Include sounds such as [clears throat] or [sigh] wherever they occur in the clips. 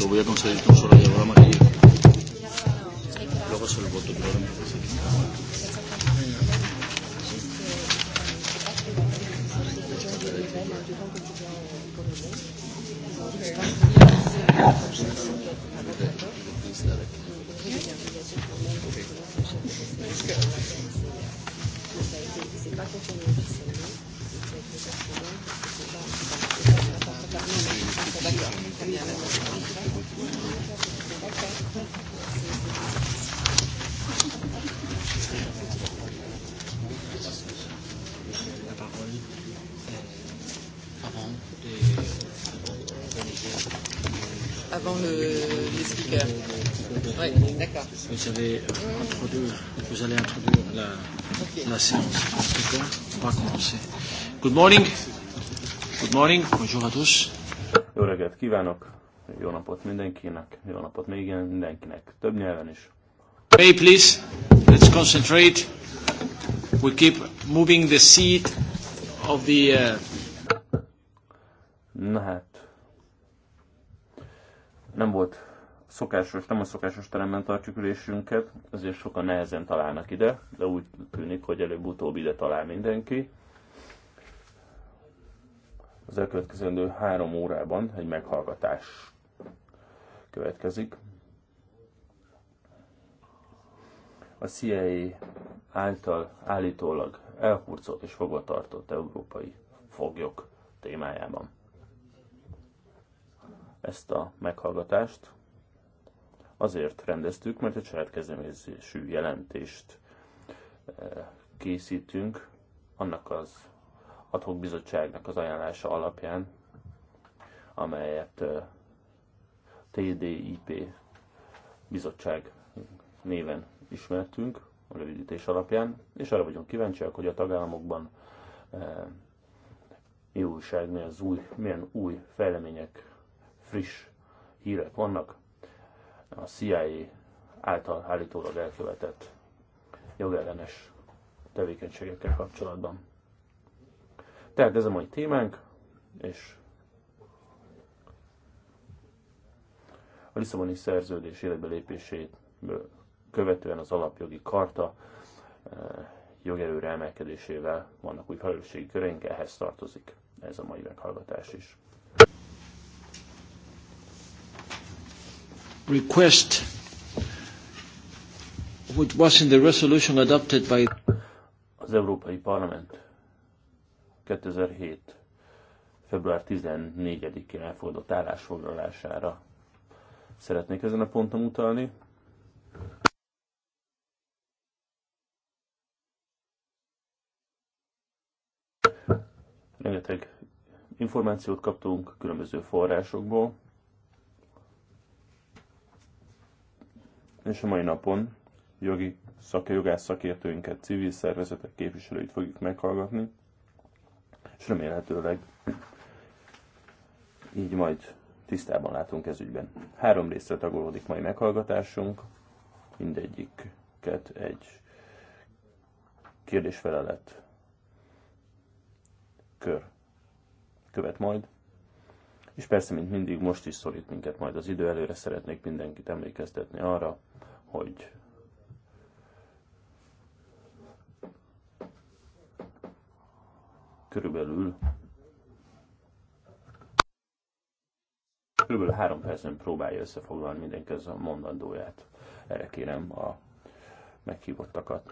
Lo voy a conseguir con solo llevar a Luego se lo voto, pero ahora me parece avant le, les speakers. Oui, d'accord. Vous allez introduire, vous allez introduire la, okay. la séance. D'accord On va commencer. Good morning. Good morning. Bonjour à tous. Jó reggelt kívánok, jó napot mindenkinek, jó napot még mindenkinek, több nyelven is. Hey, please, let's concentrate. We keep moving the seat of the... Uh... Na hát, nem volt szokásos, nem a szokásos teremben tartjuk ülésünket, ezért sokan nehezen találnak ide, de úgy tűnik, hogy előbb-utóbb ide talál mindenki. Az elkövetkezendő három órában egy meghallgatás következik. A CIA által állítólag elhurcolt és fogvatartott európai foglyok témájában. Ezt a meghallgatást azért rendeztük, mert egy saját kezdeményezésű jelentést eh, készítünk annak az adhok bizottságnak az ajánlása alapján, amelyet TDIP bizottság néven ismertünk, a rövidítés alapján, és arra vagyunk kíváncsiak, hogy a tagállamokban mi újság, mi az új, milyen új fejlemények, friss hírek vannak. A CIA által állítólag elkövetett jogellenes tevékenységekkel kapcsolatban. Tehát ez a mai témánk, és a Lisszaboni szerződés életbelépését követően az alapjogi karta eh, jogerőre emelkedésével vannak új felelősségi köreink, ehhez tartozik ez a mai meghallgatás is. Request which was in the resolution adopted by az Európai Parlament 2007. február 14-én elfogadott állásfoglalására szeretnék ezen a ponton utalni. Rengeteg információt kaptunk különböző forrásokból, és a mai napon jogi szakjogász szakértőinket, civil szervezetek képviselőit fogjuk meghallgatni és remélhetőleg így majd tisztában látunk ez ügyben. Három részre tagolódik mai meghallgatásunk, mindegyiket egy kérdésfelelet kör követ majd. És persze, mint mindig, most is szorít minket majd az idő, előre szeretnék mindenkit emlékeztetni arra, hogy körülbelül körülbelül három percen próbálja összefoglalni mindenki az a mondandóját. Erre kérem a meghívottakat.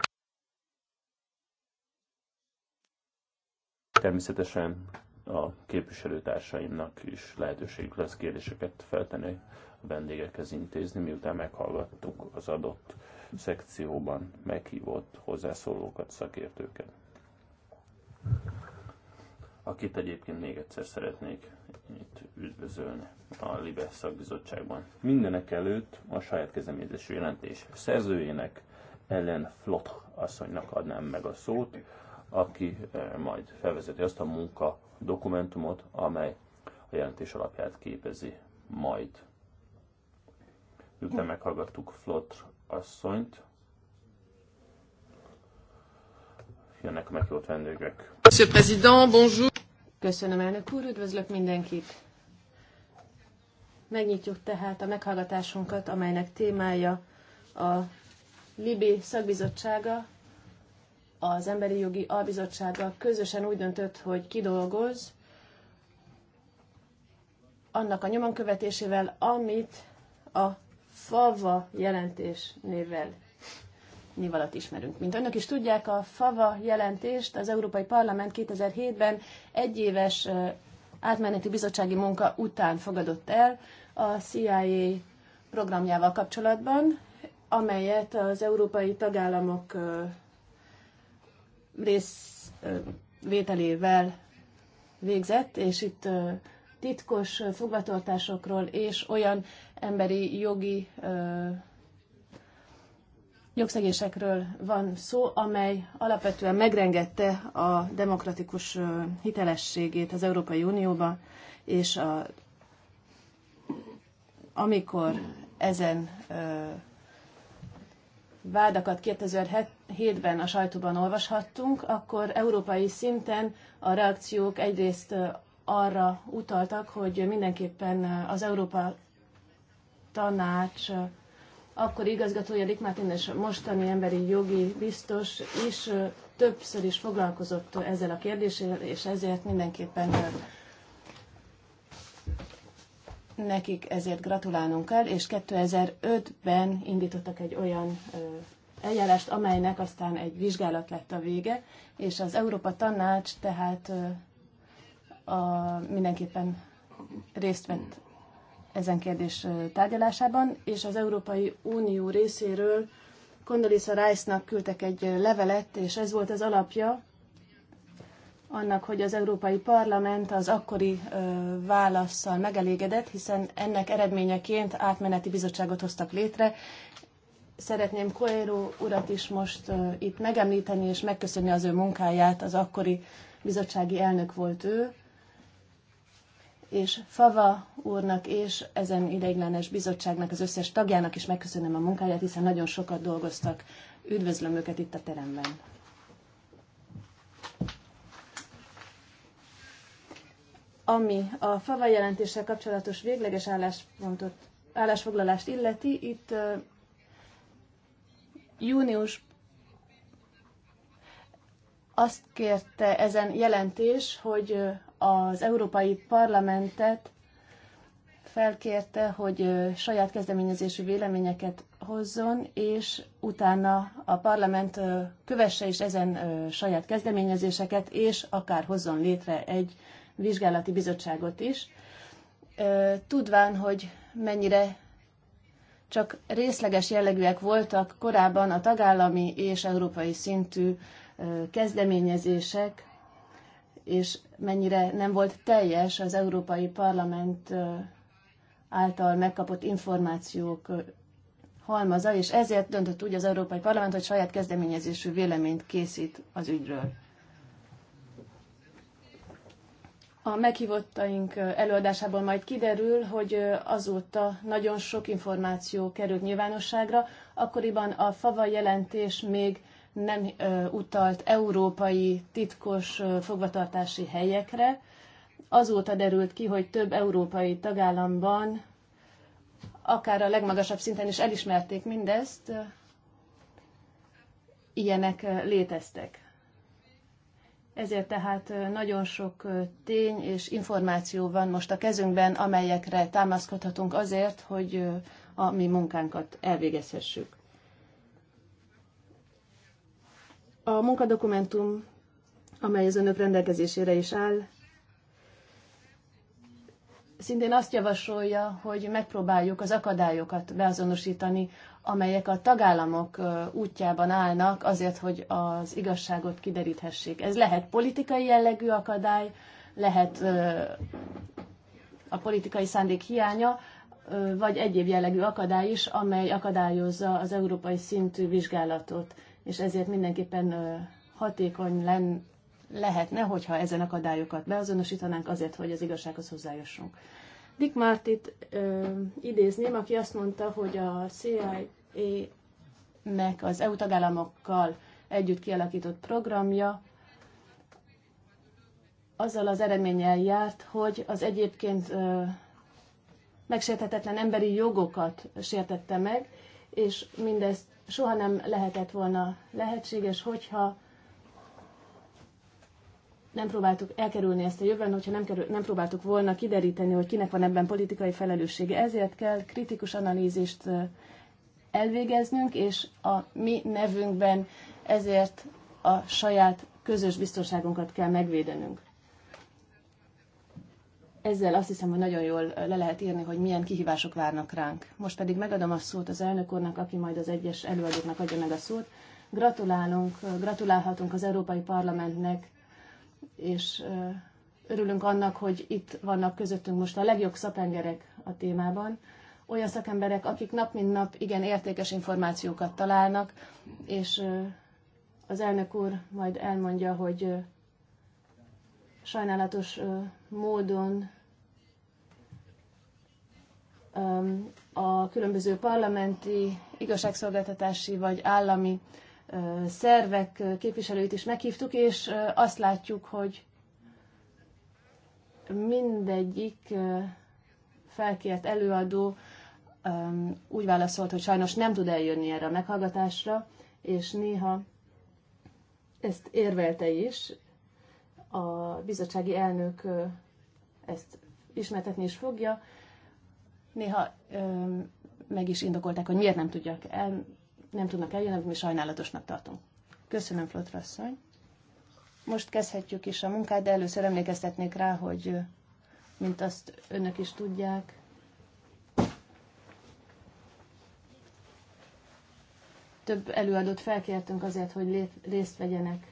Természetesen a képviselőtársaimnak is lehetőségük lesz kérdéseket feltenni, a vendégekhez intézni, miután meghallgattuk az adott szekcióban meghívott hozzászólókat, szakértőket akit egyébként még egyszer szeretnék itt üdvözölni a LIBE szakbizottságban. Mindenek előtt a saját kezdeményezésű jelentés szerzőjének, Ellen Flott asszonynak adnám meg a szót, aki eh, majd felvezeti azt a munka dokumentumot, amely a jelentés alapját képezi majd. Miután meghallgattuk Flott asszonyt, jönnek a meghívott vendégek. Monsieur Président, bonjour. Köszönöm, elnök úr, üdvözlök mindenkit! Megnyitjuk tehát a meghallgatásunkat, amelynek témája a Libi szakbizottsága, az Emberi Jogi Albizottsága közösen úgy döntött, hogy kidolgoz annak a nyomon követésével, amit a FAVA jelentés névvel alatt ismerünk. Mint önök is tudják, a FAVA jelentést az Európai Parlament 2007-ben egyéves átmeneti bizottsági munka után fogadott el a CIA programjával kapcsolatban, amelyet az európai tagállamok részvételével végzett, és itt titkos fogvatartásokról és olyan emberi jogi jogszegésekről van szó, amely alapvetően megrengette a demokratikus hitelességét az Európai Unióba, és a, amikor ezen ö, vádakat 2007-ben a sajtóban olvashattunk, akkor európai szinten a reakciók egyrészt arra utaltak, hogy mindenképpen az Európa Tanács akkor igazgatója Dick Martin és mostani emberi jogi biztos is többször is foglalkozott ezzel a kérdéssel, és ezért mindenképpen nekik ezért gratulálnunk kell, és 2005-ben indítottak egy olyan eljárást, amelynek aztán egy vizsgálat lett a vége, és az Európa Tanács tehát a, mindenképpen részt vett ezen kérdés tárgyalásában, és az Európai Unió részéről Condoleezza Rice-nak küldtek egy levelet, és ez volt az alapja annak, hogy az Európai Parlament az akkori válaszsal megelégedett, hiszen ennek eredményeként átmeneti bizottságot hoztak létre. Szeretném Coelho urat is most itt megemlíteni és megköszönni az ő munkáját, az akkori bizottsági elnök volt ő, és Fava úrnak és ezen ideiglenes bizottságnak az összes tagjának is megköszönöm a munkáját, hiszen nagyon sokat dolgoztak. Üdvözlöm őket itt a teremben. Ami a FAVA jelentéssel kapcsolatos végleges álláspontot, állásfoglalást illeti, itt uh, június azt kérte ezen jelentés, hogy az Európai Parlamentet felkérte, hogy saját kezdeményezésű véleményeket hozzon, és utána a parlament kövesse is ezen saját kezdeményezéseket, és akár hozzon létre egy vizsgálati bizottságot is, tudván, hogy mennyire csak részleges jellegűek voltak korábban a tagállami és európai szintű kezdeményezések és mennyire nem volt teljes az Európai Parlament által megkapott információk halmaza, és ezért döntött úgy az Európai Parlament, hogy saját kezdeményezésű véleményt készít az ügyről. A meghívottaink előadásából majd kiderül, hogy azóta nagyon sok információ került nyilvánosságra, akkoriban a FAVA jelentés még nem utalt európai titkos fogvatartási helyekre. Azóta derült ki, hogy több európai tagállamban, akár a legmagasabb szinten is elismerték mindezt, ilyenek léteztek. Ezért tehát nagyon sok tény és információ van most a kezünkben, amelyekre támaszkodhatunk azért, hogy a mi munkánkat elvégezhessük. A munkadokumentum, amely az önök rendelkezésére is áll, szintén azt javasolja, hogy megpróbáljuk az akadályokat beazonosítani, amelyek a tagállamok útjában állnak azért, hogy az igazságot kideríthessék. Ez lehet politikai jellegű akadály, lehet a politikai szándék hiánya, vagy egyéb jellegű akadály is, amely akadályozza az európai szintű vizsgálatot és ezért mindenképpen hatékony len, lehetne, hogyha ezen akadályokat beazonosítanánk azért, hogy az igazsághoz hozzájussunk. Dick Martit ö, idézném, aki azt mondta, hogy a CIA-nek az EU tagállamokkal együtt kialakított programja azzal az eredménnyel járt, hogy az egyébként ö, megsérthetetlen emberi jogokat sértette meg, és mindezt soha nem lehetett volna lehetséges, hogyha nem próbáltuk elkerülni ezt a jövőn, hogyha nem, kerül, nem próbáltuk volna kideríteni, hogy kinek van ebben politikai felelőssége. Ezért kell kritikus analízist elvégeznünk, és a mi nevünkben ezért a saját közös biztonságunkat kell megvédenünk. Ezzel azt hiszem, hogy nagyon jól le lehet írni, hogy milyen kihívások várnak ránk. Most pedig megadom a szót az elnök úrnak, aki majd az egyes előadóknak adja meg a szót. Gratulálunk, gratulálhatunk az Európai Parlamentnek, és örülünk annak, hogy itt vannak közöttünk most a legjobb szakemberek a témában olyan szakemberek, akik nap mint nap igen értékes információkat találnak, és az elnök úr majd elmondja, hogy sajnálatos módon a különböző parlamenti, igazságszolgáltatási vagy állami szervek képviselőit is meghívtuk, és azt látjuk, hogy mindegyik felkért előadó úgy válaszolt, hogy sajnos nem tud eljönni erre a meghallgatásra, és néha ezt érvelte is. A bizottsági elnök ezt ismertetni is fogja, Néha ö, meg is indokolták, hogy miért nem, tudjak el, nem tudnak eljönni, amit mi sajnálatosnak tartunk. Köszönöm, Flotrasszony. Most kezdhetjük is a munkát, de először emlékeztetnék rá, hogy mint azt önök is tudják, több előadót felkértünk azért, hogy részt vegyenek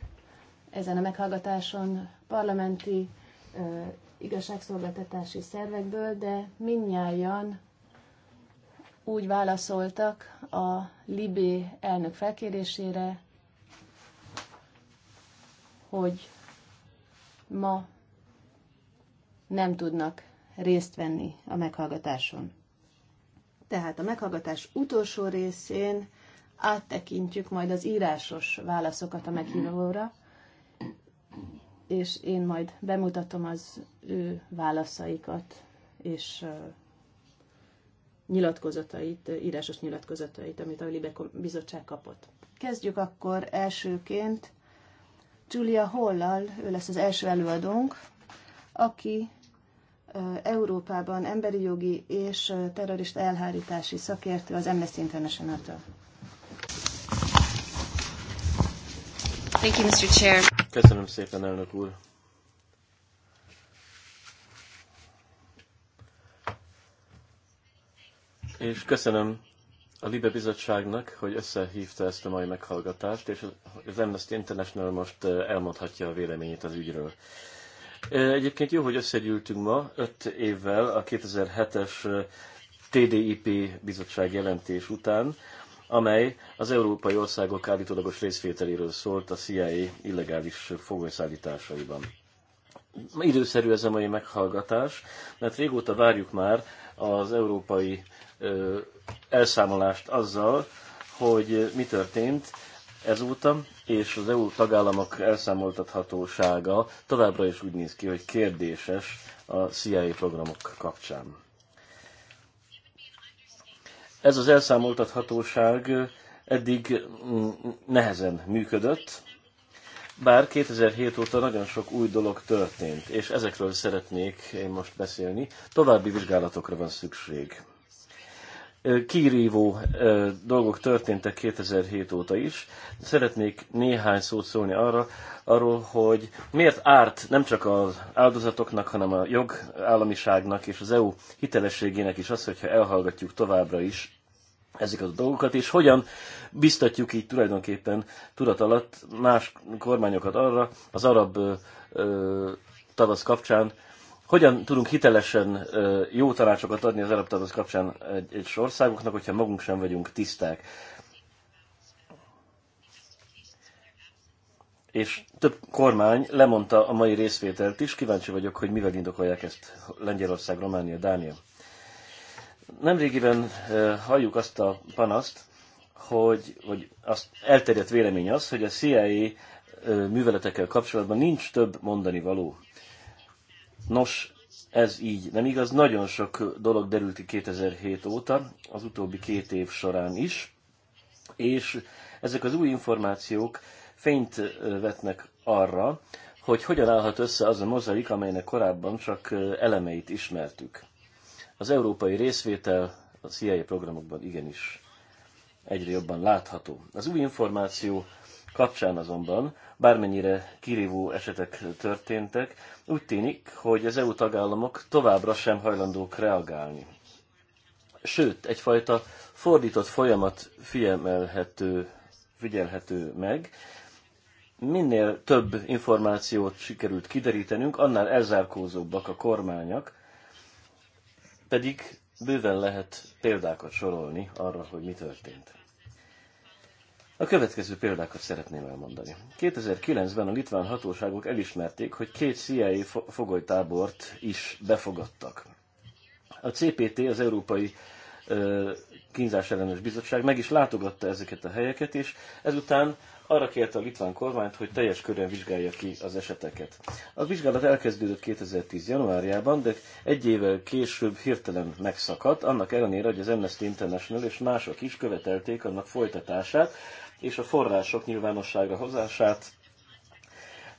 ezen a meghallgatáson parlamenti igazságszolgáltatási szervekből, de minnyáján úgy válaszoltak a Libé elnök felkérésére, hogy ma nem tudnak részt venni a meghallgatáson. Tehát a meghallgatás utolsó részén áttekintjük majd az írásos válaszokat a meghívóra, és én majd bemutatom az ő válaszaikat, és nyilatkozatait, írásos nyilatkozatait, amit a Libe bizottság kapott. Kezdjük akkor elsőként Julia Hollal, ő lesz az első előadónk, aki Európában emberi jogi és terrorista elhárítási szakértő az Amnesty International-től. Thank you, Mr. Chair. Köszönöm szépen, elnök úr. És köszönöm a Libe Bizottságnak, hogy összehívta ezt a mai meghallgatást, és az Amnesty International most eh, elmondhatja a véleményét az ügyről. Eh, egyébként jó, hogy összegyűltünk ma, öt évvel a 2007-es eh, TDIP bizottság jelentés után, amely az európai országok állítólagos részvételéről szólt a CIA illegális fogolyszállításaiban. Időszerű ez a mai meghallgatás, mert régóta várjuk már az európai ö, elszámolást azzal, hogy mi történt ezóta, és az EU tagállamok elszámoltathatósága továbbra is úgy néz ki, hogy kérdéses a CIA programok kapcsán. Ez az elszámoltathatóság eddig mm, nehezen működött, bár 2007 óta nagyon sok új dolog történt, és ezekről szeretnék én most beszélni. További vizsgálatokra van szükség. Kírívó dolgok történtek 2007 óta is. Szeretnék néhány szót szólni arra, arról, hogy miért árt nem csak az áldozatoknak, hanem a jogállamiságnak és az EU hitelességének is az, hogyha elhallgatjuk továbbra is ezeket a dolgokat, és hogyan biztatjuk így tulajdonképpen tudat alatt más kormányokat arra, az arab ö, tavasz kapcsán, hogyan tudunk hitelesen ö, jó tanácsokat adni az arab tavasz kapcsán egy, egy országoknak, hogyha magunk sem vagyunk tiszták. És több kormány lemondta a mai részvételt is, kíváncsi vagyok, hogy mivel indokolják ezt Lengyelország, Románia, Dánia. Nemrégiben eh, halljuk azt a panaszt, hogy, hogy azt elterjedt vélemény az, hogy a CIA eh, műveletekkel kapcsolatban nincs több mondani való. Nos, ez így nem igaz. Nagyon sok dolog derült ki 2007 óta, az utóbbi két év során is, és ezek az új információk fényt eh, vetnek arra, hogy hogyan állhat össze az a mozaik, amelynek korábban csak elemeit ismertük. Az európai részvétel a CIA programokban igenis egyre jobban látható. Az új információ kapcsán azonban, bármennyire kirívó esetek történtek, úgy tűnik, hogy az EU tagállamok továbbra sem hajlandók reagálni. Sőt, egyfajta fordított folyamat figyelhető, figyelhető meg. Minél több információt sikerült kiderítenünk, annál elzárkózóbbak a kormányok, pedig bőven lehet példákat sorolni arra, hogy mi történt. A következő példákat szeretném elmondani. 2009-ben a litván hatóságok elismerték, hogy két CIA fogolytábort is befogadtak. A CPT, az Európai Kínzás Ellenes Bizottság meg is látogatta ezeket a helyeket, és ezután arra kérte a litván kormányt, hogy teljes körön vizsgálja ki az eseteket. A vizsgálat elkezdődött 2010. januárjában, de egy évvel később hirtelen megszakadt, annak ellenére, hogy az Amnesty International és mások is követelték annak folytatását, és a források nyilvánosságra hozását,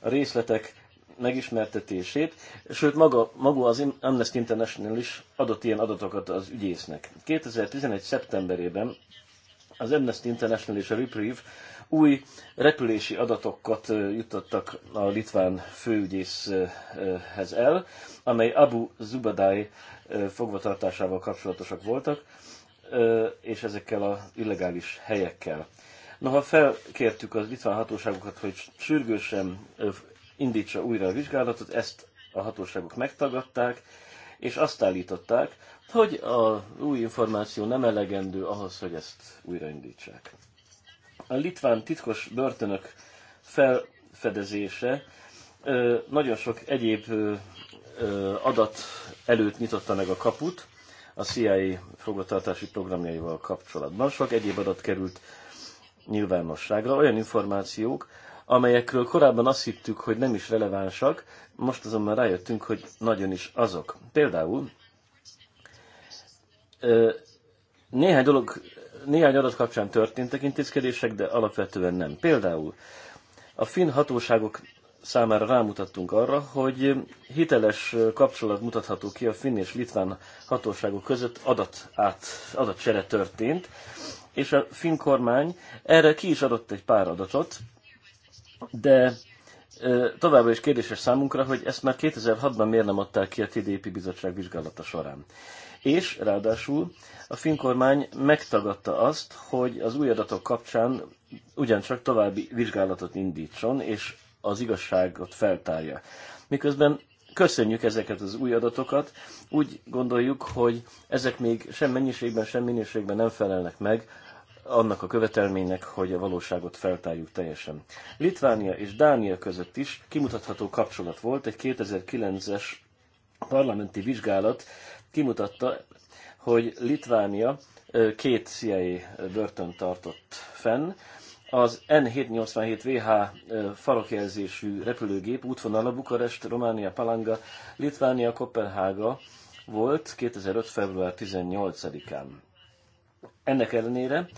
a részletek megismertetését, sőt maga, maga az Amnesty International is adott ilyen adatokat az ügyésznek. 2011. szeptemberében az Amnesty International és a Reprieve új repülési adatokat jutottak a litván főügyészhez el, amely Abu Zubadai fogvatartásával kapcsolatosak voltak, és ezekkel a illegális helyekkel. Noha felkértük az litván hatóságokat, hogy sürgősen indítsa újra a vizsgálatot, ezt a hatóságok megtagadták, és azt állították, hogy a új információ nem elegendő ahhoz, hogy ezt újraindítsák. A litván titkos börtönök felfedezése nagyon sok egyéb adat előtt nyitotta meg a kaput a CIA fogvatartási programjaival kapcsolatban. Sok egyéb adat került nyilvánosságra, olyan információk, amelyekről korábban azt hittük, hogy nem is relevánsak, most azonban rájöttünk, hogy nagyon is azok. Például néhány dolog néhány adat kapcsán történtek intézkedések, de alapvetően nem. Például a finn hatóságok számára rámutattunk arra, hogy hiteles kapcsolat mutatható ki a finn és litván hatóságok között adat át, adatcsere történt, és a finn kormány erre ki is adott egy pár adatot, de továbbra is kérdéses számunkra, hogy ezt már 2006-ban miért nem adták ki a TDP bizottság vizsgálata során és ráadásul a finn kormány megtagadta azt, hogy az új adatok kapcsán ugyancsak további vizsgálatot indítson, és az igazságot feltárja. Miközben köszönjük ezeket az új adatokat, úgy gondoljuk, hogy ezek még sem mennyiségben, sem minőségben nem felelnek meg annak a követelménynek, hogy a valóságot feltárjuk teljesen. Litvánia és Dánia között is kimutatható kapcsolat volt, egy 2009-es parlamenti vizsgálat kimutatta, hogy Litvánia két CIA börtön tartott fenn. Az N787VH farokjelzésű repülőgép útvonala Bukarest, Románia, Palanga, Litvánia, Kopenhága volt 2005. február 18-án. Ennek ellenére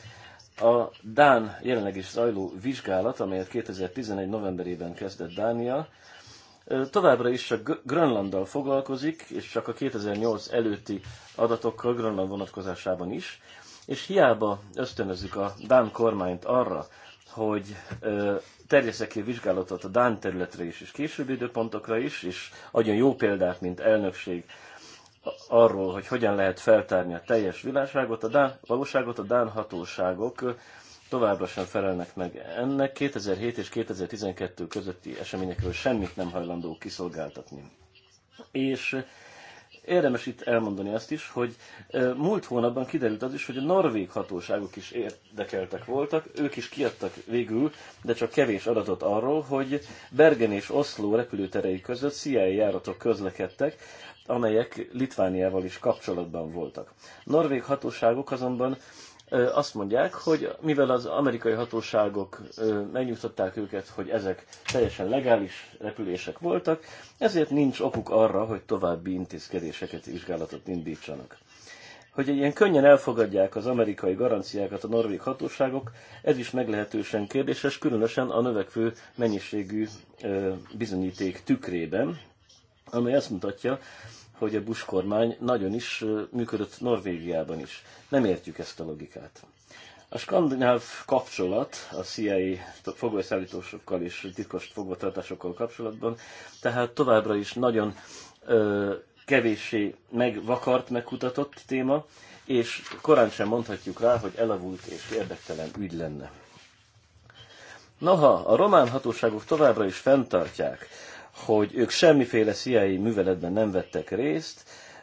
a Dán jelenleg is zajló vizsgálat, amelyet 2011. novemberében kezdett Dánia, Továbbra is csak Grönlanddal foglalkozik, és csak a 2008 előtti adatokkal Grönland vonatkozásában is, és hiába ösztönözzük a Dán kormányt arra, hogy terjeszek ki a vizsgálatot a Dán területre is, és későbbi időpontokra is, és adjon jó példát, mint elnökség arról, hogy hogyan lehet feltárni a teljes világságot, a Dán, valóságot a Dán hatóságok továbbra sem felelnek meg ennek. 2007 és 2012 közötti eseményekről semmit nem hajlandó kiszolgáltatni. És eh, érdemes itt elmondani azt is, hogy eh, múlt hónapban kiderült az is, hogy a norvég hatóságok is érdekeltek voltak, ők is kiadtak végül, de csak kevés adatot arról, hogy Bergen és Oszló repülőterei között CIA járatok közlekedtek, amelyek Litvániával is kapcsolatban voltak. Norvég hatóságok azonban azt mondják, hogy mivel az amerikai hatóságok megnyugtatták őket, hogy ezek teljesen legális repülések voltak, ezért nincs okuk arra, hogy további intézkedéseket, vizsgálatot indítsanak. Hogy ilyen könnyen elfogadják az amerikai garanciákat a norvég hatóságok, ez is meglehetősen kérdéses, különösen a növekvő mennyiségű bizonyíték tükrében, amely azt mutatja, hogy a Bush kormány nagyon is működött Norvégiában is. Nem értjük ezt a logikát. A skandináv kapcsolat a CIA fogolyszállítósokkal és titkos fogvatartásokkal kapcsolatban, tehát továbbra is nagyon ö, kevéssé megvakart, megkutatott téma, és korán sem mondhatjuk rá, hogy elavult és érdektelen ügy lenne. Noha a román hatóságok továbbra is fenntartják, hogy ők semmiféle CIA műveletben nem vettek részt,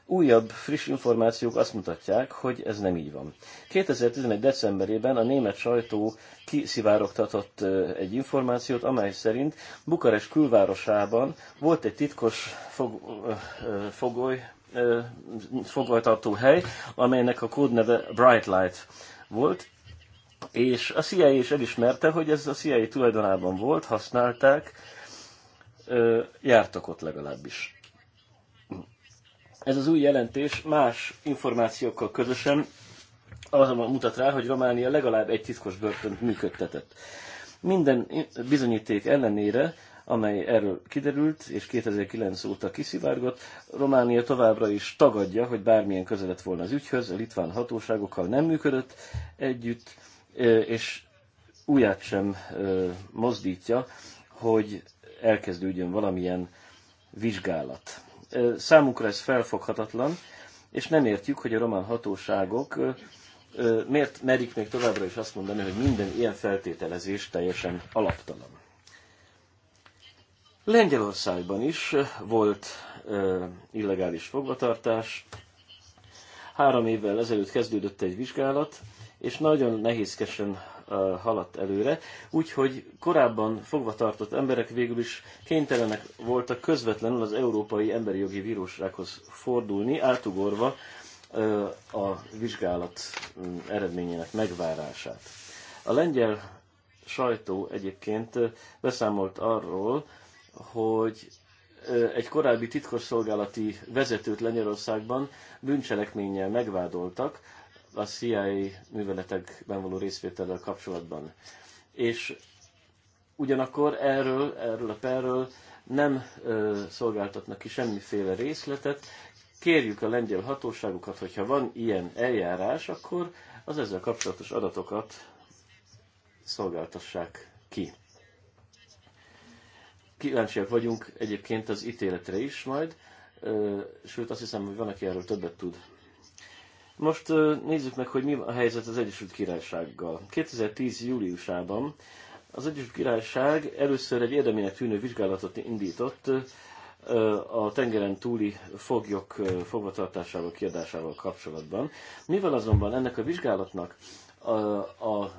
Újabb friss információk azt mutatják, hogy ez nem így van. 2011. decemberében a német sajtó kiszivárogtatott egy információt, amely szerint Bukarest külvárosában volt egy titkos fog, fogoly, fogvatartó hely, amelynek a kódneve Bright Light volt, és a CIA is elismerte, hogy ez a CIA tulajdonában volt, használták, ö, jártak ott legalábbis. Ez az új jelentés más információkkal közösen azonban mutat rá, hogy Románia legalább egy titkos börtönt működtetett. Minden bizonyíték ellenére, amely erről kiderült, és 2009 óta kiszivárgott, Románia továbbra is tagadja, hogy bármilyen közelet volna az ügyhöz, a litván hatóságokkal nem működött együtt, és úját sem mozdítja, hogy elkezdődjön valamilyen vizsgálat. Számukra ez felfoghatatlan, és nem értjük, hogy a román hatóságok miért merik még továbbra is azt mondani, hogy minden ilyen feltételezés teljesen alaptalan. Lengyelországban is volt illegális fogvatartás. Három évvel ezelőtt kezdődött egy vizsgálat, és nagyon nehézkesen haladt előre, úgyhogy korábban fogvatartott emberek végül is kénytelenek voltak közvetlenül az Európai Emberi Jogi Bírósághoz fordulni, átugorva a vizsgálat eredményének megvárását. A lengyel sajtó egyébként beszámolt arról, hogy egy korábbi titkosszolgálati vezetőt Lengyelországban bűncselekménnyel megvádoltak, a CIA műveletekben való részvétellel kapcsolatban. És ugyanakkor erről, erről a perről nem ö, szolgáltatnak ki semmiféle részletet. Kérjük a lengyel hatóságokat, hogyha van ilyen eljárás, akkor az ezzel kapcsolatos adatokat szolgáltassák ki. Kíváncsiak vagyunk egyébként az ítéletre is majd, ö, sőt azt hiszem, hogy van, aki erről többet tud most nézzük meg, hogy mi a helyzet az Egyesült Királysággal. 2010. júliusában az Egyesült Királyság először egy érdeminek tűnő vizsgálatot indított a tengeren túli foglyok fogvatartásával, kiadásával kapcsolatban. Mivel azonban ennek a vizsgálatnak a, a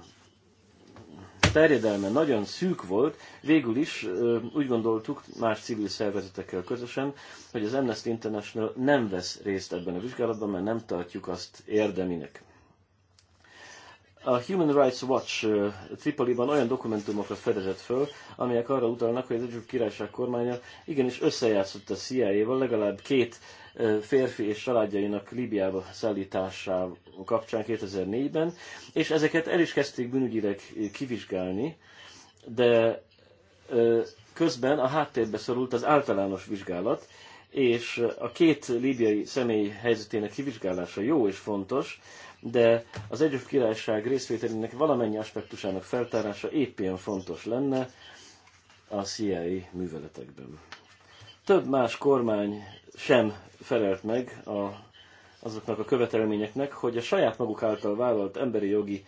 terjedelme nagyon szűk volt, végül is úgy gondoltuk más civil szervezetekkel közösen, hogy az Amnesty International nem vesz részt ebben a vizsgálatban, mert nem tartjuk azt érdeminek. A Human Rights Watch Tripoliban olyan dokumentumokat fedezett föl, amelyek arra utalnak, hogy az Egyesült Királyság kormánya igenis összejátszott a CIA-val, legalább két férfi és családjainak Líbiába szállítása kapcsán 2004-ben, és ezeket el is kezdték bűnügyileg kivizsgálni, de közben a háttérbe szorult az általános vizsgálat, és a két líbiai személy helyzetének kivizsgálása jó és fontos, de az Egyesült Királyság részvételének valamennyi aspektusának feltárása épp ilyen fontos lenne a CIA műveletekben. Több más kormány sem felelt meg a, azoknak a követelményeknek, hogy a saját maguk által vállalt emberi jogi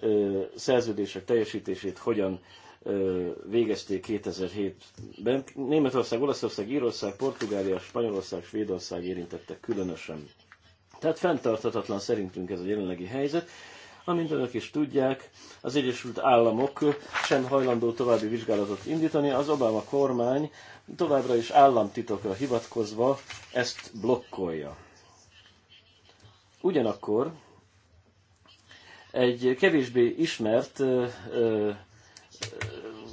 ö, szerződések teljesítését hogyan ö, végezték 2007-ben. Németország, Olaszország, Írország, Portugália, Spanyolország, Svédország érintettek különösen. Tehát fenntarthatatlan szerintünk ez a jelenlegi helyzet. Amint önök is tudják, az Egyesült Államok sem hajlandó további vizsgálatot indítani. Az Obama kormány továbbra is államtitokra hivatkozva ezt blokkolja. Ugyanakkor egy kevésbé ismert ö, ö,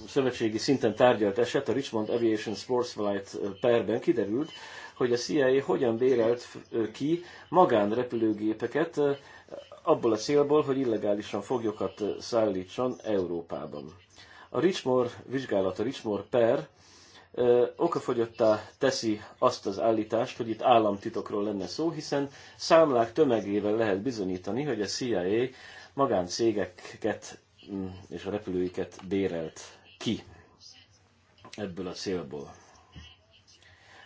szövetségi szinten tárgyalt eset, a Richmond Aviation Sports Flight perben kiderült, hogy a CIA hogyan bérelt ki magánrepülőgépeket abból a célból, hogy illegálisan foglyokat szállítson Európában. A Richmore vizsgálata, a Richmore per okafogyottá teszi azt az állítást, hogy itt államtitokról lenne szó, hiszen számlák tömegével lehet bizonyítani, hogy a CIA magáncégeket mm, és a repülőiket bérelt ki ebből a célból.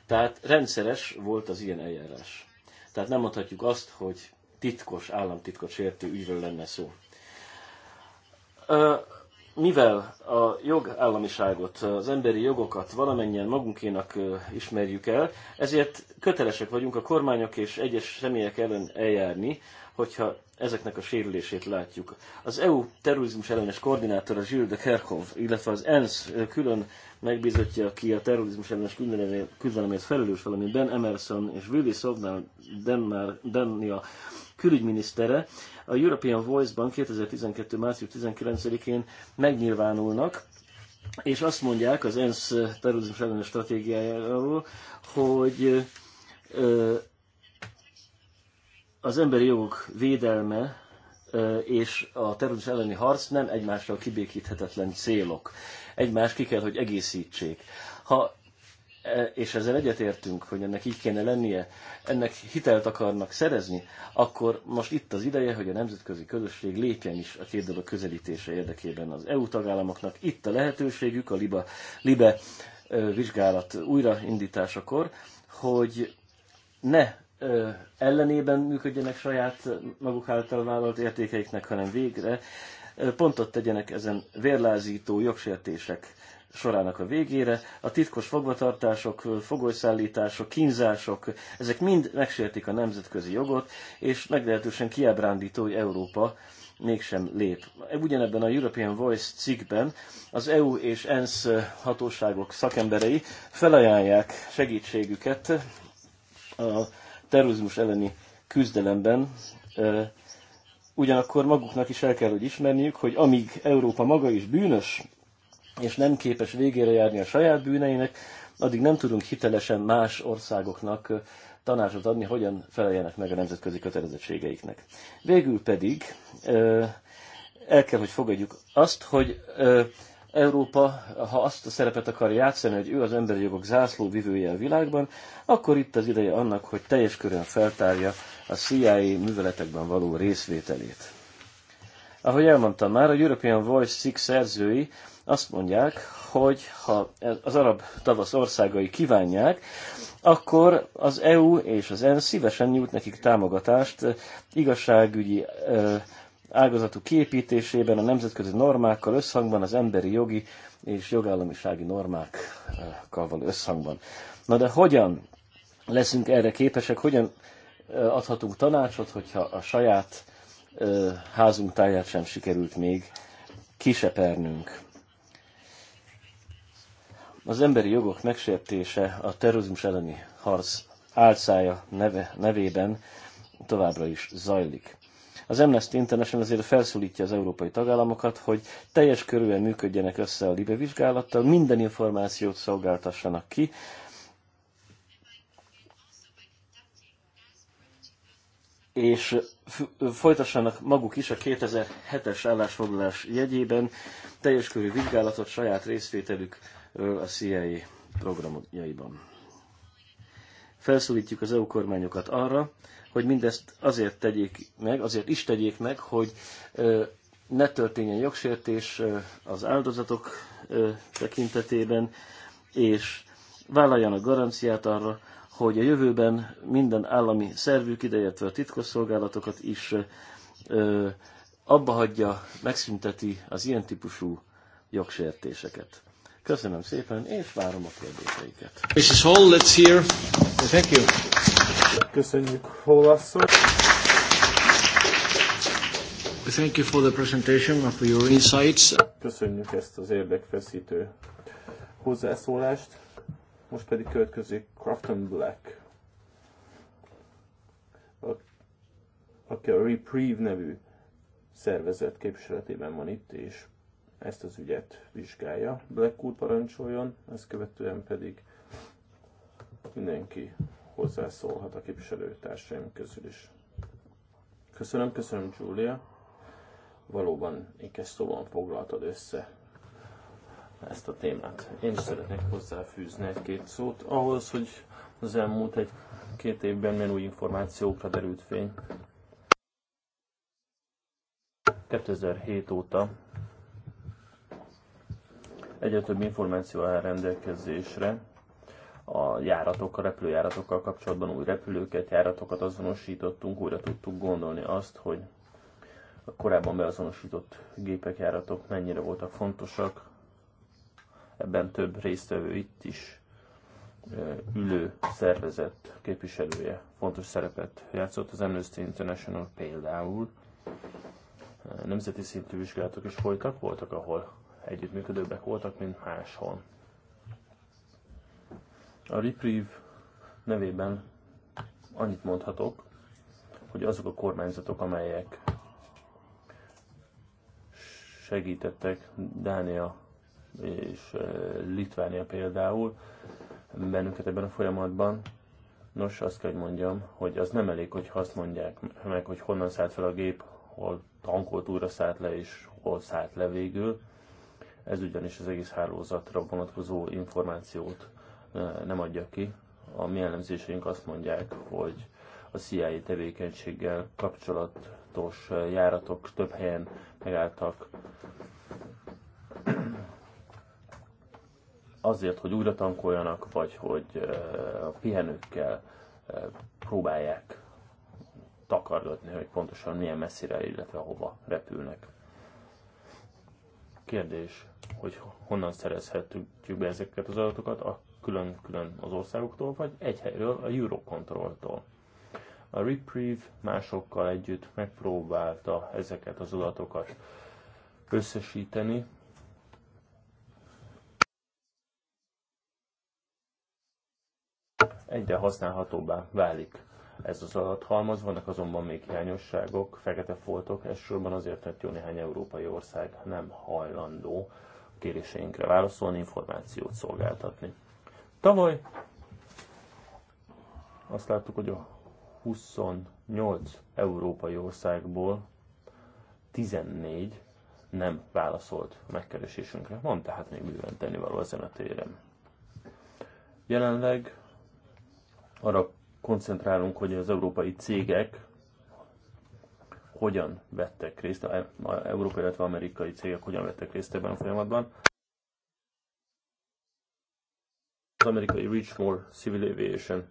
Tehát rendszeres volt az ilyen eljárás. Tehát nem mondhatjuk azt, hogy titkos, államtitkot sértő ügyről lenne szó mivel a jogállamiságot, az emberi jogokat valamennyien magunkénak ismerjük el, ezért kötelesek vagyunk a kormányok és egyes személyek ellen eljárni, hogyha ezeknek a sérülését látjuk. Az EU terrorizmus ellenes koordinátora Gilles de Kerkhoff, illetve az ENSZ külön megbízottja, aki a terrorizmus ellenes küzdelemért felelős, valamint Ben Emerson és Willy Szobnál Denmar, Dania külügyminisztere a European Voice-ban 2012. március 19-én megnyilvánulnak, és azt mondják az ENSZ terrorizmus ellenes stratégiájáról, hogy az emberi jogok védelme és a terrorizmus elleni harc nem egymással kibékíthetetlen célok. Egymást ki kell, hogy egészítsék. Ha e, és ezzel egyetértünk, hogy ennek így kéne lennie, ennek hitelt akarnak szerezni, akkor most itt az ideje, hogy a nemzetközi közösség lépjen is a két dolog közelítése érdekében az EU tagállamoknak. Itt a lehetőségük a LIBA, LIBE vizsgálat újraindításakor, hogy ne ellenében működjenek saját maguk által vállalt értékeiknek, hanem végre pontot tegyenek ezen vérlázító jogsértések sorának a végére. A titkos fogvatartások, fogolyszállítások, kínzások, ezek mind megsértik a nemzetközi jogot, és meglehetősen kiábrándító, hogy Európa mégsem lép. Ugyanebben a European Voice cikkben az EU és ENSZ hatóságok szakemberei felajánlják segítségüket a terrorizmus elleni küzdelemben, ugyanakkor maguknak is el kell, hogy ismerniük, hogy amíg Európa maga is bűnös, és nem képes végére járni a saját bűneinek, addig nem tudunk hitelesen más országoknak tanácsot adni, hogyan feleljenek meg a nemzetközi kötelezettségeiknek. Végül pedig el kell, hogy fogadjuk azt, hogy Európa, ha azt a szerepet akar játszani, hogy ő az emberi jogok zászlóvivője a világban, akkor itt az ideje annak, hogy teljes körön feltárja a CIA műveletekben való részvételét. Ahogy elmondtam már, a European Voice 6 szerzői azt mondják, hogy ha az arab tavasz országai kívánják, akkor az EU és az EN szívesen nyújt nekik támogatást igazságügyi ágazatú kiépítésében, a nemzetközi normákkal összhangban, az emberi jogi és jogállamisági normákkal való összhangban. Na de hogyan leszünk erre képesek, hogyan adhatunk tanácsot, hogyha a saját házunk táját sem sikerült még kisepernünk. Az emberi jogok megsértése a terrorizmus elleni harc álcája neve, nevében továbbra is zajlik. Az Amnesty International azért felszólítja az európai tagállamokat, hogy teljes körülön működjenek össze a libe vizsgálattal, minden információt szolgáltassanak ki, és folytassanak maguk is a 2007-es állásfoglalás jegyében teljes körű vizsgálatot saját részvételükről a CIA programjaiban. Felszólítjuk az EU kormányokat arra, hogy mindezt azért tegyék meg, azért is tegyék meg, hogy ne történjen jogsértés az áldozatok tekintetében, és vállaljanak garanciát arra, hogy a jövőben minden állami szervük, ideértve a titkosszolgálatokat is abba hagyja, megszünteti az ilyen típusú jogsértéseket. Köszönöm szépen, és várom a kérdéseiket. Mrs. Hall, let's hear. Thank you. Köszönjük, Holasszony. Thank you for the presentation and for your insights. Köszönjük ezt az érdekfeszítő hozzászólást. Most pedig következik Crafton Black, a, aki a Reprieve nevű szervezet képviseletében van itt, és ezt az ügyet vizsgálja. Black úr parancsoljon, ezt követően pedig mindenki hozzászólhat a képviselőtársaim közül is. Köszönöm, köszönöm, Julia. Valóban ékes szóval foglaltad össze ezt a témát. Én is szeretnék hozzáfűzni egy-két szót ahhoz, hogy az elmúlt egy-két évben milyen új információkra derült fény. 2007 óta egyre több információ áll rendelkezésre a járatokkal, repülőjáratokkal kapcsolatban új repülőket, járatokat azonosítottunk, újra tudtuk gondolni azt, hogy a korábban beazonosított gépek, járatok mennyire voltak fontosak. Ebben több résztvevő itt is ülő szervezet képviselője fontos szerepet játszott, az Amnesty International például. Nemzeti szintű vizsgálatok is folytak, voltak, ahol együttműködőbbek voltak, mint máshol. A Reprieve nevében annyit mondhatok, hogy azok a kormányzatok, amelyek segítettek Dánia és Litvánia például bennünket ebben a folyamatban, Nos, azt kell, hogy mondjam, hogy az nem elég, hogy azt mondják meg, hogy honnan szállt fel a gép, hol tankolt újra szállt le és hol szállt le végül. Ez ugyanis az egész hálózatra vonatkozó információt nem adja ki. A mi elemzéseink azt mondják, hogy a CIA tevékenységgel kapcsolatos járatok több helyen megálltak azért, hogy újra tankoljanak, vagy hogy a pihenőkkel próbálják takargatni, hogy pontosan milyen messzire, illetve hova repülnek. Kérdés, hogy honnan szerezhetjük be ezeket az adatokat? A külön-külön az országoktól, vagy egy helyről, a Eurocontroltól. A Reprieve másokkal együtt megpróbálta ezeket az adatokat összesíteni, egyre használhatóbbá válik ez az adathalmaz, vannak azonban még hiányosságok, fekete foltok, elsősorban azért, mert jó néhány európai ország nem hajlandó kéréseinkre válaszolni, információt szolgáltatni. Tavaly azt láttuk, hogy a 28 európai országból 14 nem válaszolt a megkeresésünkre. Van tehát még bőven tennivaló ezen a téren. Jelenleg arra koncentrálunk, hogy az európai cégek hogyan vettek részt, a európai, illetve amerikai cégek hogyan vettek részt ebben a folyamatban. az amerikai Richmore Civil Aviation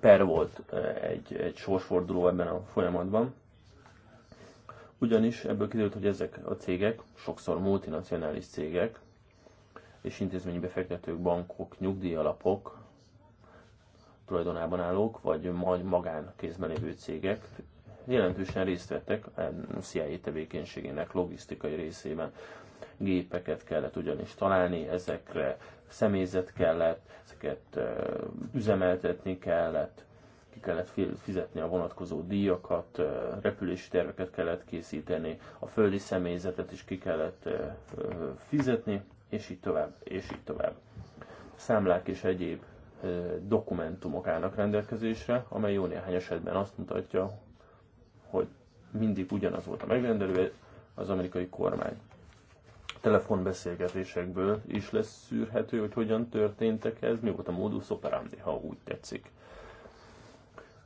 per volt eh, egy, egy sorsforduló ebben a folyamatban. Ugyanis ebből kiderült, hogy ezek a cégek, sokszor multinacionális cégek, és intézményi befektetők, bankok, nyugdíjalapok tulajdonában állók, vagy majd magán kézben lévő cégek jelentősen részt vettek a CIA tevékenységének logisztikai részében gépeket kellett ugyanis találni, ezekre személyzet kellett, ezeket üzemeltetni kellett, ki kellett fizetni a vonatkozó díjakat, repülési terveket kellett készíteni, a földi személyzetet is ki kellett fizetni, és így tovább, és így tovább. Számlák és egyéb dokumentumok állnak rendelkezésre, amely jó néhány esetben azt mutatja, hogy mindig ugyanaz volt a megrendelő, az amerikai kormány telefonbeszélgetésekből is lesz szűrhető, hogy hogyan történtek ez, mi volt a modus operandi, ha úgy tetszik.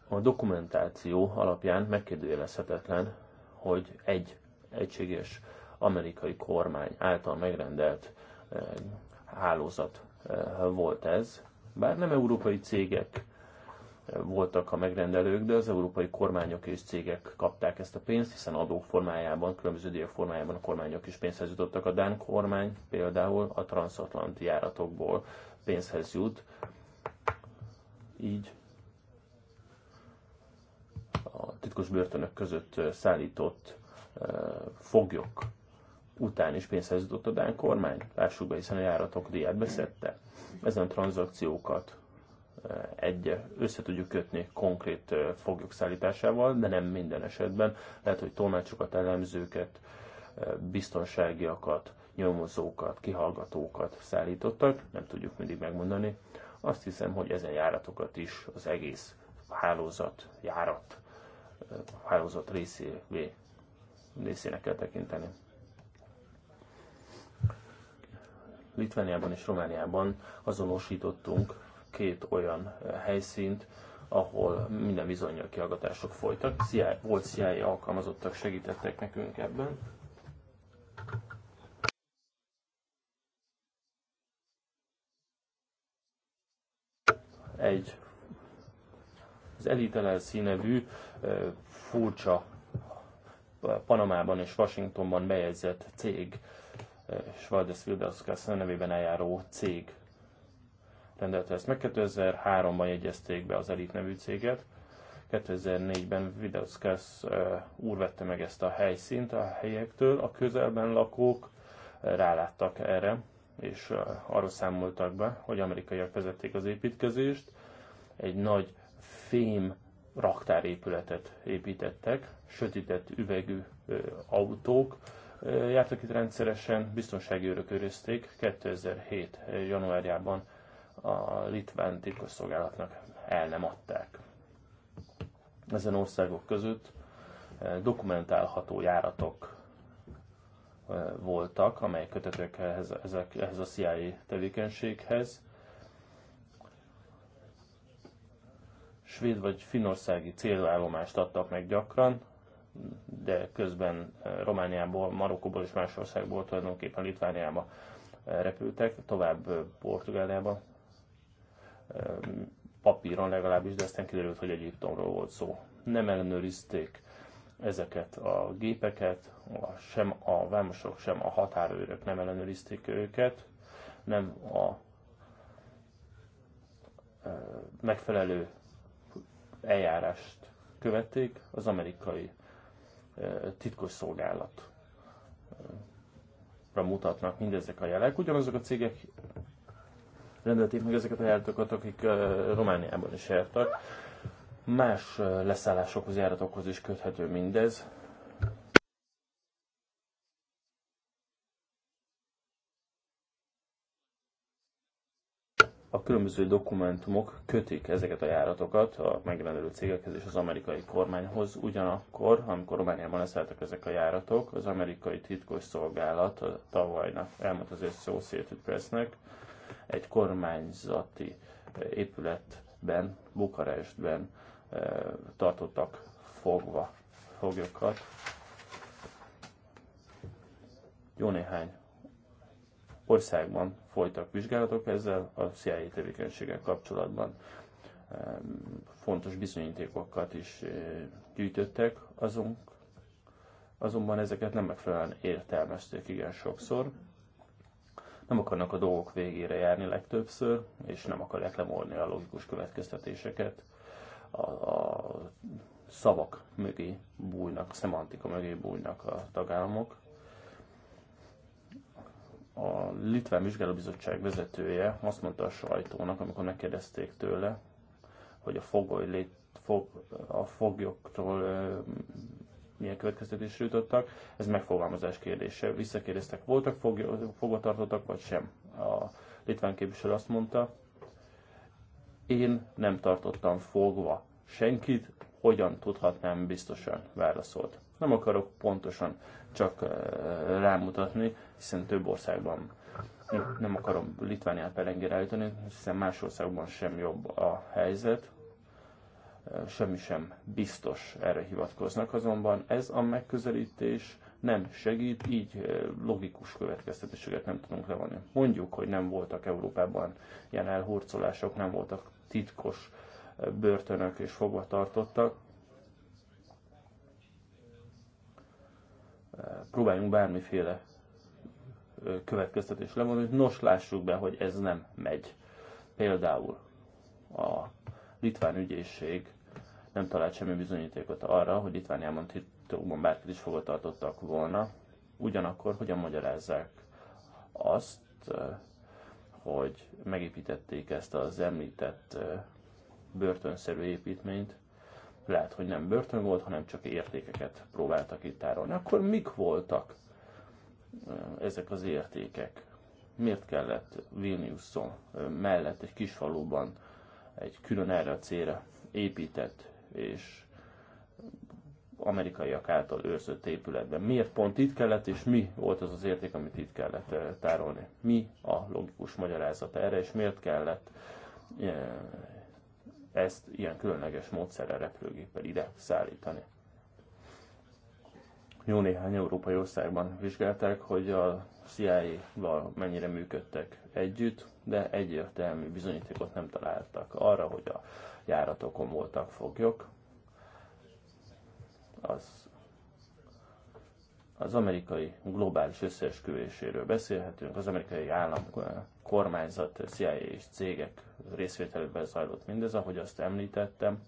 A dokumentáció alapján megkérdőjelezhetetlen, hogy egy egységes amerikai kormány által megrendelt eh, hálózat eh, volt ez, bár nem európai cégek voltak a megrendelők, de az európai kormányok és cégek kapták ezt a pénzt, hiszen adók formájában, különböző díjak formájában a kormányok is pénzhez jutottak. A Dán kormány például a transatlanti járatokból pénzhez jut, így a titkos börtönök között szállított foglyok után is pénzhez jutott a Dán kormány. Lássuk be, hiszen a járatok díját beszette. Ezen tranzakciókat egy össze tudjuk kötni konkrét foglyok szállításával, de nem minden esetben. Lehet, hogy tolmácsokat, elemzőket, biztonságiakat, nyomozókat, kihallgatókat szállítottak, nem tudjuk mindig megmondani. Azt hiszem, hogy ezen járatokat is az egész hálózat, járat, hálózat részévé, részének kell tekinteni. Litvániában és Romániában azonosítottunk két olyan helyszínt, ahol minden bizonyal kiagatások folytak. CIA, volt CIA alkalmazottak, segítettek nekünk ebben. Egy az Elitelel színevű furcsa Panamában és Washingtonban bejegyzett cég, Schwaldeswilderskas nevében eljáró cég rendelte ezt meg. 2003-ban jegyezték be az Elite nevű céget, 2004-ben uh, úr vette meg ezt a helyszínt a helyektől, a közelben lakók ráláttak erre, és arról számoltak be, hogy amerikaiak vezették az építkezést, egy nagy fém raktárépületet építettek, sötített üvegű autók jártak itt rendszeresen, biztonsági őrök őrizték. 2007. januárjában a litván titkosszolgálatnak el nem adták. Ezen országok között eh, dokumentálható járatok eh, voltak, amelyek kötetek ehhez, ehhez a CIA tevékenységhez. Svéd vagy finországi célállomást adtak meg gyakran, de közben eh, Romániából, Marokkóból és más országból tulajdonképpen Litvániába repültek, tovább Portugáliába, papíron legalábbis, de aztán kiderült, hogy Egyiptomról volt szó. Nem ellenőrizték ezeket a gépeket, a, sem a vámosok, sem a határőrök nem ellenőrizték őket, nem a e, megfelelő eljárást követték, az amerikai e, titkos szolgálatra mutatnak mindezek a jelek. Ugyanazok a cégek rendelték meg ezeket a járatokat, akik Romániában is jártak. Más leszállásokhoz, járatokhoz is köthető mindez. a különböző dokumentumok kötik ezeket a járatokat a megrendelő cégekhez és az amerikai kormányhoz. Ugyanakkor, amikor Romániában leszálltak ezek a járatok, az amerikai titkos szolgálat a tavalynak elmondta az Associated Pressnek, egy kormányzati eh, épületben, Bukarestben eh, tartottak fogva foglyokat. Jó néhány országban folytak vizsgálatok ezzel a CIA tevékenységgel kapcsolatban. Fontos bizonyítékokat is eh, gyűjtöttek, azon, azonban ezeket nem megfelelően értelmezték igen sokszor nem akarnak a dolgok végére járni legtöbbször, és nem akarják lemolni a logikus következtetéseket. A, a szavak mögé bújnak, a szemantika mögé bújnak a tagállamok. A Litván Vizsgálóbizottság vezetője azt mondta a sajtónak, amikor megkérdezték tőle, hogy a fogoly lét, fog, a foglyoktól milyen következtetésre jutottak, ez megfogalmazás kérdése. Visszakérdeztek, voltak fogvatartottak vagy sem. A litván képviselő azt mondta, én nem tartottam fogva senkit, hogyan tudhatnám biztosan, válaszolt. Nem akarok pontosan csak eh, rámutatni, hiszen több országban nem akarom Litvániát pelengére állítani, hiszen más országban sem jobb a helyzet semmi sem biztos erre hivatkoznak, azonban ez a megközelítés nem segít, így eh, logikus következtetéseket nem tudunk levonni. Mondjuk, hogy nem voltak Európában ilyen elhurcolások, nem voltak titkos eh, börtönök és fogva tartottak. Eh, próbáljunk bármiféle következtetés levonni, hogy nos, lássuk be, hogy ez nem megy. Például a litván ügyészség nem talált semmi bizonyítékot arra, hogy Litvániában titokban bárkit is fogvatartottak volna. Ugyanakkor hogyan magyarázzák azt, hogy megépítették ezt az említett börtönszerű építményt, lehet, hogy nem börtön volt, hanem csak értékeket próbáltak itt tárolni. Akkor mik voltak ezek az értékek? Miért kellett Vilniuszon mellett egy kis faluban egy külön erre a célra épített és amerikaiak által őrzött épületben. Miért pont itt kellett, és mi volt az az érték, amit itt kellett eh, tárolni? Mi a logikus magyarázat erre, és miért kellett eh, ezt ilyen különleges módszerrel repülőgéppel ide szállítani? jó néhány európai országban vizsgálták, hogy a CIA-val mennyire működtek együtt, de egyértelmű bizonyítékot nem találtak arra, hogy a járatokon voltak foglyok. Az, az amerikai globális összeesküvéséről beszélhetünk, az amerikai állam eh, kormányzat, CIA és cégek részvételével zajlott mindez, ahogy azt említettem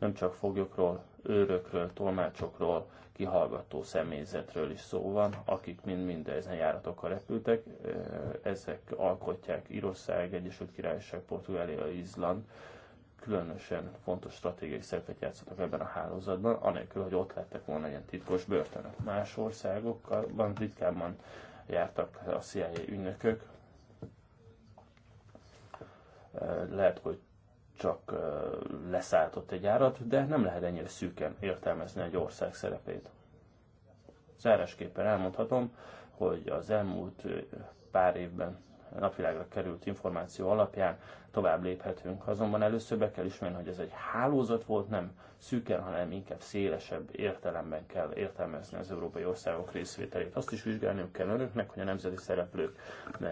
nem csak foglyokról, őrökről, tolmácsokról, kihallgató személyzetről is szó van, akik mind mindezen járatokkal repültek. Ezek alkotják Írország, Egyesült Királyság, Portugália, Izland. Különösen fontos stratégiai szerepet játszottak ebben a hálózatban, anélkül, hogy ott lettek volna ilyen titkos börtönök. Más országokban ritkábban jártak a CIA ügynökök, lehet, hogy csak leszálltott egy árat, de nem lehet ennyire szűken értelmezni egy ország szerepét. Zárásképpen elmondhatom, hogy az elmúlt pár évben napvilágra került információ alapján tovább léphetünk. Azonban először be kell ismerni, hogy ez egy hálózat volt, nem szűken, hanem inkább szélesebb értelemben kell értelmezni az európai országok részvételét. Azt is vizsgálniuk kell önöknek, hogy a nemzeti szereplők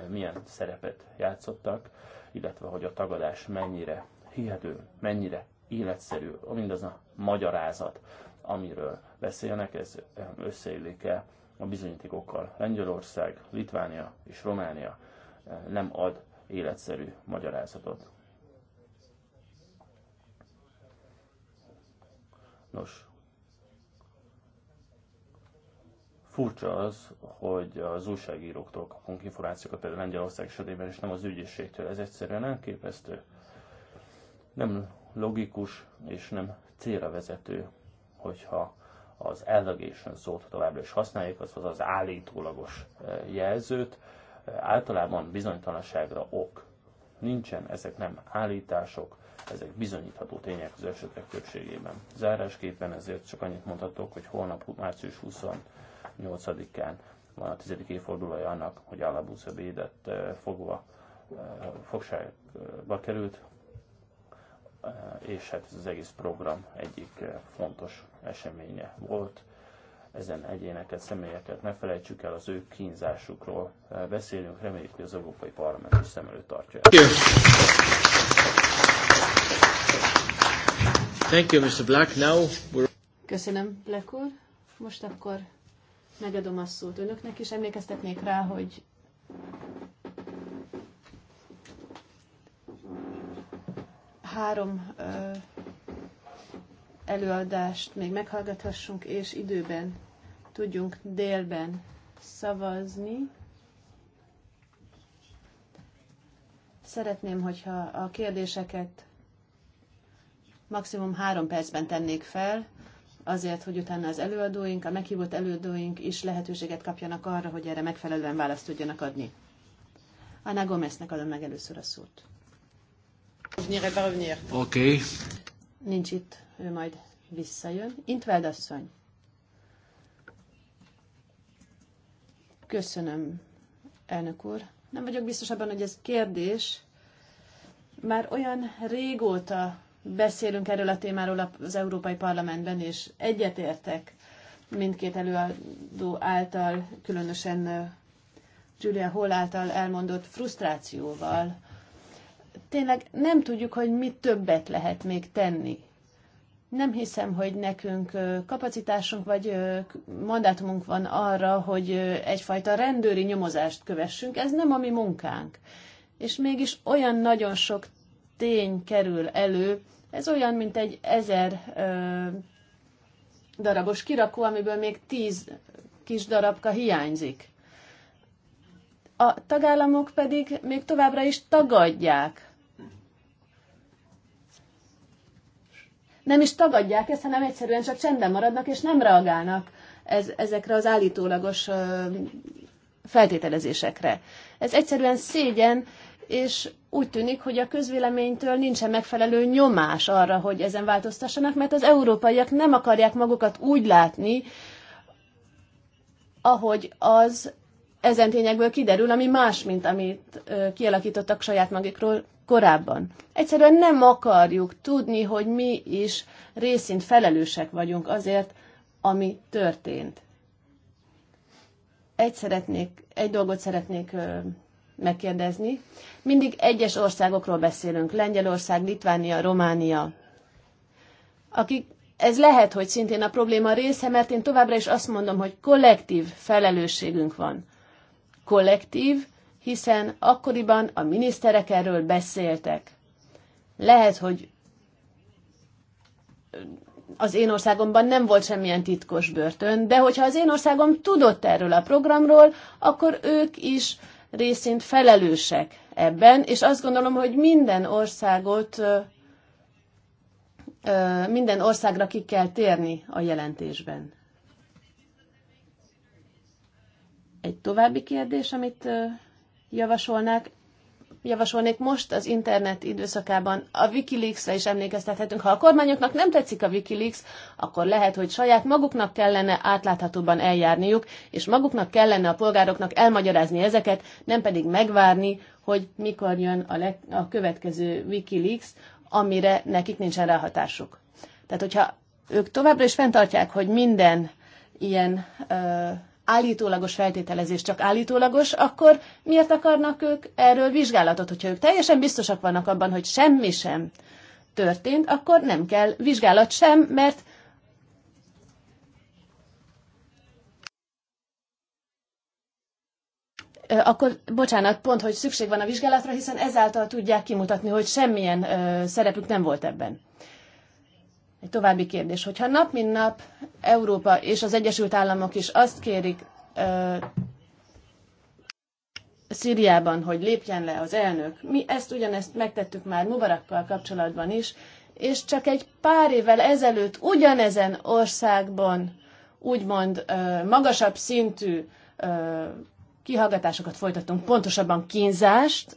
milyen szerepet játszottak, illetve hogy a tagadás mennyire hihető, mennyire életszerű, mindaz a magyarázat, amiről beszélnek, ez összeillik-e a bizonyítékokkal. Lengyelország, Litvánia és Románia eh, nem ad életszerű magyarázatot. Nos, furcsa az, hogy az újságíróktól kapunk információkat, például Lengyelország esetében, és nem az ügyészségtől. Ez egyszerűen elképesztő. Nem logikus és nem célra vezető, hogyha az allegation szót továbbra is használjuk, azaz az állítólagos e, jelzőt, e, általában bizonytalanságra ok. Nincsen, ezek nem állítások, ezek bizonyítható tények az esetek többségében. Zárásképpen ezért csak annyit mondhatok, hogy holnap március 28-án van a tizedik évfordulója annak, hogy Alabusza védett e, fogva fogságba került, Eh, és hát ez az egész program egyik eh, fontos eseménye volt. Ezen egyéneket, személyeket ne felejtsük el, az ő kínzásukról eh, beszélünk, reméljük, hogy az Európai Parlament is szem előtt tartja you. Thank you, Mr. Black. Now we're... Köszönöm, Black úr. Most akkor megadom a szót önöknek, és emlékeztetnék rá, hogy három előadást még meghallgathassunk, és időben tudjunk délben szavazni. Szeretném, hogyha a kérdéseket maximum három percben tennék fel, azért, hogy utána az előadóink, a meghívott előadóink is lehetőséget kapjanak arra, hogy erre megfelelően választ tudjanak adni. Anna Gomeznek adom meg először a szót. Revenir, elle va revenir. Oké. Nincs itt, ő majd visszajön. Intveld asszony. Köszönöm, elnök úr. Nem vagyok biztos abban, hogy ez kérdés. Már olyan régóta beszélünk erről a témáról az Európai Parlamentben, és egyetértek mindkét előadó által, különösen uh, Julia Hall által elmondott frusztrációval tényleg nem tudjuk, hogy mit többet lehet még tenni. Nem hiszem, hogy nekünk kapacitásunk vagy mandátumunk van arra, hogy egyfajta rendőri nyomozást kövessünk. Ez nem a mi munkánk. És mégis olyan nagyon sok tény kerül elő, ez olyan, mint egy ezer ö, darabos kirakó, amiből még tíz kis darabka hiányzik. A tagállamok pedig még továbbra is tagadják nem is tagadják ezt, hanem egyszerűen csak csendben maradnak, és nem reagálnak ez, ezekre az állítólagos feltételezésekre. Ez egyszerűen szégyen, és úgy tűnik, hogy a közvéleménytől nincsen megfelelő nyomás arra, hogy ezen változtassanak, mert az európaiak nem akarják magukat úgy látni, ahogy az ezen tényekből kiderül, ami más, mint amit kialakítottak saját magukról korábban. Egyszerűen nem akarjuk tudni, hogy mi is részint felelősek vagyunk azért, ami történt. Egy, szeretnék, egy dolgot szeretnék megkérdezni. Mindig egyes országokról beszélünk, Lengyelország, Litvánia, Románia, akik ez lehet, hogy szintén a probléma része, mert én továbbra is azt mondom, hogy kollektív felelősségünk van. Kollektív, hiszen akkoriban a miniszterek erről beszéltek. Lehet, hogy az én országomban nem volt semmilyen titkos börtön, de hogyha az én országom tudott erről a programról, akkor ők is részint felelősek ebben, és azt gondolom, hogy minden országot, minden országra ki kell térni a jelentésben. Egy további kérdés, amit javasolnák, javasolnék most az internet időszakában. A Wikileaks-re is emlékeztethetünk. Ha a kormányoknak nem tetszik a Wikileaks, akkor lehet, hogy saját maguknak kellene átláthatóban eljárniuk, és maguknak kellene a polgároknak elmagyarázni ezeket, nem pedig megvárni, hogy mikor jön a, le- a következő Wikileaks, amire nekik nincsen ráhatásuk. Tehát, hogyha ők továbbra is fenntartják, hogy minden ilyen uh, állítólagos feltételezés csak állítólagos, akkor miért akarnak ők erről vizsgálatot? Hogyha ők teljesen biztosak vannak abban, hogy semmi sem történt, akkor nem kell vizsgálat sem, mert akkor, bocsánat, pont, hogy szükség van a vizsgálatra, hiszen ezáltal tudják kimutatni, hogy semmilyen ö, szerepük nem volt ebben. Egy további kérdés, hogyha nap mint nap Európa és az Egyesült Államok is azt kérik uh, Szíriában, hogy lépjen le az elnök, mi ezt ugyanezt megtettük már Mubarakkal kapcsolatban is, és csak egy pár évvel ezelőtt ugyanezen országban úgymond uh, magasabb szintű uh, kihallgatásokat folytattunk, pontosabban kínzást,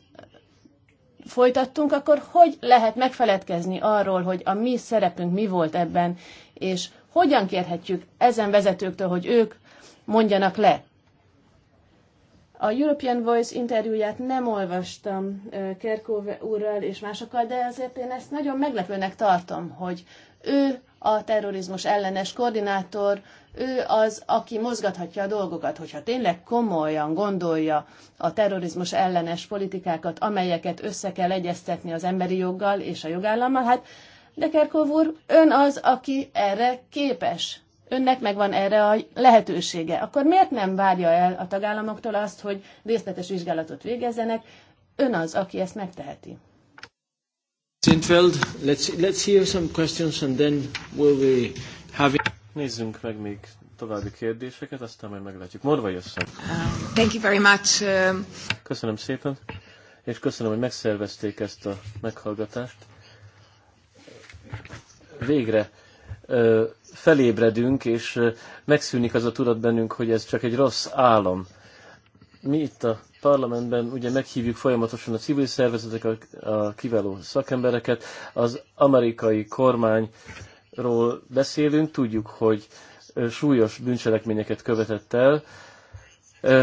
folytattunk, akkor hogy lehet megfeledkezni arról, hogy a mi szerepünk mi volt ebben, és hogyan kérhetjük ezen vezetőktől, hogy ők mondjanak le. A European Voice interjúját nem olvastam Kerkove úrral és másokkal, de azért én ezt nagyon meglepőnek tartom, hogy ő a terrorizmus ellenes koordinátor, ő az, aki mozgathatja a dolgokat, hogyha tényleg komolyan gondolja a terrorizmus ellenes politikákat, amelyeket össze kell egyeztetni az emberi joggal és a jogállammal, hát de Kerkov úr, ön az, aki erre képes. Önnek megvan erre a lehetősége. Akkor miért nem várja el a tagállamoktól azt, hogy részletes vizsgálatot végezzenek? Ön az, aki ezt megteheti. Sintfeld, let's, let's hear some questions and then we'll be having... Nézzünk meg még további kérdéseket, aztán majd meglátjuk. Morvai Uh, Thank you very much. Um, köszönöm szépen, és köszönöm, hogy megszervezték ezt a meghallgatást. Végre felébredünk, és megszűnik az a tudat bennünk, hogy ez csak egy rossz álom. Mi itt a parlamentben ugye meghívjuk folyamatosan a civil szervezeteket, a kiváló szakembereket, az amerikai kormány ról beszélünk, tudjuk, hogy súlyos bűncselekményeket követett el,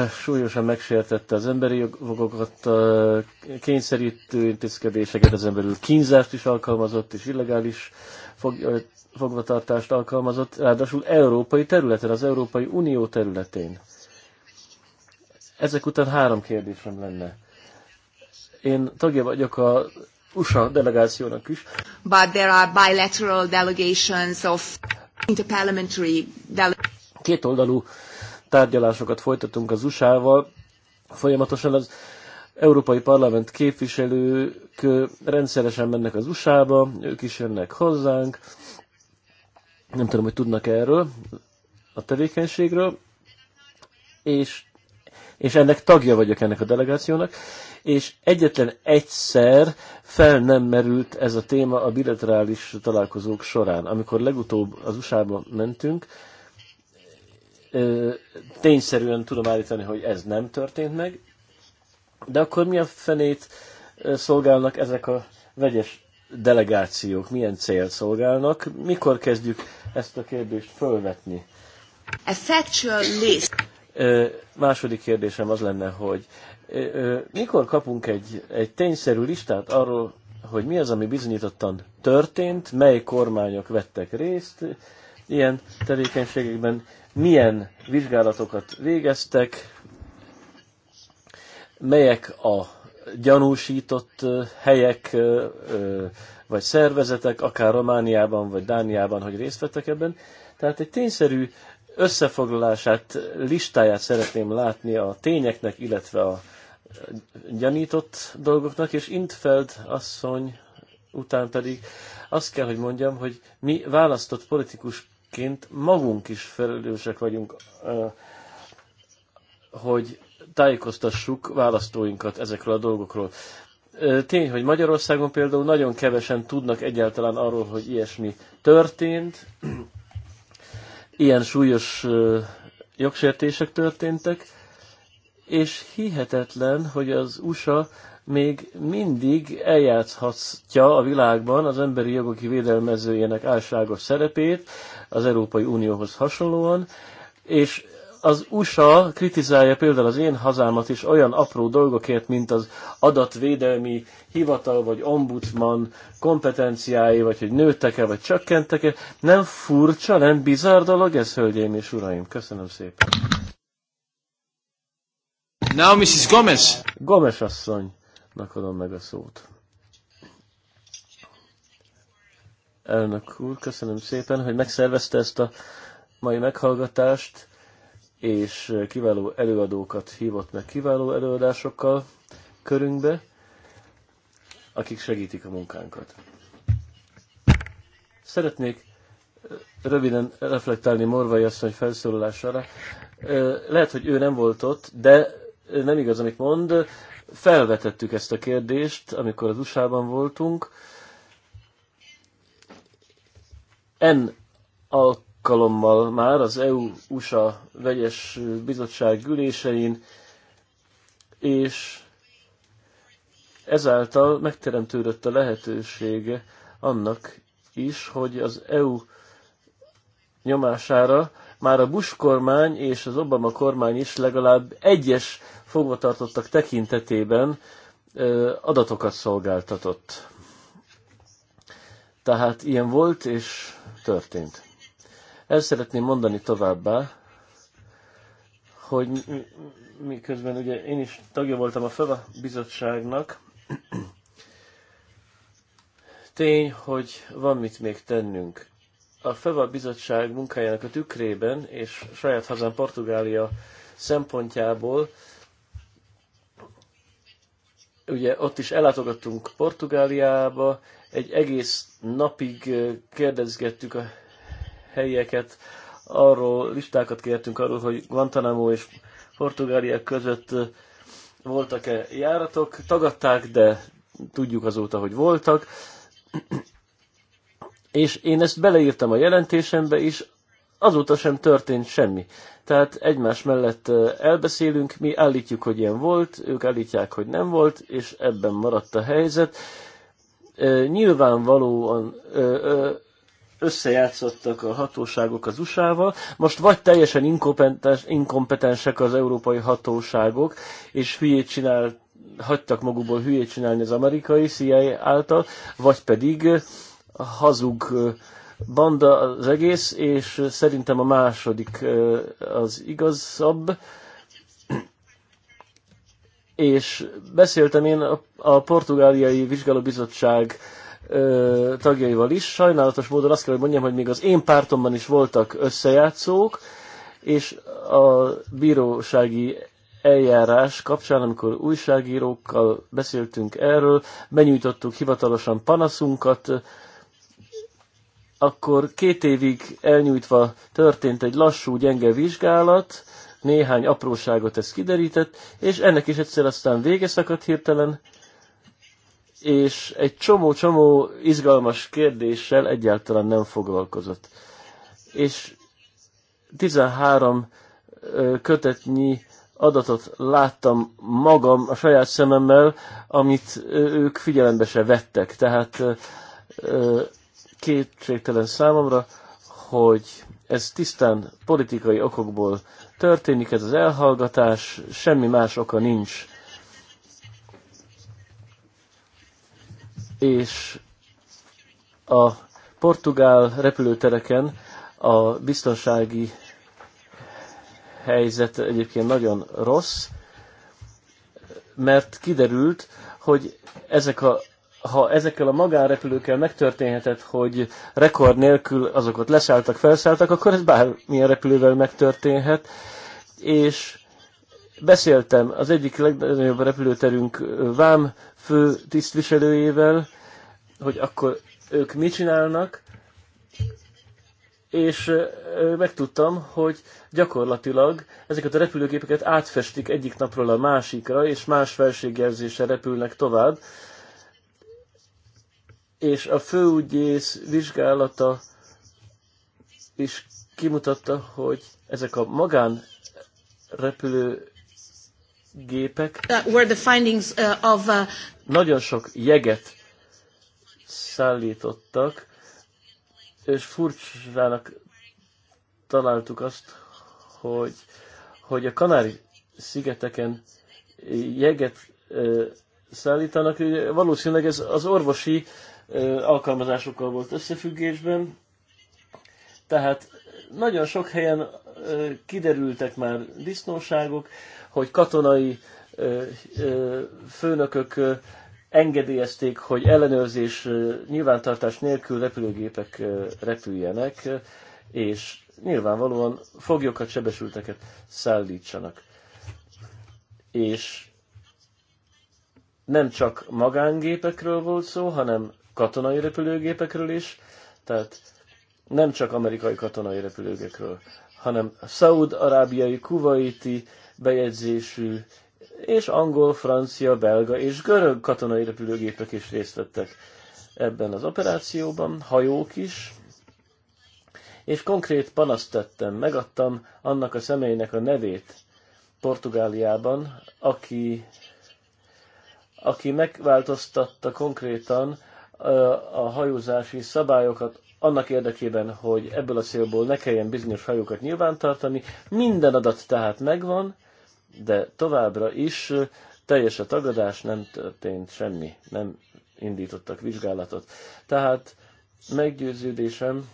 súlyosan megsértette az emberi jogokat, kényszerítő intézkedéseket, az emberül kínzást is alkalmazott, és illegális fogvatartást alkalmazott, ráadásul európai területen, az Európai Unió területén. Ezek után három kérdésem lenne. Én tagja vagyok az USA delegációnak is. But there are bilateral delegations of interparliamentary delegations. Kétoldalú tárgyalásokat folytatunk az USA-val. Folyamatosan az Európai Parlament képviselők rendszeresen mennek az USA-ba, ők is jönnek hozzánk. Nem tudom, hogy tudnak erről a tevékenységről. És és ennek tagja vagyok ennek a delegációnak, és egyetlen egyszer fel nem merült ez a téma a bilaterális találkozók során. Amikor legutóbb az USA-ba mentünk, tényszerűen tudom állítani, hogy ez nem történt meg, de akkor mi a fenét szolgálnak ezek a vegyes delegációk, milyen cél szolgálnak, mikor kezdjük ezt a kérdést fölvetni? A factual list. Második kérdésem az lenne, hogy mikor kapunk egy, egy tényszerű listát arról, hogy mi az, ami bizonyítottan történt, mely kormányok vettek részt ilyen tevékenységekben, milyen vizsgálatokat végeztek, melyek a gyanúsított helyek vagy szervezetek, akár Romániában vagy Dániában, hogy részt vettek ebben. Tehát egy tényszerű összefoglalását, listáját szeretném látni a tényeknek, illetve a gyanított dolgoknak, és Intfeld asszony után pedig azt kell, hogy mondjam, hogy mi választott politikusként magunk is felelősek vagyunk, hogy tájékoztassuk választóinkat ezekről a dolgokról. Tény, hogy Magyarországon például nagyon kevesen tudnak egyáltalán arról, hogy ilyesmi történt, ilyen súlyos jogsértések történtek, és hihetetlen, hogy az USA még mindig eljátszhatja a világban az emberi jogok védelmezőjének álságos szerepét, az Európai Unióhoz hasonlóan, és az USA kritizálja például az én hazámat is olyan apró dolgokért, mint az adatvédelmi hivatal vagy ombudsman kompetenciái, vagy hogy nőttek-e, vagy csökkentek-e. Nem furcsa, nem bizarr dolog ez, hölgyeim és uraim? Köszönöm szépen. Now Mrs. Gomez. Gomez asszony, adom meg a szót. Elnök úr, köszönöm szépen, hogy megszervezte ezt a mai meghallgatást és eh, kiváló előadókat hívott meg kiváló előadásokkal körünkbe, akik segítik a munkánkat. Szeretnék eh, röviden reflektálni Morvai asszony felszólalására. Eh, lehet, hogy ő nem volt ott, de nem igaz, amit mond. Felvetettük ezt a kérdést, amikor az USA-ban voltunk. En a alkalommal már az EU-USA vegyes bizottság ülésein, és ezáltal megteremtődött a lehetősége annak is, hogy az EU nyomására már a Bush kormány és az Obama kormány is legalább egyes fogvatartottak tekintetében adatokat szolgáltatott. Tehát ilyen volt és történt. El szeretném mondani továbbá, hogy miközben ugye én is tagja voltam a FEVA bizottságnak, tény, hogy van mit még tennünk. A FEVA bizottság munkájának a tükrében és saját hazán Portugália szempontjából ugye ott is ellátogattunk Portugáliába, egy egész napig eh, kérdezgettük a helyeket arról listákat kértünk arról, hogy Guantanamo és Portugália között voltak-e járatok. Tagadták, de tudjuk azóta, hogy voltak. És én ezt beleírtam a jelentésembe is, azóta sem történt semmi. Tehát egymás mellett elbeszélünk, mi állítjuk, hogy ilyen volt, ők állítják, hogy nem volt, és ebben maradt a helyzet. Nyilvánvalóan összejátszottak a hatóságok az USA-val. Most vagy teljesen inkompetensek az európai hatóságok, és hülyét csinál, hagytak magukból hülyét csinálni az amerikai CIA által, vagy pedig hazug banda az egész, és szerintem a második az igazabb. És beszéltem én a portugáliai vizsgálóbizottság ö, tagjaival is. Sajnálatos módon azt kell, hogy mondjam, hogy még az én pártomban is voltak összejátszók, és a bírósági eljárás kapcsán, amikor újságírókkal beszéltünk erről, benyújtottuk hivatalosan panaszunkat, akkor két évig elnyújtva történt egy lassú, gyenge vizsgálat, néhány apróságot ez kiderített, és ennek is egyszer aztán vége szakadt hirtelen, és egy csomó-csomó izgalmas kérdéssel egyáltalán nem foglalkozott. És 13 kötetnyi adatot láttam magam a saját szememmel, amit ők figyelembe se vettek. Tehát kétségtelen számomra, hogy ez tisztán politikai okokból történik, ez az elhallgatás, semmi más oka nincs és a portugál repülőtereken a biztonsági helyzet egyébként nagyon rossz, mert kiderült, hogy ezek a, ha ezekkel a magánrepülőkkel megtörténhetett, hogy rekord nélkül azokat leszálltak, felszálltak, akkor ez bármilyen repülővel megtörténhet, és Beszéltem az egyik legnagyobb repülőterünk vám fő tisztviselőjével, hogy akkor ők mit csinálnak, és megtudtam, hogy gyakorlatilag ezeket a repülőgépeket átfestik egyik napról a másikra, és más felségjelzéssel repülnek tovább. És a főügyész vizsgálata is kimutatta, hogy ezek a magán repülő gépek. Were the findings uh, of, uh, Nagyon sok jeget szállítottak, és furcsának találtuk azt, hogy, hogy a Kanári szigeteken jeget szállítanak. Valószínűleg ez az orvosi alkalmazásokkal volt összefüggésben. Tehát nagyon sok helyen kiderültek már disznóságok, hogy katonai főnökök engedélyezték, hogy ellenőrzés nyilvántartás nélkül repülőgépek repüljenek, és nyilvánvalóan foglyokat, sebesülteket szállítsanak. És nem csak magángépekről volt szó, hanem katonai repülőgépekről is, tehát nem csak amerikai katonai repülőgépekről hanem szaud-arábiai, kuvaiti bejegyzésű és angol, francia, belga és görög katonai repülőgépek is részt vettek ebben az operációban, hajók is, és konkrét panaszt tettem, megadtam annak a személynek a nevét Portugáliában, aki, aki megváltoztatta konkrétan a hajózási szabályokat annak érdekében, hogy ebből a célból ne kelljen bizonyos hajókat nyilvántartani. Minden adat tehát megvan, de továbbra is teljes a tagadás, nem történt semmi, nem indítottak vizsgálatot. Tehát meggyőződésem,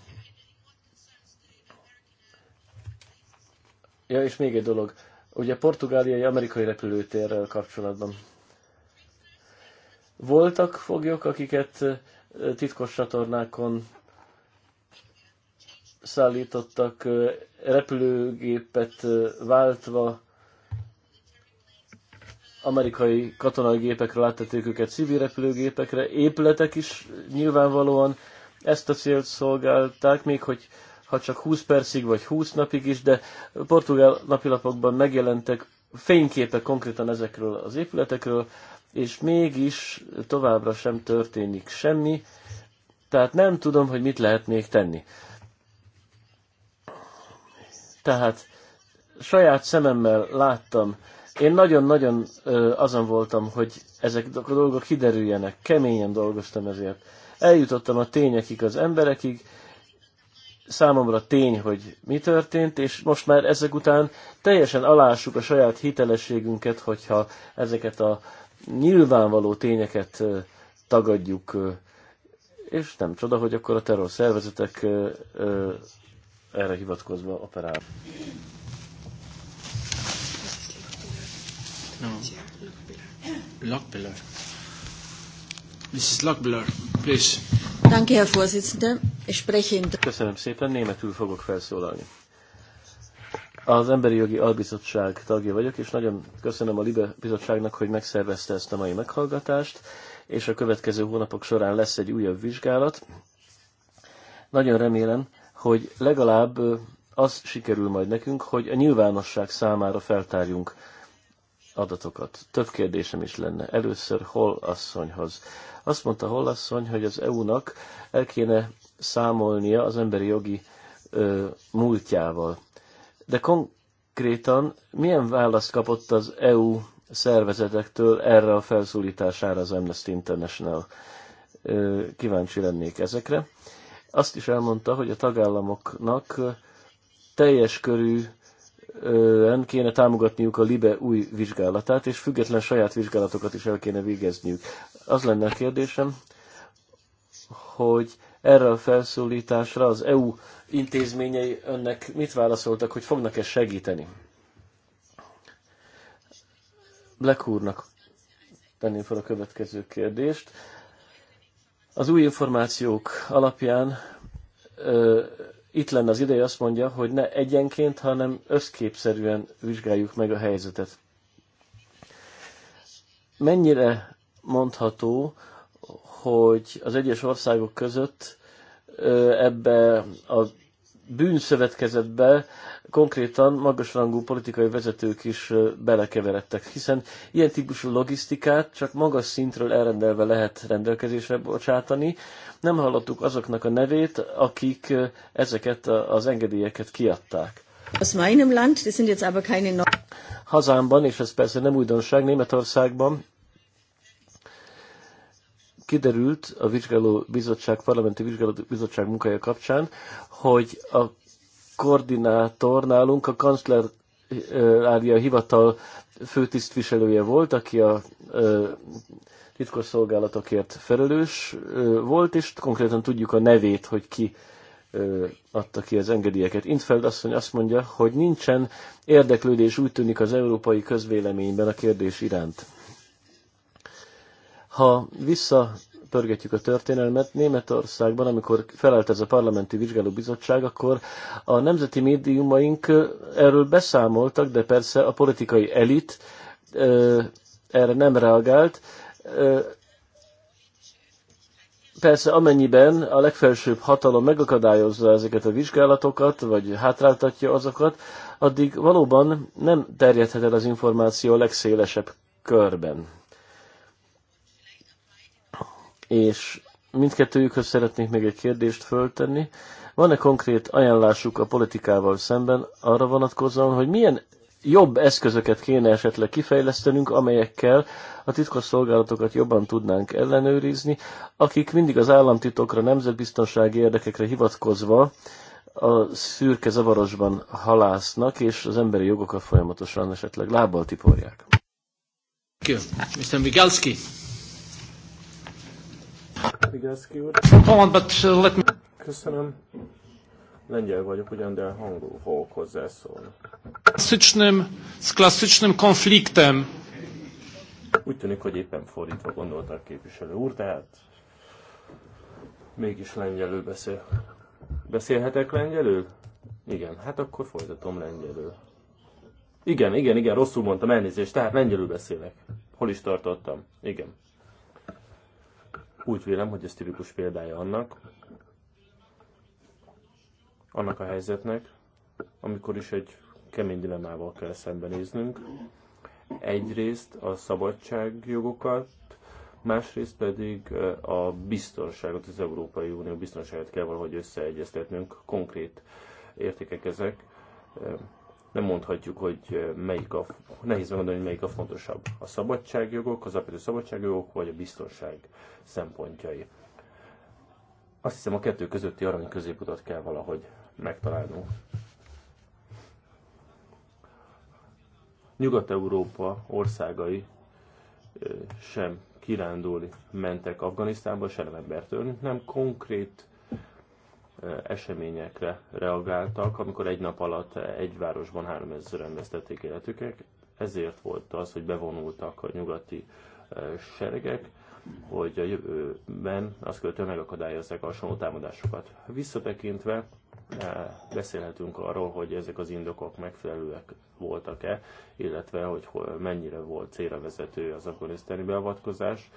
ja és még egy dolog, ugye portugáliai amerikai repülőtérrel kapcsolatban voltak foglyok, akiket titkos csatornákon szállítottak repülőgépet váltva, amerikai katonai gépekre áttették őket civil repülőgépekre, épületek is nyilvánvalóan ezt a célt szolgálták, még hogy ha csak 20 percig vagy 20 napig is, de portugál napilapokban megjelentek fényképek konkrétan ezekről az épületekről, és mégis továbbra sem történik semmi, tehát nem tudom, hogy mit lehet még tenni. Tehát saját szememmel láttam, én nagyon-nagyon azon voltam, hogy ezek a dolgok kiderüljenek, keményen dolgoztam ezért. Eljutottam a tényekig az emberekig, számomra tény, hogy mi történt, és most már ezek után teljesen alássuk a saját hitelességünket, hogyha ezeket a nyilvánvaló tényeket tagadjuk, és nem csoda, hogy akkor a szervezetek erre hivatkozva operál. Lockbiller. Lockbiller, please. Köszönöm szépen, németül fogok felszólalni. Az Emberi Jogi Albizottság tagja vagyok, és nagyon köszönöm a Libe Bizottságnak, hogy megszervezte ezt a mai meghallgatást, és a következő hónapok során lesz egy újabb vizsgálat. Nagyon remélem, hogy legalább az sikerül majd nekünk, hogy a nyilvánosság számára feltárjunk adatokat. Több kérdésem is lenne. Először Hol asszonyhoz. Azt mondta Hol asszony, hogy az EU-nak el kéne számolnia az emberi jogi ö, múltjával. De konkrétan milyen választ kapott az EU szervezetektől erre a felszólítására az Amnesty International? Ö, kíváncsi lennék ezekre azt is elmondta, hogy a tagállamoknak teljes körű kéne támogatniuk a LIBE új vizsgálatát, és független saját vizsgálatokat is el kéne végezniük. Az lenne a kérdésem, hogy erre a felszólításra az EU intézményei önnek mit válaszoltak, hogy fognak-e segíteni? Black úrnak tenném fel a következő kérdést. Az új információk alapján ö, itt lenne az ideje azt mondja, hogy ne egyenként, hanem összképszerűen vizsgáljuk meg a helyzetet. Mennyire mondható, hogy az egyes országok között ebbe a bűnszövetkezetbe konkrétan magasrangú politikai vezetők is belekeveredtek, hiszen ilyen típusú logisztikát csak magas szintről elrendelve lehet rendelkezésre bocsátani. Nem hallottuk azoknak a nevét, akik ezeket az engedélyeket kiadták. Aus meinem Land, das sind jetzt aber keine Hazámban, és ez persze nem újdonság, Németországban kiderült a vizsgáló bizottság, parlamenti vizsgáló bizottság munkája kapcsán, hogy a koordinátor nálunk a kancler Ária hivatal főtisztviselője volt, aki a titkos szolgálatokért felelős volt, és konkrétan tudjuk a nevét, hogy ki adta ki az engedélyeket. Intfeld asszony azt mondja, hogy nincsen érdeklődés úgy tűnik az európai közvéleményben a kérdés iránt. Ha visszapörgetjük a történelmet, Németországban, amikor felelt ez a parlamenti vizsgálóbizottság, akkor a nemzeti médiumaink erről beszámoltak, de persze a politikai elit erre nem reagált. Persze amennyiben a legfelsőbb hatalom megakadályozza ezeket a vizsgálatokat, vagy hátráltatja azokat, addig valóban nem terjedhet el az információ a legszélesebb körben és mindkettőjükhöz szeretnék még egy kérdést föltenni. Van-e konkrét ajánlásuk a politikával szemben arra vonatkozóan, hogy milyen jobb eszközöket kéne esetleg kifejlesztenünk, amelyekkel a titkos szolgálatokat jobban tudnánk ellenőrizni, akik mindig az államtitokra, nemzetbiztonsági érdekekre hivatkozva a szürke zavarosban halásznak, és az emberi jogokat folyamatosan esetleg lábbal tiporják. Mr. Migalski. Vigaszki úr. Uh, Köszönöm. Lengyel vagyok ugyan, de hangul fogok hozzászólni. Klasszycznym, z klasycznym konfliktem. Úgy tűnik, hogy éppen fordítva gondolták képviselő úr, tehát mégis lengyelül beszél. Beszélhetek lengyelül? Igen, hát akkor folytatom lengyelül. Igen, igen, igen, rosszul mondtam, elnézést, tehát lengyelül beszélek. Hol is tartottam? Igen. Úgy vélem, hogy ez tipikus példája annak, annak a helyzetnek, amikor is egy kemény dilemmával kell szembenéznünk. Egyrészt a szabadságjogokat, másrészt pedig eh, a biztonságot, az Európai Unió biztonságát kell valahogy összeegyeztetnünk. Konkrét értékek ezek, eh, nem mondhatjuk, hogy melyik a, nehéz megmondani, hogy melyik a fontosabb. A szabadságjogok, az alapvető szabadságjogok, vagy a biztonság szempontjai. Azt hiszem a kettő közötti arany középutat kell valahogy megtalálnunk. Nyugat-Európa országai sem kirándulni mentek Afganisztánba, sem embertől, nem konkrét eseményekre reagáltak, amikor egy nap alatt egy városban 3000-en vesztették életüket. Ezért volt az, hogy bevonultak a nyugati seregek, hogy a jövőben azt követően megakadályozzák a hasonló támadásokat. Visszatekintve beszélhetünk arról, hogy ezek az indokok megfelelőek voltak-e, illetve hogy mennyire volt célra vezető az afganisztáni beavatkozás,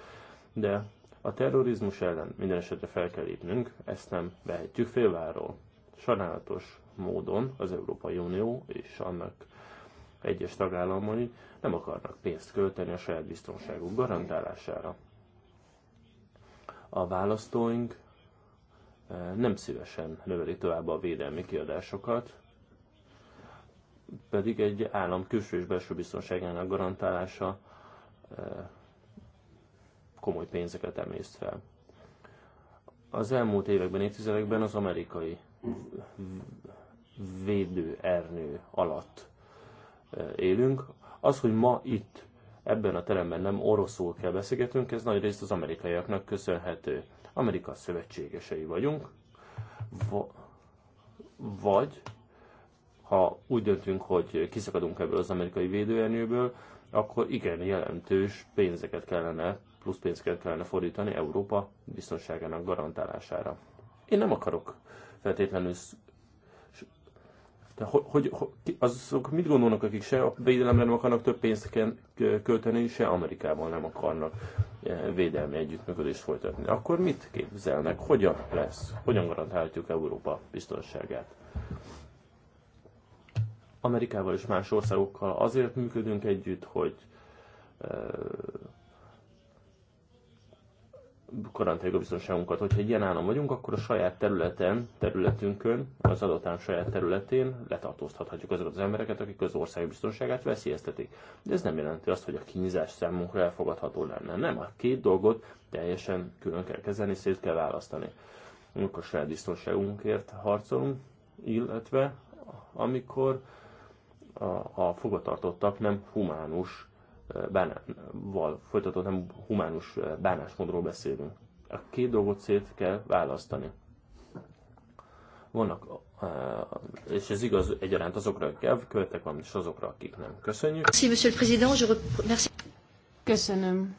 de a terrorizmus ellen minden esetre fel kell lépnünk, ezt nem vehetjük félváról. Sajnálatos módon az Európai Unió és annak egyes tagállamai nem akarnak pénzt költeni a saját biztonságuk garantálására. A választóink eh, nem szívesen növeli tovább a védelmi kiadásokat, pedig egy állam külső és belső biztonságának garantálása eh, komoly pénzeket emészt fel. Az elmúlt években, évtizedekben az amerikai védőernő alatt e, élünk. Az, hogy ma itt ebben a teremben nem oroszul kell beszélgetünk, ez nagy részt az amerikaiaknak köszönhető. Amerika szövetségesei vagyunk, va- vagy ha úgy döntünk, hogy kiszakadunk ebből az amerikai védőernyőből, akkor igen jelentős pénzeket kellene plusz pénzt kell kellene fordítani Európa biztonságának garantálására. Én nem akarok feltétlenül de hogy, hogy, hogy, azok mit gondolnak, akik se a védelemre nem akarnak több pénzt költeni, se Amerikában nem akarnak eh, védelmi együttműködést folytatni. Akkor mit képzelnek? Hogyan lesz? Hogyan garantálhatjuk Európa biztonságát? Amerikával és más országokkal azért működünk együtt, hogy eh, garantáljuk a biztonságunkat. Hogyha egy ilyen állam vagyunk, akkor a saját területen, területünkön, az adott állam saját területén letartóztathatjuk azokat az embereket, akik az ország biztonságát veszélyeztetik. De ez nem jelenti azt, hogy a kínzás számunkra elfogadható lenne. Nem, a két dolgot teljesen külön kell kezelni, szét kell választani. Amikor saját biztonságunkért harcolunk, illetve amikor a, a fogvatartottak nem humánus bánával folytatott nem humánus bánásmódról beszélünk. A két dolgot szét kell választani. Vannak, és ez igaz egyaránt azokra, akik elkövettek valamit, és azokra, akik nem. Köszönjük. Köszönöm.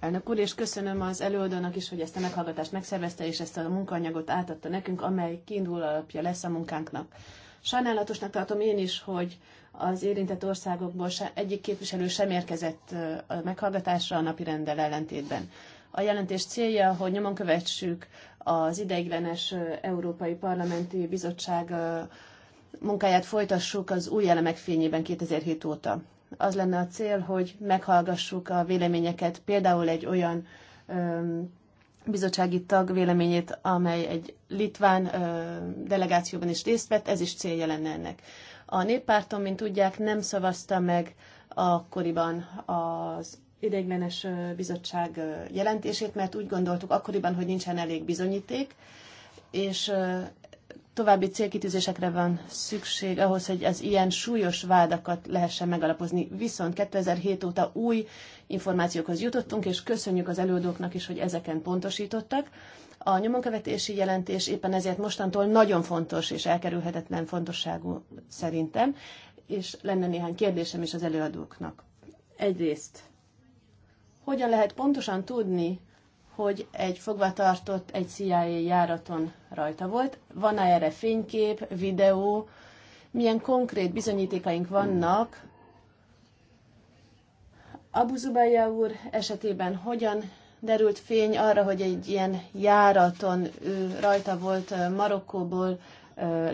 Elnök úr, és köszönöm az előadónak is, hogy ezt a meghallgatást megszervezte, és ezt a munkanyagot átadta nekünk, amely kiindul alapja lesz a munkánknak. Sajnálatosnak tartom én is, hogy az érintett országokból se, egyik képviselő sem érkezett a meghallgatásra a napi rendel ellentétben. A jelentés célja, hogy nyomon kövessük az ideiglenes Európai Parlamenti Bizottság munkáját folytassuk az új elemek fényében 2007 óta. Az lenne a cél, hogy meghallgassuk a véleményeket például egy olyan bizottsági tag véleményét, amely egy litván delegációban is részt vett, ez is célja lenne ennek. A néppárton, mint tudják, nem szavazta meg akkoriban az ideiglenes bizottság jelentését, mert úgy gondoltuk akkoriban, hogy nincsen elég bizonyíték, és további célkitűzésekre van szükség ahhoz, hogy az ilyen súlyos vádakat lehessen megalapozni. Viszont 2007 óta új információkhoz jutottunk, és köszönjük az előadóknak is, hogy ezeken pontosítottak. A nyomonkövetési jelentés éppen ezért mostantól nagyon fontos és elkerülhetetlen fontosságú szerintem, és lenne néhány kérdésem is az előadóknak. Egyrészt, hogyan lehet pontosan tudni, hogy egy fogvatartott egy CIA járaton rajta volt. Van-e erre fénykép, videó? Milyen konkrét bizonyítékaink vannak? Abu Zubayá úr esetében hogyan derült fény arra, hogy egy ilyen járaton ő rajta volt Marokkóból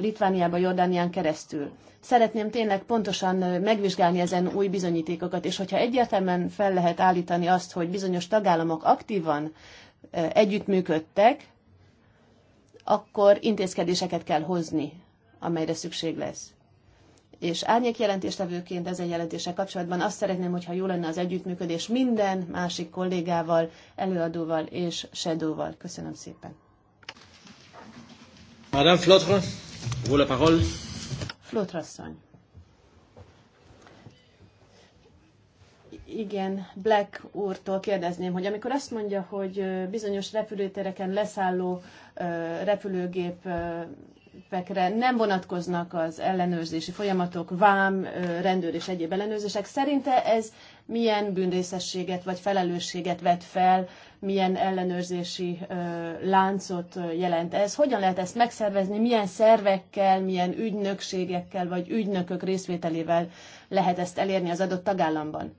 Litvániába, Jordánián keresztül. Szeretném tényleg pontosan megvizsgálni ezen új bizonyítékokat, és hogyha egyértelműen fel lehet állítani azt, hogy bizonyos tagállamok aktívan együttműködtek, akkor intézkedéseket kell hozni, amelyre szükség lesz. És árnyék jelentéstevőként ezen jelentéssel kapcsolatban azt szeretném, hogyha jó lenne az együttműködés minden másik kollégával, előadóval és sedóval. Köszönöm szépen. Madame Flotre, vous la parole. Flotre asszony. igen, Black úrtól kérdezném, hogy amikor azt mondja, hogy bizonyos repülőtereken leszálló repülőgépekre nem vonatkoznak az ellenőrzési folyamatok, vám, rendőr és egyéb ellenőrzések, szerinte ez milyen bűnrészességet vagy felelősséget vet fel milyen ellenőrzési láncot jelent ez, hogyan lehet ezt megszervezni, milyen szervekkel, milyen ügynökségekkel vagy ügynökök részvételével lehet ezt elérni az adott tagállamban.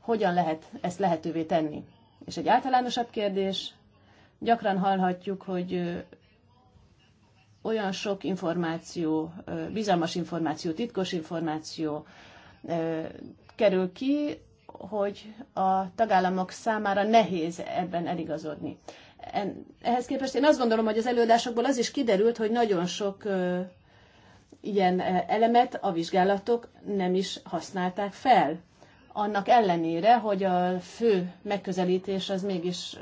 Hogyan lehet ezt lehetővé tenni? És egy általánosabb kérdés, gyakran hallhatjuk, hogy olyan sok információ, bizalmas információ, titkos információ kerül ki, hogy a tagállamok számára nehéz ebben eligazodni. Ehhez képest én azt gondolom, hogy az előadásokból az is kiderült, hogy nagyon sok ilyen elemet a vizsgálatok nem is használták fel. Annak ellenére, hogy a fő megközelítés az mégis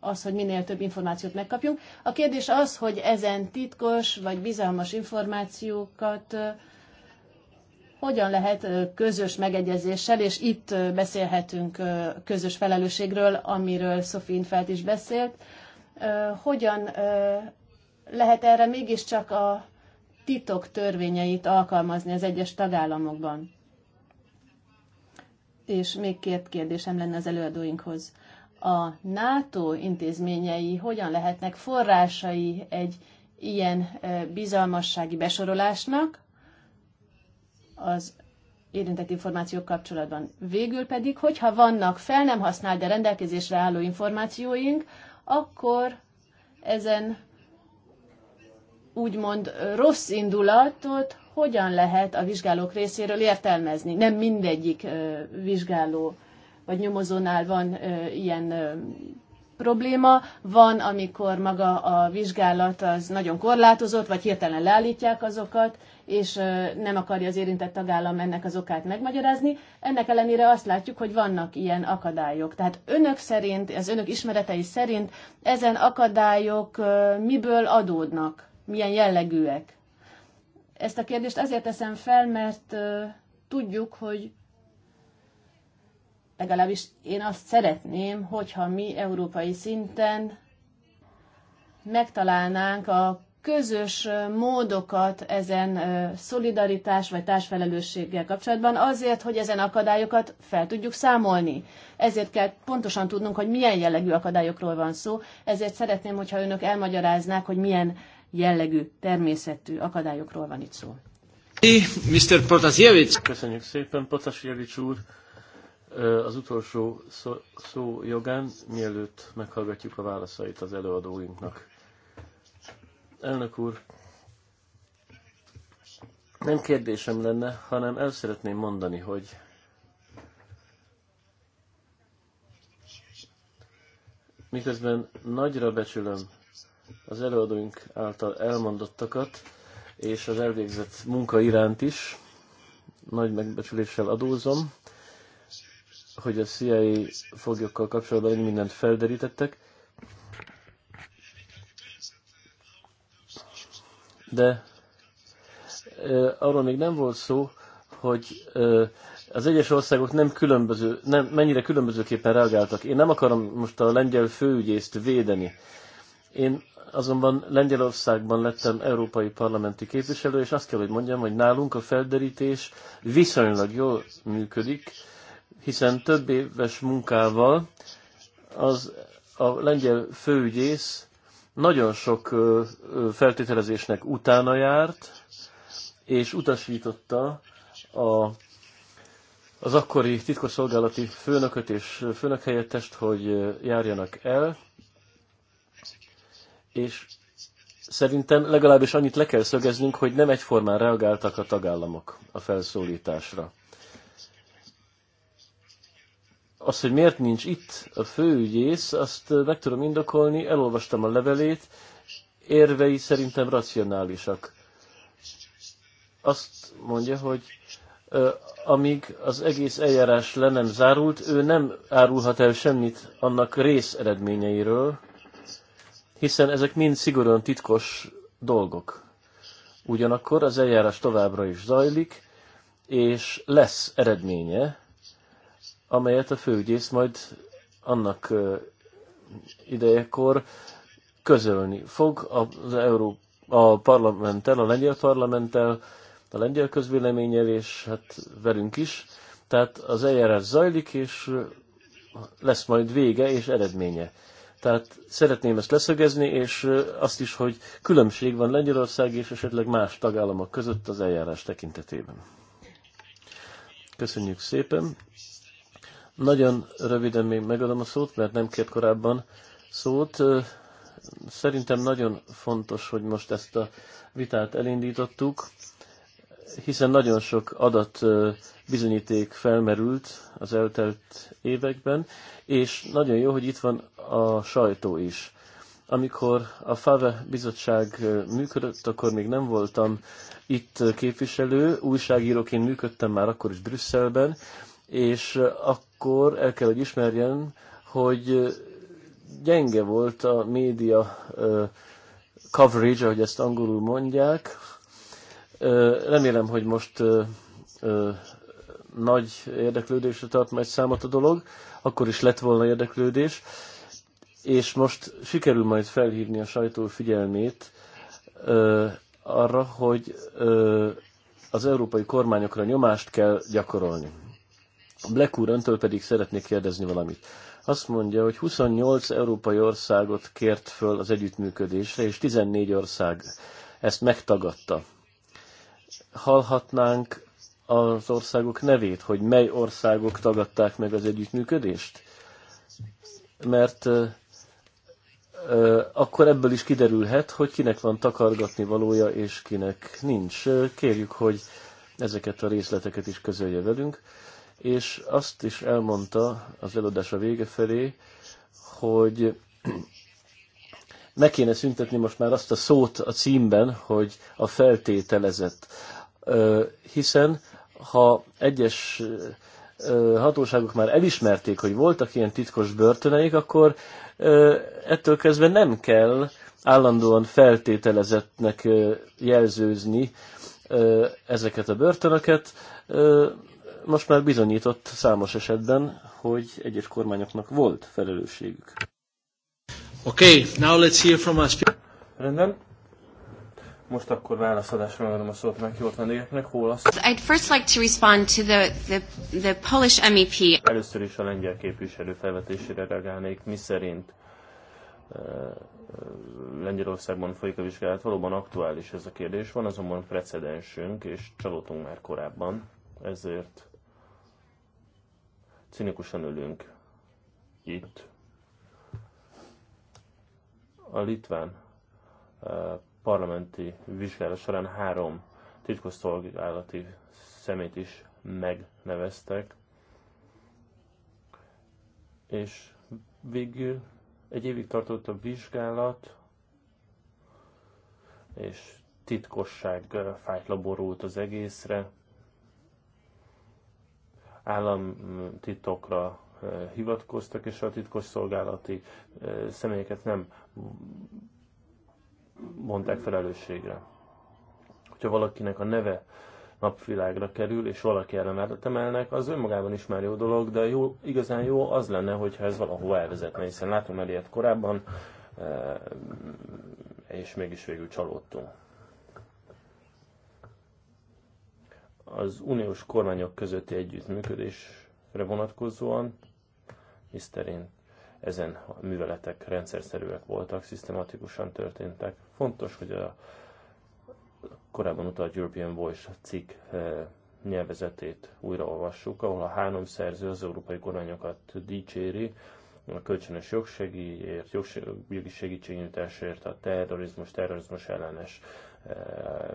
az, hogy minél több információt megkapjunk. A kérdés az, hogy ezen titkos vagy bizalmas információkat hogyan lehet közös megegyezéssel, és itt beszélhetünk közös felelősségről, amiről Sofín Felt is beszélt, hogyan lehet erre mégiscsak a titok törvényeit alkalmazni az egyes tagállamokban. És még két kérdésem lenne az előadóinkhoz. A NATO intézményei hogyan lehetnek forrásai egy ilyen bizalmassági besorolásnak, az érintett információk kapcsolatban. Végül pedig, hogyha vannak fel nem használt, de rendelkezésre álló információink, akkor ezen úgymond rossz indulatot hogyan lehet a vizsgálók részéről értelmezni. Nem mindegyik vizsgáló vagy nyomozónál van ilyen probléma, van, amikor maga a vizsgálat az nagyon korlátozott, vagy hirtelen leállítják azokat, és nem akarja az érintett tagállam ennek az okát megmagyarázni. Ennek ellenére azt látjuk, hogy vannak ilyen akadályok. Tehát önök szerint, az önök ismeretei szerint ezen akadályok miből adódnak? Milyen jellegűek? Ezt a kérdést azért teszem fel, mert tudjuk, hogy legalábbis én azt szeretném, hogyha mi európai szinten megtalálnánk a közös módokat ezen szolidaritás vagy társfelelősséggel kapcsolatban, azért, hogy ezen akadályokat fel tudjuk számolni. Ezért kell pontosan tudnunk, hogy milyen jellegű akadályokról van szó, ezért szeretném, hogyha önök elmagyaráznák, hogy milyen jellegű, természetű akadályokról van itt szó. Mr. Protasiewicz. Köszönjük szépen, Protasiewicz úr az utolsó szó, szó jogán, mielőtt meghallgatjuk a válaszait az előadóinknak. Elnök úr, nem kérdésem lenne, hanem el szeretném mondani, hogy miközben nagyra becsülöm az előadóink által elmondottakat, és az elvégzett munka iránt is, nagy megbecsüléssel adózom, hogy a CIA foglyokkal kapcsolatban mindent felderítettek, de arról még nem volt szó, hogy az egyes országok nem különböző, nem, mennyire különbözőképpen reagáltak. Én nem akarom most a lengyel főügyészt védeni. Én azonban Lengyelországban lettem európai parlamenti képviselő, és azt kell, hogy mondjam, hogy nálunk a felderítés viszonylag jól működik, hiszen több éves munkával az a lengyel főügyész nagyon sok feltételezésnek utána járt, és utasította a, az akkori titkosszolgálati főnököt és főnök helyettest, hogy járjanak el, és szerintem legalábbis annyit le kell szögeznünk, hogy nem egyformán reagáltak a tagállamok a felszólításra. Az, hogy miért nincs itt a főügyész, azt meg tudom indokolni, elolvastam a levelét, érvei szerintem racionálisak. Azt mondja, hogy amíg az egész eljárás le nem zárult, ő nem árulhat el semmit annak rész eredményeiről, hiszen ezek mind szigorúan titkos dolgok. Ugyanakkor az eljárás továbbra is zajlik, és lesz eredménye, amelyet a főügyész majd annak idejekor közölni fog az Euró a parlamenttel, a lengyel parlamenttel, a lengyel közvéleménnyel, és hát velünk is. Tehát az eljárás zajlik, és lesz majd vége és eredménye. Tehát szeretném ezt leszögezni, és azt is, hogy különbség van Lengyelország és esetleg más tagállamok között az eljárás tekintetében. Köszönjük szépen! Nagyon röviden még megadom a szót, mert nem kért korábban szót. Szerintem nagyon fontos, hogy most ezt a vitát elindítottuk, hiszen nagyon sok adat bizonyíték felmerült az eltelt években, és nagyon jó, hogy itt van a sajtó is. Amikor a FAVE bizottság működött, akkor még nem voltam itt képviselő, újságíróként működtem már akkor is Brüsszelben, és akkor el kell, hogy ismerjen, hogy gyenge volt a média coverage, ahogy ezt angolul mondják. Remélem, hogy most nagy érdeklődésre tart majd számot a dolog, akkor is lett volna érdeklődés, és most sikerül majd felhívni a sajtó figyelmét arra, hogy az európai kormányokra nyomást kell gyakorolni. Black úr, öntől pedig szeretnék kérdezni valamit. Azt mondja, hogy 28 európai országot kért föl az együttműködésre, és 14 ország ezt megtagadta. Hallhatnánk az országok nevét, hogy mely országok tagadták meg az együttműködést? Mert ö, ö, akkor ebből is kiderülhet, hogy kinek van takargatni valója, és kinek nincs. Kérjük, hogy ezeket a részleteket is közölje velünk és azt is elmondta az előadása vége felé, hogy meg kéne szüntetni most már azt a szót a címben, hogy a feltételezett. Hiszen ha egyes hatóságok már elismerték, hogy voltak ilyen titkos börtöneik, akkor ettől kezdve nem kell állandóan feltételezettnek jelzőzni ezeket a börtönöket, most már bizonyított számos esetben, hogy egyes kormányoknak volt felelősségük. Okay, now let's hear from us. Rendben. Most akkor válaszadásra megadom a szót jót vendégeknek. Hol az? I'd first like to respond to the, the, the Polish MEP. Először is a lengyel képviselő felvetésére reagálnék, mi szerint eh, eh, Lengyelországban folyik a vizsgálat. Valóban aktuális ez a kérdés. Van azonban precedensünk, és csalódtunk már korábban, ezért Cinikusan ülünk itt. A litván eh, parlamenti vizsgálat során három titkosszolgálati szemét is megneveztek, és végül egy évig tartott a vizsgálat, és titkosság eh, fájtla borult az egészre államtitokra eh, hivatkoztak, és a titkos szolgálati eh, személyeket nem vonták felelősségre. Hogyha valakinek a neve napvilágra kerül, és valaki ellenálltat emelnek, az önmagában is már jó dolog, de jó, igazán jó az lenne, hogyha ez valahova elvezetne, hiszen látom el ilyet korábban, eh, és mégis végül csalódtunk. az uniós kormányok közötti együttműködésre vonatkozóan, miszerint ezen a műveletek rendszerszerűek voltak, szisztematikusan történtek. Fontos, hogy a korábban utalt European Voice cikk eh, nyelvezetét újraolvassuk, ahol a három szerző az európai kormányokat dicséri, a kölcsönös jogsegélyért, jogi segítségnyújtásért, a terrorizmus, terrorizmus ellenes eh,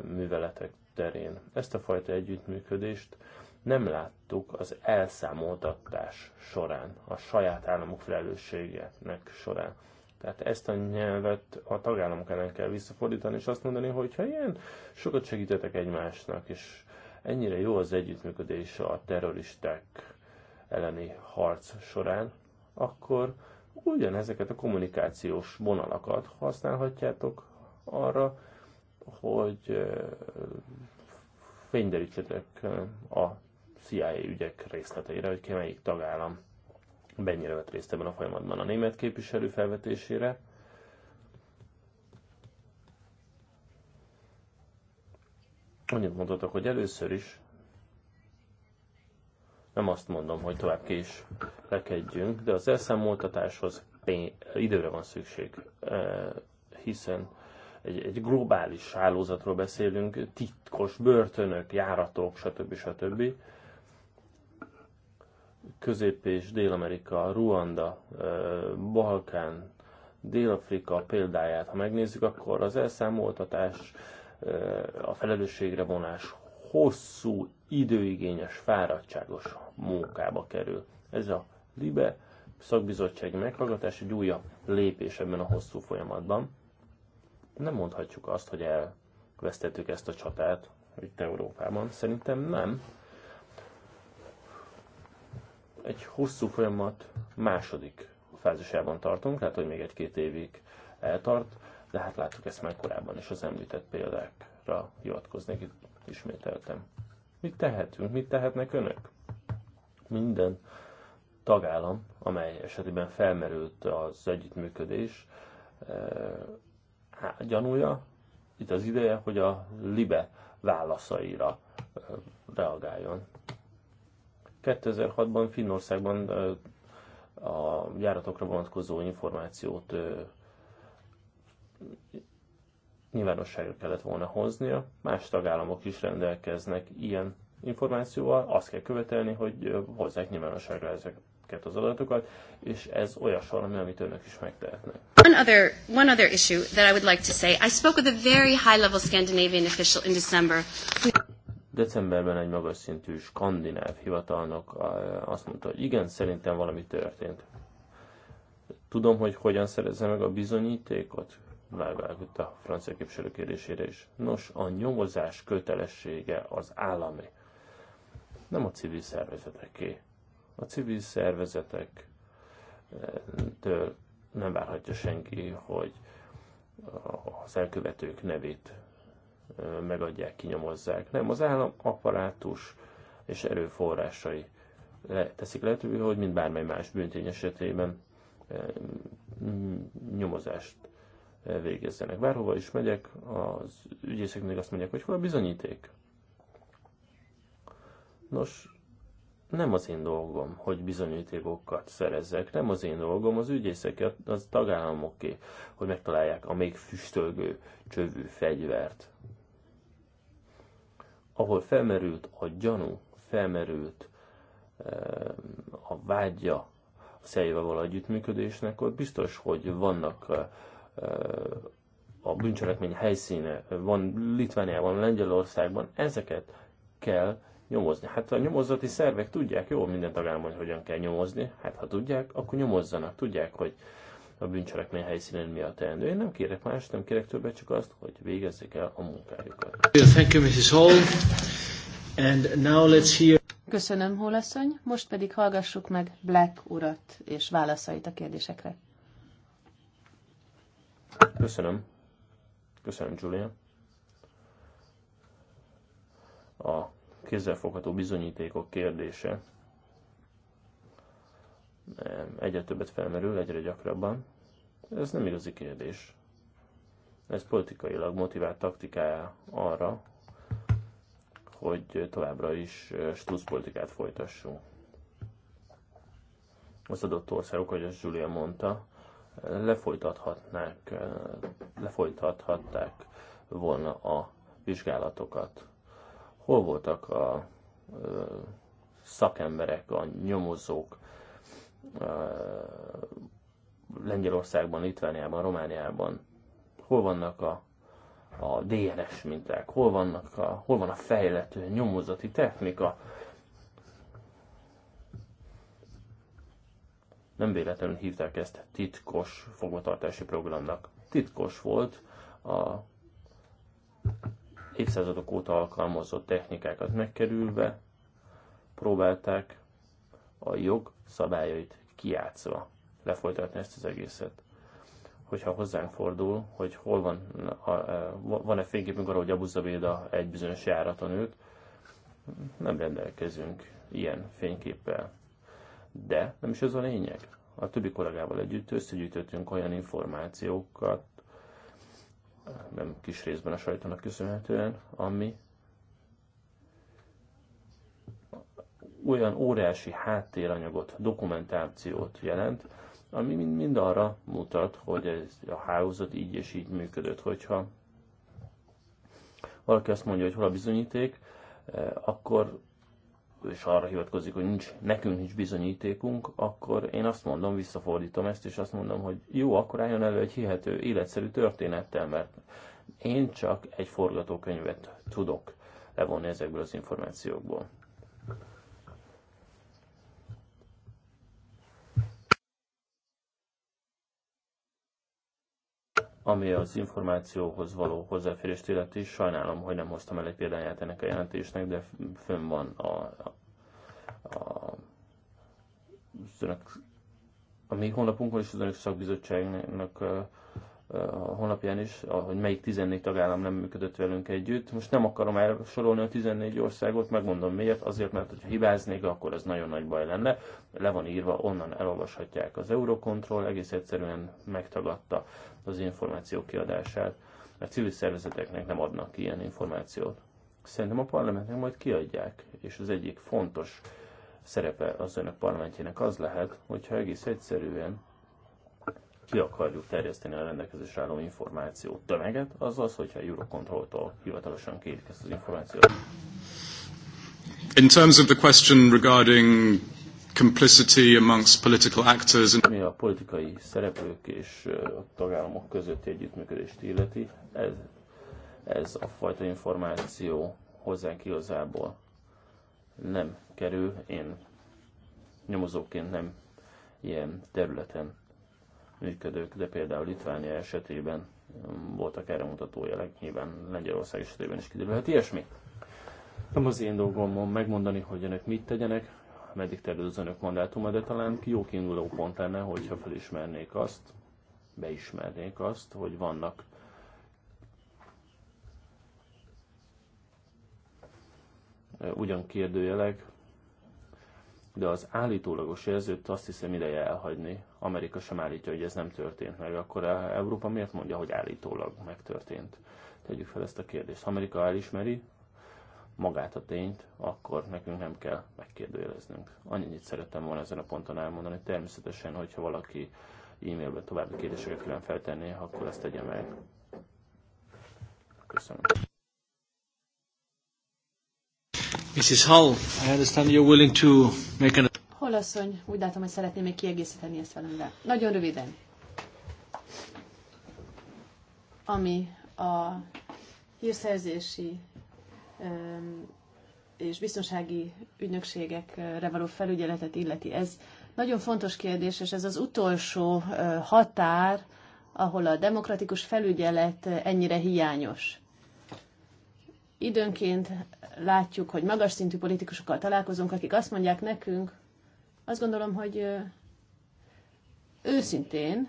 műveletek terén. Ezt a fajta együttműködést nem láttuk az elszámoltatás során, a saját államok felelősségének során. Tehát ezt a nyelvet a tagállamok ellen kell visszafordítani, és azt mondani, hogy ha ilyen sokat segítetek egymásnak, és ennyire jó az együttműködés a terroristák elleni harc során, akkor ugyanezeket a kommunikációs vonalakat használhatjátok arra, hogy fényderítsetek a CIA ügyek részleteire, hogy ki melyik tagállam mennyire vett részt ebben a folyamatban a német képviselő felvetésére. Annyit mondhatok, hogy először is nem azt mondom, hogy tovább ki is lekedjünk, de az elszámoltatáshoz pénz, időre van szükség, hiszen egy, egy globális hálózatról beszélünk, titkos börtönök, járatok, stb. stb. Közép- és Dél-Amerika, Ruanda, Balkán, Dél-Afrika példáját, ha megnézzük, akkor az elszámoltatás, a felelősségre vonás hosszú, időigényes, fáradtságos munkába kerül. Ez a LIBE szakbizottsági meghallgatás egy újabb lépés ebben a hosszú folyamatban nem mondhatjuk azt, hogy elvesztettük ezt a csatát itt Európában. Szerintem nem. Egy hosszú folyamat második fázisában tartunk, lehet, hogy még egy-két évig eltart, de hát láttuk ezt már korábban is az említett példákra hivatkoznék, itt ismételtem. Mit tehetünk, mit tehetnek önök? Minden tagállam, amely esetében felmerült az együttműködés, gyanúja, itt az ideje, hogy a LIBE válaszaira reagáljon. 2006-ban Finnországban a járatokra vonatkozó információt nyilvánosságra kellett volna hoznia. Más tagállamok is rendelkeznek ilyen információval, azt kell követelni, hogy hozzák nyilvánosságra ezeket ezeket az adatokat, és ez olyas valami, amit önök is megtehetnek. One other, one other issue that I would like to say. I spoke with a very high-level Scandinavian official in December. Decemberben egy magas szintű skandináv hivatalnok eh, azt mondta, hogy igen, szerintem valami történt. Tudom, hogy hogyan szerezze meg a bizonyítékot? Rávágott a francia képviselő kérdésére is. Nos, a nyomozás kötelessége az állami, nem a civil szervezeteké a civil szervezetek től nem várhatja senki, hogy az elkövetők nevét megadják, kinyomozzák. Nem, az állam apparátus és erőforrásai teszik lehetővé, hogy mint bármely más bűntény esetében nyomozást végezzenek. Bárhova is megyek, az ügyészek még azt mondják, hogy hol a bizonyíték. Nos, nem az én dolgom, hogy bizonyítékokat szerezzek, nem az én dolgom, az ügyészek, az tagállamoké, hogy megtalálják a még füstölgő csövű fegyvert. Ahol felmerült a gyanú, felmerült eh, a vágya a szeljével együttműködésnek, ott biztos, hogy vannak eh, a bűncselekmény helyszíne, van Litvániában, Lengyelországban, ezeket kell nyomozni. Hát a nyomozati szervek tudják jól minden tagállamon, hogy hogyan kell nyomozni. Hát ha tudják, akkor nyomozzanak. Tudják, hogy a bűncselekmény helyszínen mi a teendő. Én nem kérek más, nem kérek többet, csak azt, hogy végezzék el a munkájukat. Thank you, Mrs. Hall. And now let's hear... Köszönöm, Hólasszony. Most pedig hallgassuk meg Black urat és válaszait a kérdésekre. Köszönöm. Köszönöm, Julia. A kézzelfogható bizonyítékok kérdése egyre többet felmerül, egyre gyakrabban. Ez nem igazi kérdés. Ez politikailag motivált taktikája arra, hogy továbbra is politikát folytassunk. Az adott országok, ahogy azt Julia mondta, lefolytathatnák, lefolytathatták volna a vizsgálatokat Hol voltak a szakemberek, a nyomozók Lengyelországban, Litvániában, Romániában? Hol vannak a, a DNS minták? Hol, vannak a, hol van a fejlett nyomozati technika? Nem véletlenül hívták ezt titkos fogvatartási programnak. Titkos volt a évszázadok óta alkalmazott technikákat megkerülve próbálták a jog szabályait kiátszva lefolytatni ezt az egészet. Hogyha hozzánk fordul, hogy hol van, van-e fényképünk arra, hogy Abu Zabéda egy bizonyos járaton ült, nem rendelkezünk ilyen fényképpel. De nem is ez a lényeg. A többi kollégával együtt összegyűjtöttünk olyan információkat, nem kis részben a sajtónak köszönhetően, ami olyan óriási háttéranyagot, dokumentációt jelent, ami mind, mind arra mutat, hogy ez a hálózat így és így működött. Hogyha valaki azt mondja, hogy hol a bizonyíték, eh, akkor és arra hivatkozik, hogy nincs, nekünk nincs bizonyítékunk, akkor én azt mondom, visszafordítom ezt, és azt mondom, hogy jó, akkor álljon elő egy hihető, életszerű történettel, mert én csak egy forgatókönyvet tudok levonni ezekből az információkból. Ami az információhoz való hozzáférést illeti, sajnálom, hogy nem hoztam el egy példáját ennek a jelentésnek, de fönn van a, a, a, a, a mi honlapunkon és az önök szakbizottságnak a, a honlapján is, hogy melyik 14 tagállam nem működött velünk együtt. Most nem akarom elsorolni a 14 országot, megmondom miért. Azért, mert ha hibáznék, akkor ez nagyon nagy baj lenne. Le van írva, onnan elolvashatják az Eurocontrol, egész egyszerűen megtagadta az információ kiadását. A civil szervezeteknek nem adnak ilyen információt. Szerintem a parlamentnek majd kiadják, és az egyik fontos szerepe az önök parlamentjének az lehet, hogyha egész egyszerűen ki akarjuk terjeszteni a rendelkezésre álló információ tömeget, az az, hogyha Eurocontrol-tól hivatalosan kérik ezt az információt. In terms of the question regarding complicity amongst political actors and Ami a politikai szereplők és a tagállamok közötti együttműködést illeti, ez, ez a fajta információ hozzánk igazából nem kerül. Én nyomozóként nem ilyen területen működők, de például Litvánia esetében um, voltak erre mutató jelek, nyilván Lengyelország esetében is kiderülhet ilyesmi. Nem az én dolgom megmondani, hogy önök mit tegyenek, meddig terül az önök mandátuma, de talán jó kiinduló pont lenne, hogyha felismernék azt, beismernék azt, hogy vannak ugyan kérdőjelek, de az állítólagos jelzőt azt hiszem ideje elhagyni. Amerika sem állítja, hogy ez nem történt meg, akkor Európa miért mondja, hogy állítólag megtörtént? Tegyük fel ezt a kérdést. Ha Amerika elismeri magát a tényt, akkor nekünk nem kell megkérdőjeleznünk. Annyit szerettem volna ezen a ponton elmondani. Természetesen, hogyha valaki e-mailben további kérdéseket külön feltenni, akkor ezt tegye meg. Köszönöm. Mrs. Hall, I understand you're willing to make an... asszony, úgy látom, hogy szeretném még kiegészíteni ezt valamivel. Nagyon röviden. Ami a hírszerzési um, és biztonsági ügynökségekre való felügyeletet illeti. Ez nagyon fontos kérdés, és ez az utolsó határ, ahol a demokratikus felügyelet ennyire hiányos. Időnként látjuk, hogy magas szintű politikusokkal találkozunk, akik azt mondják nekünk, azt gondolom, hogy őszintén,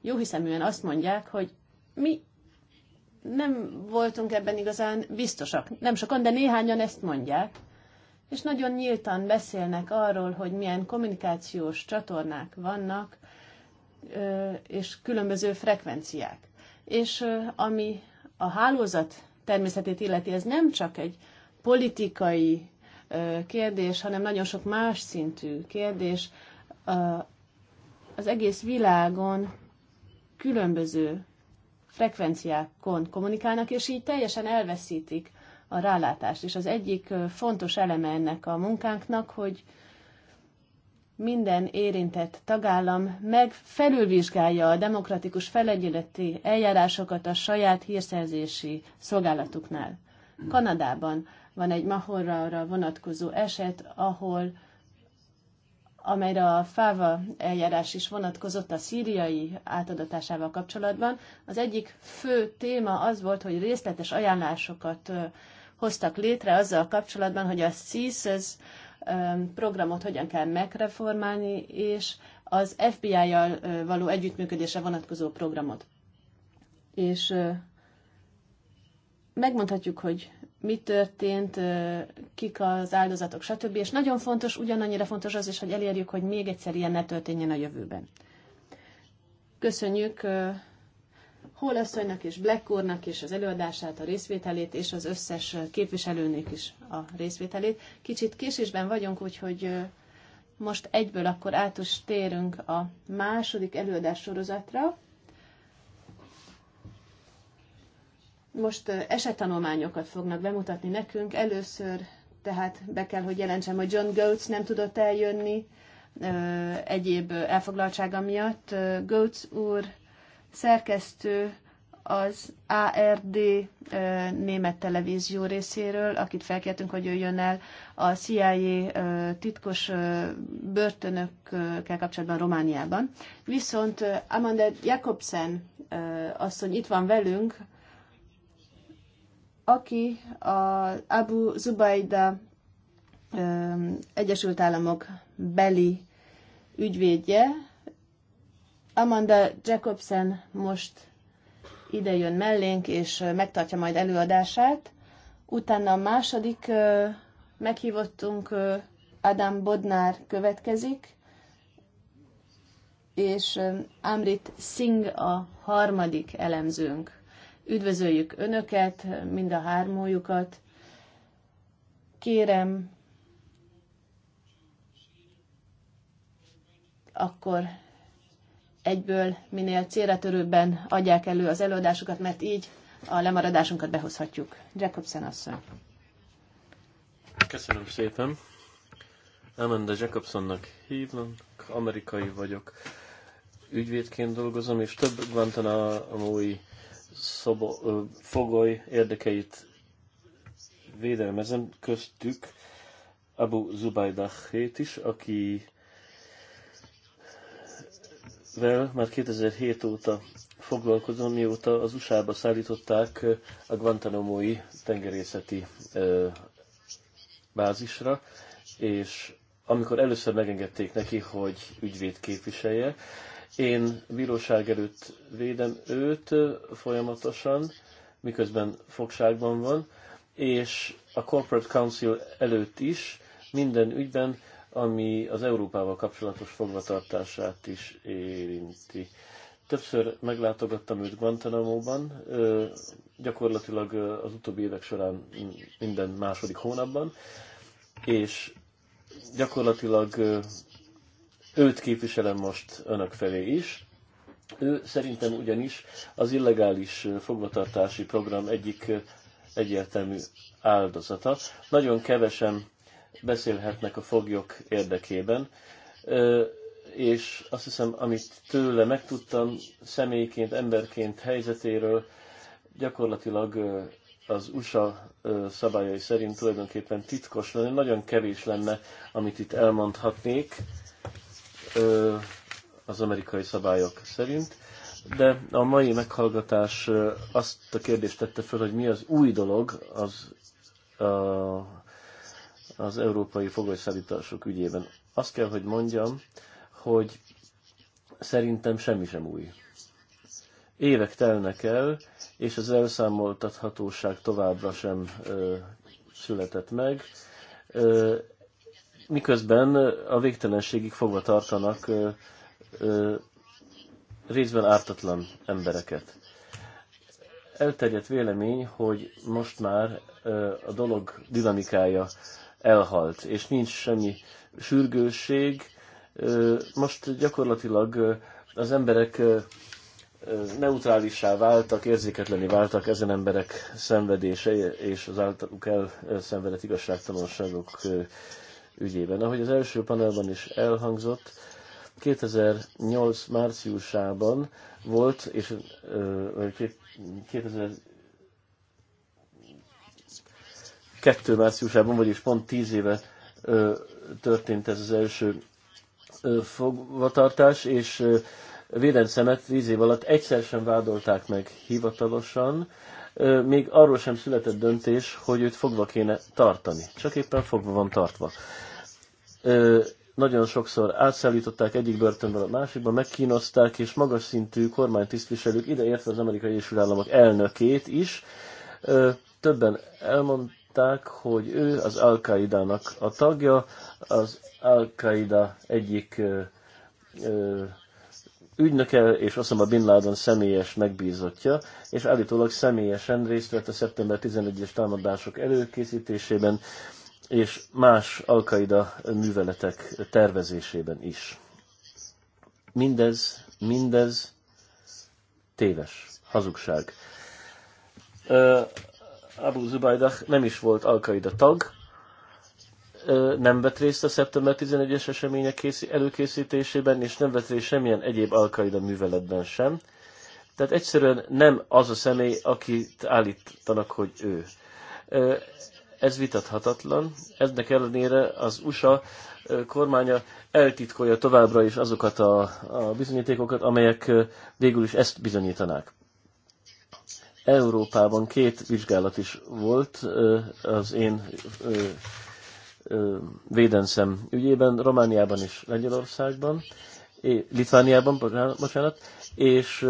hiszeműen azt mondják, hogy mi nem voltunk ebben igazán biztosak. Nem sokan, de néhányan ezt mondják. És nagyon nyíltan beszélnek arról, hogy milyen kommunikációs csatornák vannak, és különböző frekvenciák. És ami a hálózat természetét illeti, ez nem csak egy politikai kérdés, hanem nagyon sok más szintű kérdés. Az egész világon különböző frekvenciákon kommunikálnak, és így teljesen elveszítik a rálátást. És az egyik fontos eleme ennek a munkánknak, hogy minden érintett tagállam meg felülvizsgálja a demokratikus felegyeleti eljárásokat a saját hírszerzési szolgálatuknál. Kanadában van egy mahorra vonatkozó eset, ahol amelyre a fáva eljárás is vonatkozott a szíriai átadatásával kapcsolatban. Az egyik fő téma az volt, hogy részletes ajánlásokat hoztak létre azzal kapcsolatban, hogy a CISZ Um, programot hogyan kell megreformálni, és az FBI-jal uh, való együttműködésre vonatkozó programot. És uh, megmondhatjuk, hogy mi történt, uh, kik az áldozatok, stb. És nagyon fontos, ugyanannyira fontos az is, hogy elérjük, hogy még egyszer ilyen ne történjen a jövőben. Köszönjük Hólasszonynak és Black úrnak is az előadását, a részvételét, és az összes képviselőnek is a részvételét. Kicsit késésben vagyunk, úgyhogy most egyből akkor át is térünk a második előadás sorozatra. Most esettanulmányokat fognak bemutatni nekünk. Először tehát be kell, hogy jelentsem, hogy John Goetz nem tudott eljönni egyéb elfoglaltsága miatt. Goetz úr szerkesztő az ARD német televízió részéről, akit felkértünk, hogy jöjjön el a CIA titkos börtönökkel kapcsolatban Romániában. Viszont Amanda Jakobsen asszony itt van velünk, aki a Abu Zubaida Egyesült Államok beli ügyvédje, Amanda Jacobsen most ide jön mellénk, és megtartja majd előadását. Utána a második meghívottunk Adam Bodnár következik, és Amrit Singh a harmadik elemzőnk. Üdvözöljük Önöket, mind a hármójukat. Kérem, akkor egyből minél törőbben adják elő az előadásukat, mert így a lemaradásunkat behozhatjuk. Jacobsen asszony. Köszönöm szépen. Amanda Jacobsonnak hívnak, amerikai vagyok. Ügyvédként dolgozom, és több Guantanamo-i fogoly érdekeit védelmezem, köztük Abu Zubaydahét is, aki vel már 2007 óta foglalkozom, mióta az USA-ba szállították a Guantanamo-i tengerészeti bázisra, és amikor először megengedték neki, hogy ügyvéd képviselje, én bíróság előtt védem őt folyamatosan, miközben fogságban van, és a Corporate Council előtt is minden ügyben ami az Európával kapcsolatos fogvatartását is érinti. Többször meglátogattam őt Guantanamo-ban, gyakorlatilag az utóbbi évek során minden második hónapban, és gyakorlatilag őt képviselem most önök felé is. Ő szerintem ugyanis az illegális fogvatartási program egyik egyértelmű áldozata. Nagyon kevesen beszélhetnek a foglyok érdekében. És azt hiszem, amit tőle megtudtam személyként, emberként, helyzetéről, gyakorlatilag az USA szabályai szerint tulajdonképpen titkos lenne, nagyon kevés lenne, amit itt elmondhatnék az amerikai szabályok szerint. De a mai meghallgatás azt a kérdést tette föl, hogy mi az új dolog az a az európai fogolyszállítások ügyében. Azt kell, hogy mondjam, hogy szerintem semmi sem új. Évek telnek el, és az elszámoltathatóság továbbra sem ö, született meg, ö, miközben a végtelenségig fogva tartanak ö, ö, részben ártatlan embereket. Elterjedt vélemény, hogy most már ö, a dolog dinamikája elhalt, és nincs semmi sürgőség. Most gyakorlatilag az emberek neutrálisá váltak, érzéketleni váltak ezen emberek szenvedése és az általuk elszenvedett igazságtalanságok ügyében. Ahogy az első panelban is elhangzott, 2008 márciusában volt, és 2008 2 márciusában, vagyis pont 10 éve történt ez az első fogvatartás, és Védencemet 10 év alatt egyszer sem vádolták meg hivatalosan, még arról sem született döntés, hogy őt fogva kéne tartani. Csak éppen fogva van tartva. Nagyon sokszor átszállították egyik börtönből a másikba, megkínozták, és magas szintű kormánytisztviselők, ideértve az amerikai Egyesült Államok elnökét is, többen elmond, állították, hogy ő az al a tagja, az al egyik ö, ö, ügynöke és Osama Bin Laden személyes megbízottja, és állítólag személyesen részt vett a szeptember 11-es támadások előkészítésében, és más al műveletek tervezésében is. Mindez, mindez téves, hazugság. Abu Zubaydah nem is volt al tag, nem vett részt a szeptember 11-es események előkészítésében, és nem vett részt semmilyen egyéb al műveletben sem. Tehát egyszerűen nem az a személy, akit állítanak, hogy ő. Ez vitathatatlan. Eznek ellenére az USA kormánya eltitkolja továbbra is azokat a, a bizonyítékokat, amelyek végül is ezt bizonyítanák. Európában két vizsgálat is volt az én védenszem ügyében, Romániában és Lengyelországban, Litvániában, bocsánat, és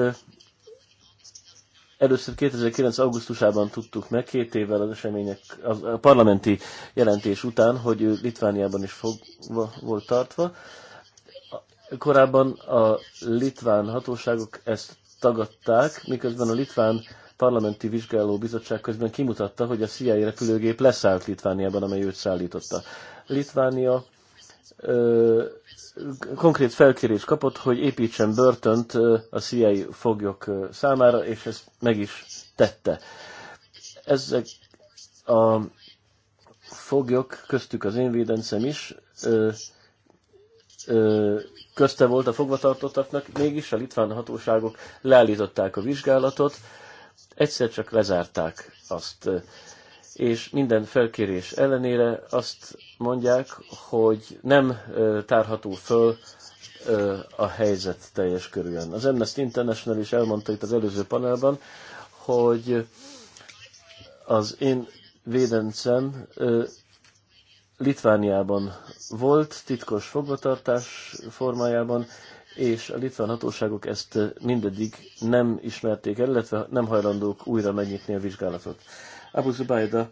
először 2009. augusztusában tudtuk meg, két évvel az események, a parlamenti jelentés után, hogy ő Litvániában is fogva volt tartva. Korábban a litván hatóságok ezt tagadták, miközben a litván parlamenti vizsgáló bizottság közben kimutatta, hogy a CIA repülőgép leszállt Litvániában, amely őt szállította. Litvánia ö, konkrét felkérés kapott, hogy építsen börtönt a CIA foglyok számára, és ezt meg is tette. Ezek a foglyok, köztük az én védencem is, ö, ö, közte volt a fogvatartottaknak, mégis a litván hatóságok leállították a vizsgálatot, egyszer csak lezárták azt, és minden felkérés ellenére azt mondják, hogy nem tárható föl a helyzet teljes körülön. Az Amnesty International is elmondta itt az előző panelban, hogy az én védencem Litvániában volt, titkos fogvatartás formájában, és a litván hatóságok ezt eh, mindeddig nem ismerték el, illetve nem hajlandók újra megnyitni a vizsgálatot. Abu Zubayda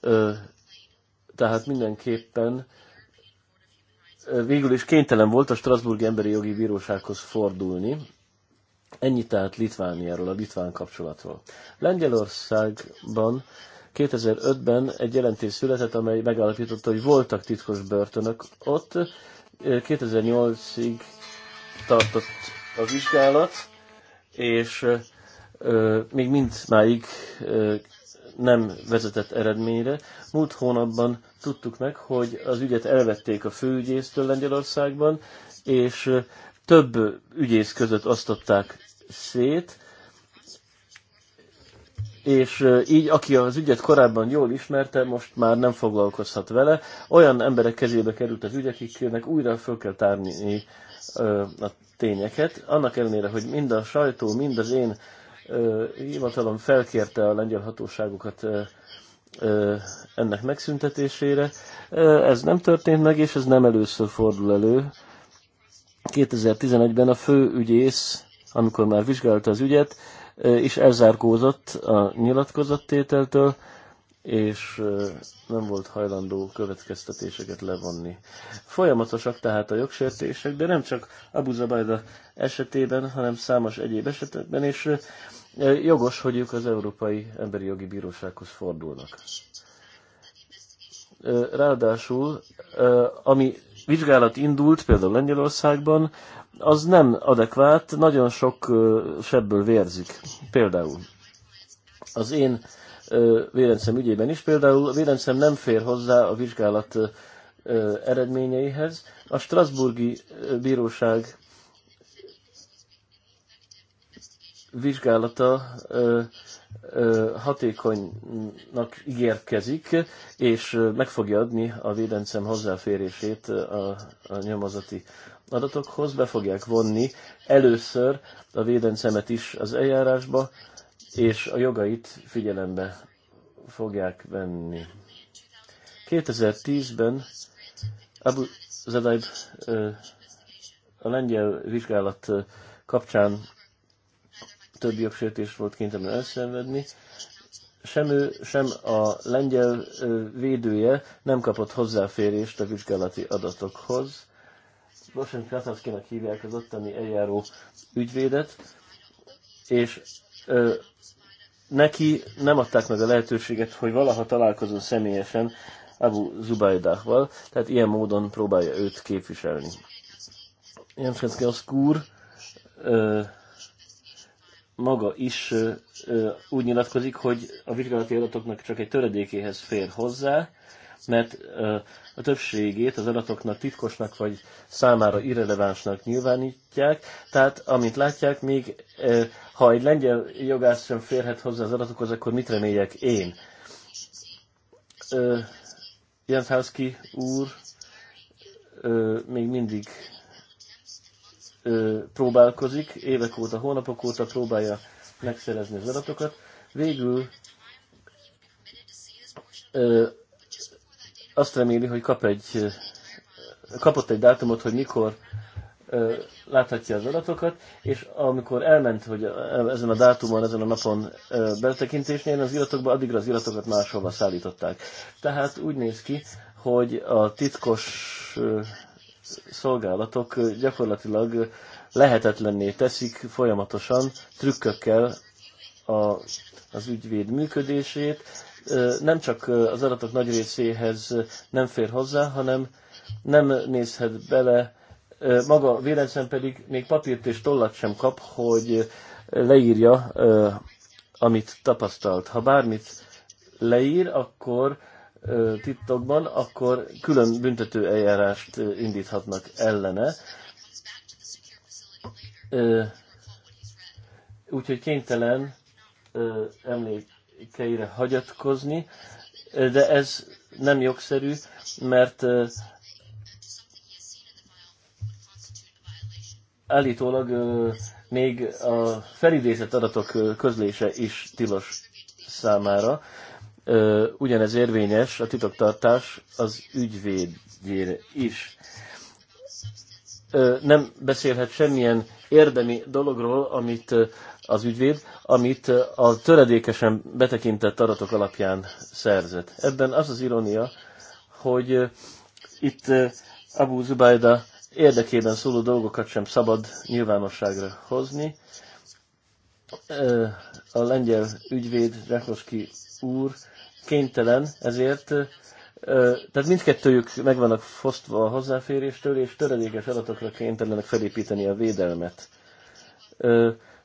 eh, tehát mindenképpen eh, végül is kénytelen volt a Strasburgi Emberi Jogi Bírósághoz fordulni. Ennyit tehát Litvániáról, a litván kapcsolatról. Lengyelországban 2005-ben egy jelentés született, amely megállapította, hogy voltak titkos börtönök ott. 2008-ig tartott a vizsgálat, és ö, még mindmáig ö, nem vezetett eredményre. Múlt hónapban tudtuk meg, hogy az ügyet elvették a főügyésztől Lengyelországban, és több ügyész között osztották szét, és így aki az ügyet korábban jól ismerte, most már nem foglalkozhat vele. Olyan emberek kezébe került az ügy, akiknek újra föl kell tárni a tényeket. Annak ellenére, hogy mind a sajtó, mind az én hivatalom felkérte a lengyel hatóságokat ennek megszüntetésére. Ez nem történt meg, és ez nem először fordul elő. 2011-ben a főügyész, amikor már vizsgálta az ügyet, és elzárkózott a nyilatkozattételtől, és nem volt hajlandó következtetéseket levonni. Folyamatosak tehát a jogsértések, de nem csak Abu Zabajda esetében, hanem számos egyéb esetekben, és jogos, hogy ők az Európai Emberi Jogi Bírósághoz fordulnak. Ráadásul, ami vizsgálat indult például Lengyelországban, az nem adekvát, nagyon sok sebből vérzik. Például az én Vélencem ügyében is. Például Vélencem nem fér hozzá a vizsgálat eredményeihez. A Strasburgi Bíróság vizsgálata hatékonynak ígérkezik, és meg fogja adni a védencem hozzáférését a, a nyomozati adatokhoz, be fogják vonni először a védencemet is az eljárásba, és a jogait figyelembe fogják venni. 2010-ben Abu Zadaib a lengyel vizsgálat kapcsán több jogsértés volt kénytelen elszenvedni. Sem ő, sem a lengyel védője nem kapott hozzáférést a vizsgálati adatokhoz. Losen Krasnavszkinak hívják az ottani eljáró ügyvédet, és neki nem adták meg a lehetőséget, hogy valaha találkozó személyesen Abu Zubaydahval, tehát ilyen módon próbálja őt képviselni. Jenfenszke Oszkúr maga is ö, ö, úgy nyilatkozik, hogy a vizsgálati adatoknak csak egy töredékéhez fér hozzá, mert a többségét az adatoknak titkosnak vagy számára irrelevánsnak nyilvánítják, tehát amint látják, még ha egy lengyel jogász sem férhet hozzá az adatokhoz, akkor mit reméljek én? Jenfászki úr még mindig próbálkozik, évek óta, hónapok óta próbálja megszerezni az adatokat. Végül azt reméli, hogy kap egy, eh, kapott egy dátumot, hogy mikor eh, láthatja az adatokat, és amikor elment, hogy ezen a dátumon, ezen a napon eh, beltekintésnél az iratokba, addigra az iratokat máshova szállították. Tehát úgy néz ki, hogy a titkos szolgálatok gyakorlatilag lehetetlenné teszik folyamatosan trükkökkel a, az ügyvéd működését, nem csak az adatok nagy részéhez nem fér hozzá, hanem nem nézhet bele, maga véletlen pedig még papírt és tollat sem kap, hogy leírja, amit tapasztalt. Ha bármit leír, akkor titokban, akkor külön büntető eljárást indíthatnak ellene. Úgyhogy kénytelen emlék keire hagyatkozni, de ez nem jogszerű, mert állítólag még a felidézett adatok közlése is tilos számára. Ugyanez érvényes a titoktartás az ügyvédjére is nem beszélhet semmilyen érdemi dologról, amit az ügyvéd, amit a töredékesen betekintett adatok alapján szerzett. Ebben az az ironia, hogy itt Abu Zubayda érdekében szóló dolgokat sem szabad nyilvánosságra hozni. A lengyel ügyvéd Rekoski úr kénytelen ezért tehát mindkettőjük meg vannak fosztva a hozzáféréstől, és töredékes adatokra kénytelenek felépíteni a védelmet.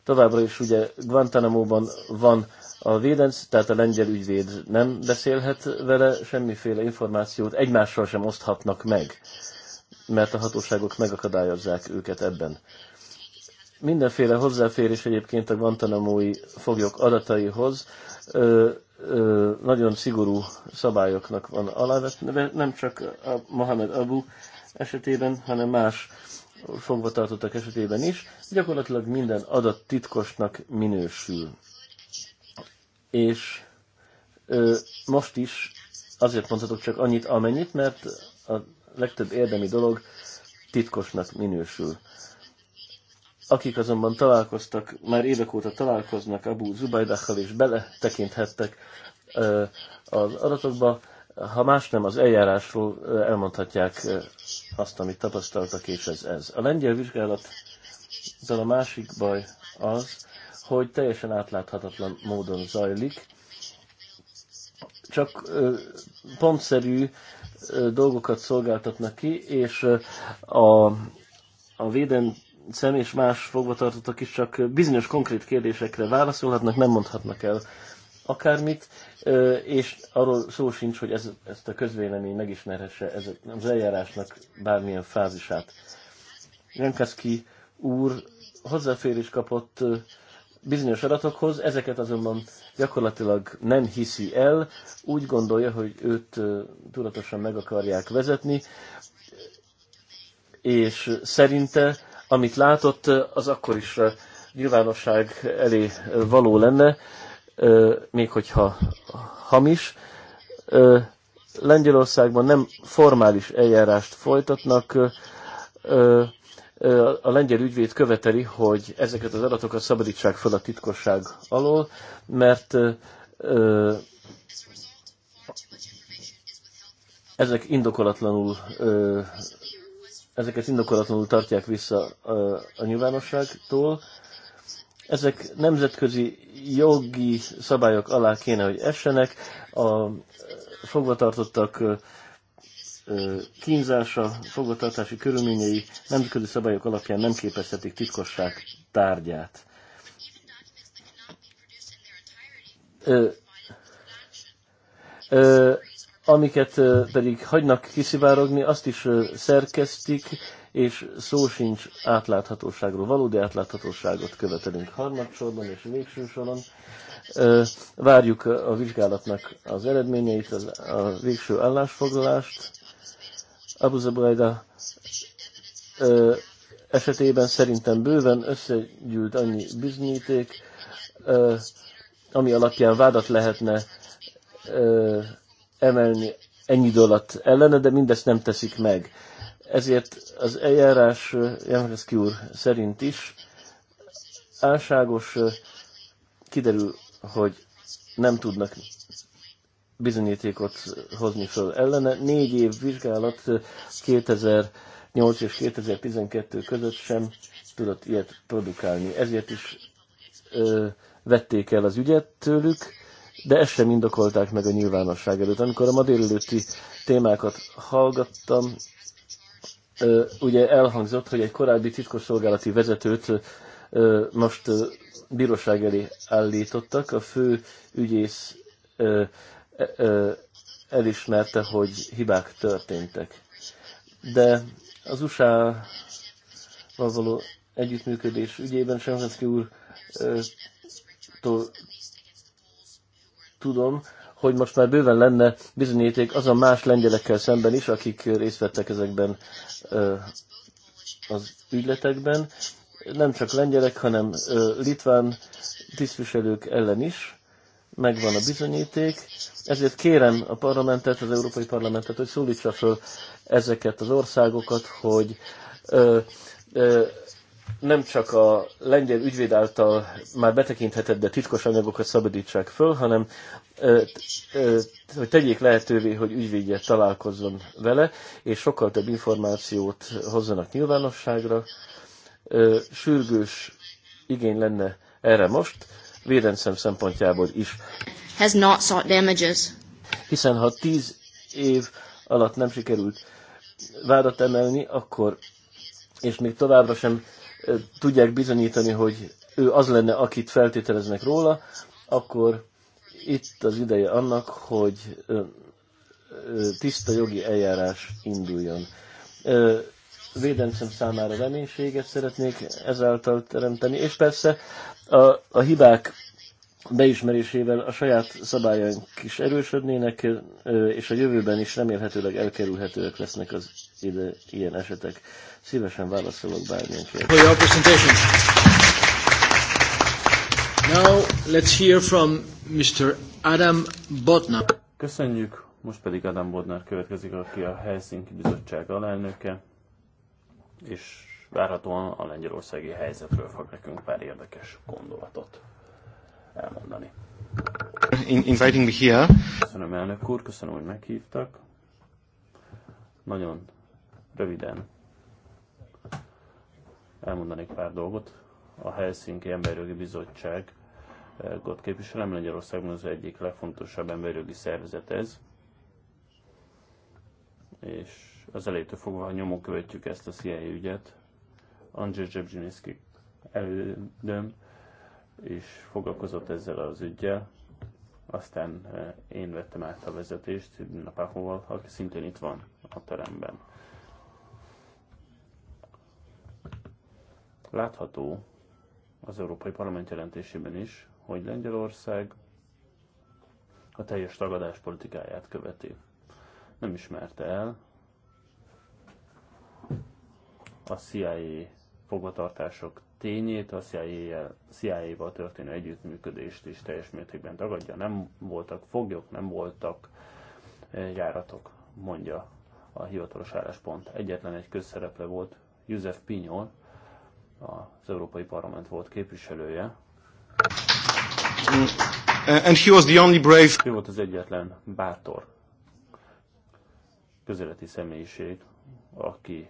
Továbbra is ugye Guantanamo-ban van a védenc, tehát a lengyel ügyvéd nem beszélhet vele, semmiféle információt egymással sem oszthatnak meg, mert a hatóságok megakadályozzák őket ebben. Mindenféle hozzáférés egyébként a guantanamo foglyok adataihoz nagyon szigorú szabályoknak van alávetve, nem csak a Mohamed Abu esetében, hanem más fogvatartottak esetében is. Gyakorlatilag minden adat titkosnak minősül. És ö, most is azért mondhatok csak annyit, amennyit, mert a legtöbb érdemi dolog titkosnak minősül. Akik azonban találkoztak, már évek óta találkoznak Abu Zubajdákkal és beletekinthettek az adatokba, ha más nem, az eljárásról elmondhatják azt, amit tapasztaltak, és ez ez. A lengyel vizsgálat, de a másik baj az, hogy teljesen átláthatatlan módon zajlik, csak pontszerű dolgokat szolgáltatnak ki, és a, a véden Szem és más fogvatartottak is csak bizonyos konkrét kérdésekre válaszolhatnak, nem mondhatnak el akármit, és arról szó sincs, hogy ez, ezt a közvélemény megismerhesse ez az eljárásnak bármilyen fázisát. Jankaszki úr hozzáférés kapott bizonyos adatokhoz, ezeket azonban gyakorlatilag nem hiszi el, úgy gondolja, hogy őt tudatosan meg akarják vezetni, és szerinte amit látott, az akkor is nyilvánosság elé való lenne, még hogyha hamis. Lengyelországban nem formális eljárást folytatnak, a lengyel ügyvéd követeli, hogy ezeket az adatokat szabadítsák fel a titkosság alól, mert ezek indokolatlanul ezeket indokolatlanul tartják vissza a nyilvánosságtól. Ezek nemzetközi jogi szabályok alá kéne, hogy essenek. A fogvatartottak kínzása, fogvatartási körülményei nemzetközi szabályok alapján nem képezhetik titkosság tárgyát. Ö, ö, amiket pedig hagynak kiszivárogni, azt is szerkesztik, és szó sincs átláthatóságról. Valódi átláthatóságot követelünk harmadsorban és végső soron. Várjuk a vizsgálatnak az eredményeit, a végső állásfoglalást. Abu Zabuajda esetében szerintem bőven összegyűlt annyi bizonyíték, ami alapján vádat lehetne emelni ennyi idő alatt ellene, de mindezt nem teszik meg. Ezért az eljárás Jankoszki úr szerint is álságos, kiderül, hogy nem tudnak bizonyítékot hozni föl ellene. Négy év vizsgálat 2008 és 2012 között sem tudott ilyet produkálni. Ezért is ö, vették el az ügyet tőlük, de ezt sem indokolták meg a nyilvánosság előtt. Amikor a ma délelőtti témákat hallgattam, ugye elhangzott, hogy egy korábbi titkosszolgálati vezetőt most bíróság elé állítottak. A fő ügyész e, elismerte, hogy hibák történtek. De az USA való együttműködés ügyében Szenzenszki úr tudom, hogy most már bőven lenne bizonyíték azon más lengyelekkel szemben is, akik részt vettek ezekben az ügyletekben. Nem csak lengyelek, hanem litván tisztviselők ellen is megvan a bizonyíték. Ezért kérem a parlamentet, az Európai Parlamentet, hogy szólítsa föl ezeket az országokat, hogy ö, ö, nem csak a lengyel ügyvéd által már betekinthetett, de titkos anyagokat szabadítsák föl, hanem ö, ö, hogy tegyék lehetővé, hogy ügyvédje találkozzon vele, és sokkal több információt hozzanak nyilvánosságra. Ö, sürgős igény lenne erre most, védendszem szempontjából is. Has not sought damages. Hiszen ha tíz év alatt nem sikerült vádat emelni, akkor és még továbbra sem tudják bizonyítani, hogy ő az lenne, akit feltételeznek róla, akkor itt az ideje annak, hogy tiszta jogi eljárás induljon. Védencem számára reménységet szeretnék ezáltal teremteni, és persze a, a hibák beismerésével a saját szabályaink is erősödnének, és a jövőben is remélhetőleg elkerülhetőek lesznek az ide, ilyen esetek. Szívesen válaszolok bármilyen kérdésre. Köszönjük, most pedig Adam Bodnar következik, aki a Helsinki Bizottság alelnöke, és várhatóan a lengyelországi helyzetről fog nekünk pár érdekes gondolatot elmondani. In inviting me here. Köszönöm elnök úr, köszönöm, hogy meghívtak. Nagyon röviden elmondanék pár dolgot. A Helsinki Emberjogi Bizottság eh, ott képviselem, Magyarországon az egyik legfontosabb emberjogi szervezet ez. És az elejétől fogva nyomon követjük ezt a CIA ügyet. Andrzej Zsebzsinszki elődöm és foglalkozott ezzel az ügyjel. Aztán eh, én vettem át a vezetést Napákóval, aki szintén itt van a teremben. Látható az Európai Parlament jelentésében is, hogy Lengyelország a teljes tagadás politikáját követi. Nem ismerte el a CIA fogvatartások tényét, a CIA-val történő együttműködést is teljes mértékben tagadja. Nem voltak foglyok, nem voltak eh, járatok, mondja a hivatalos álláspont. Egyetlen egy közszereple volt, József Pinyol, az Európai Parlament volt képviselője. Mm, and he was the only brave. Ő volt az egyetlen bátor közeleti személyiség, aki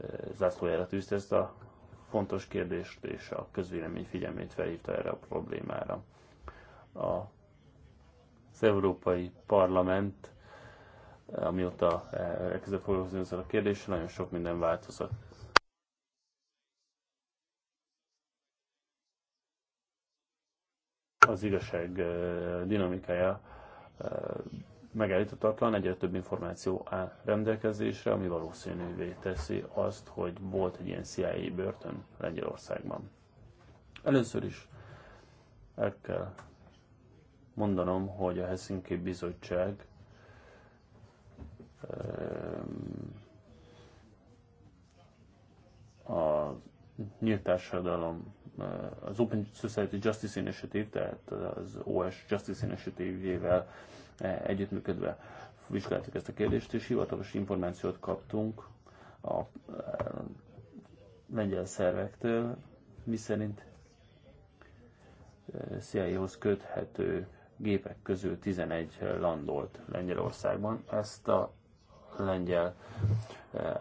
eh, zászlójára tűzte ezt a fontos kérdést, és a közvélemény figyelmét felhívta erre a problémára. A, az Európai Parlament, amióta elkezdett foglalkozni ezzel a kérdéssel, nagyon sok minden változott. Az igazság eh, dinamikája eh, megállíthatatlan, egyre több információ áll rendelkezésre, ami valószínűvé teszi azt, hogy volt egy ilyen CIA börtön Lengyelországban. Először is el kell mondanom, hogy a Helsinki Bizottság ehm, a nyílt társadalom, ehm, az Open Society Justice Initiative, tehát az OS Justice Initiative-jével E, együttműködve vizsgáltuk ezt a kérdést, és hivatalos információt kaptunk a e, lengyel szervektől, miszerint e, CIA-hoz köthető gépek közül 11 landolt Lengyelországban. Ezt a lengyel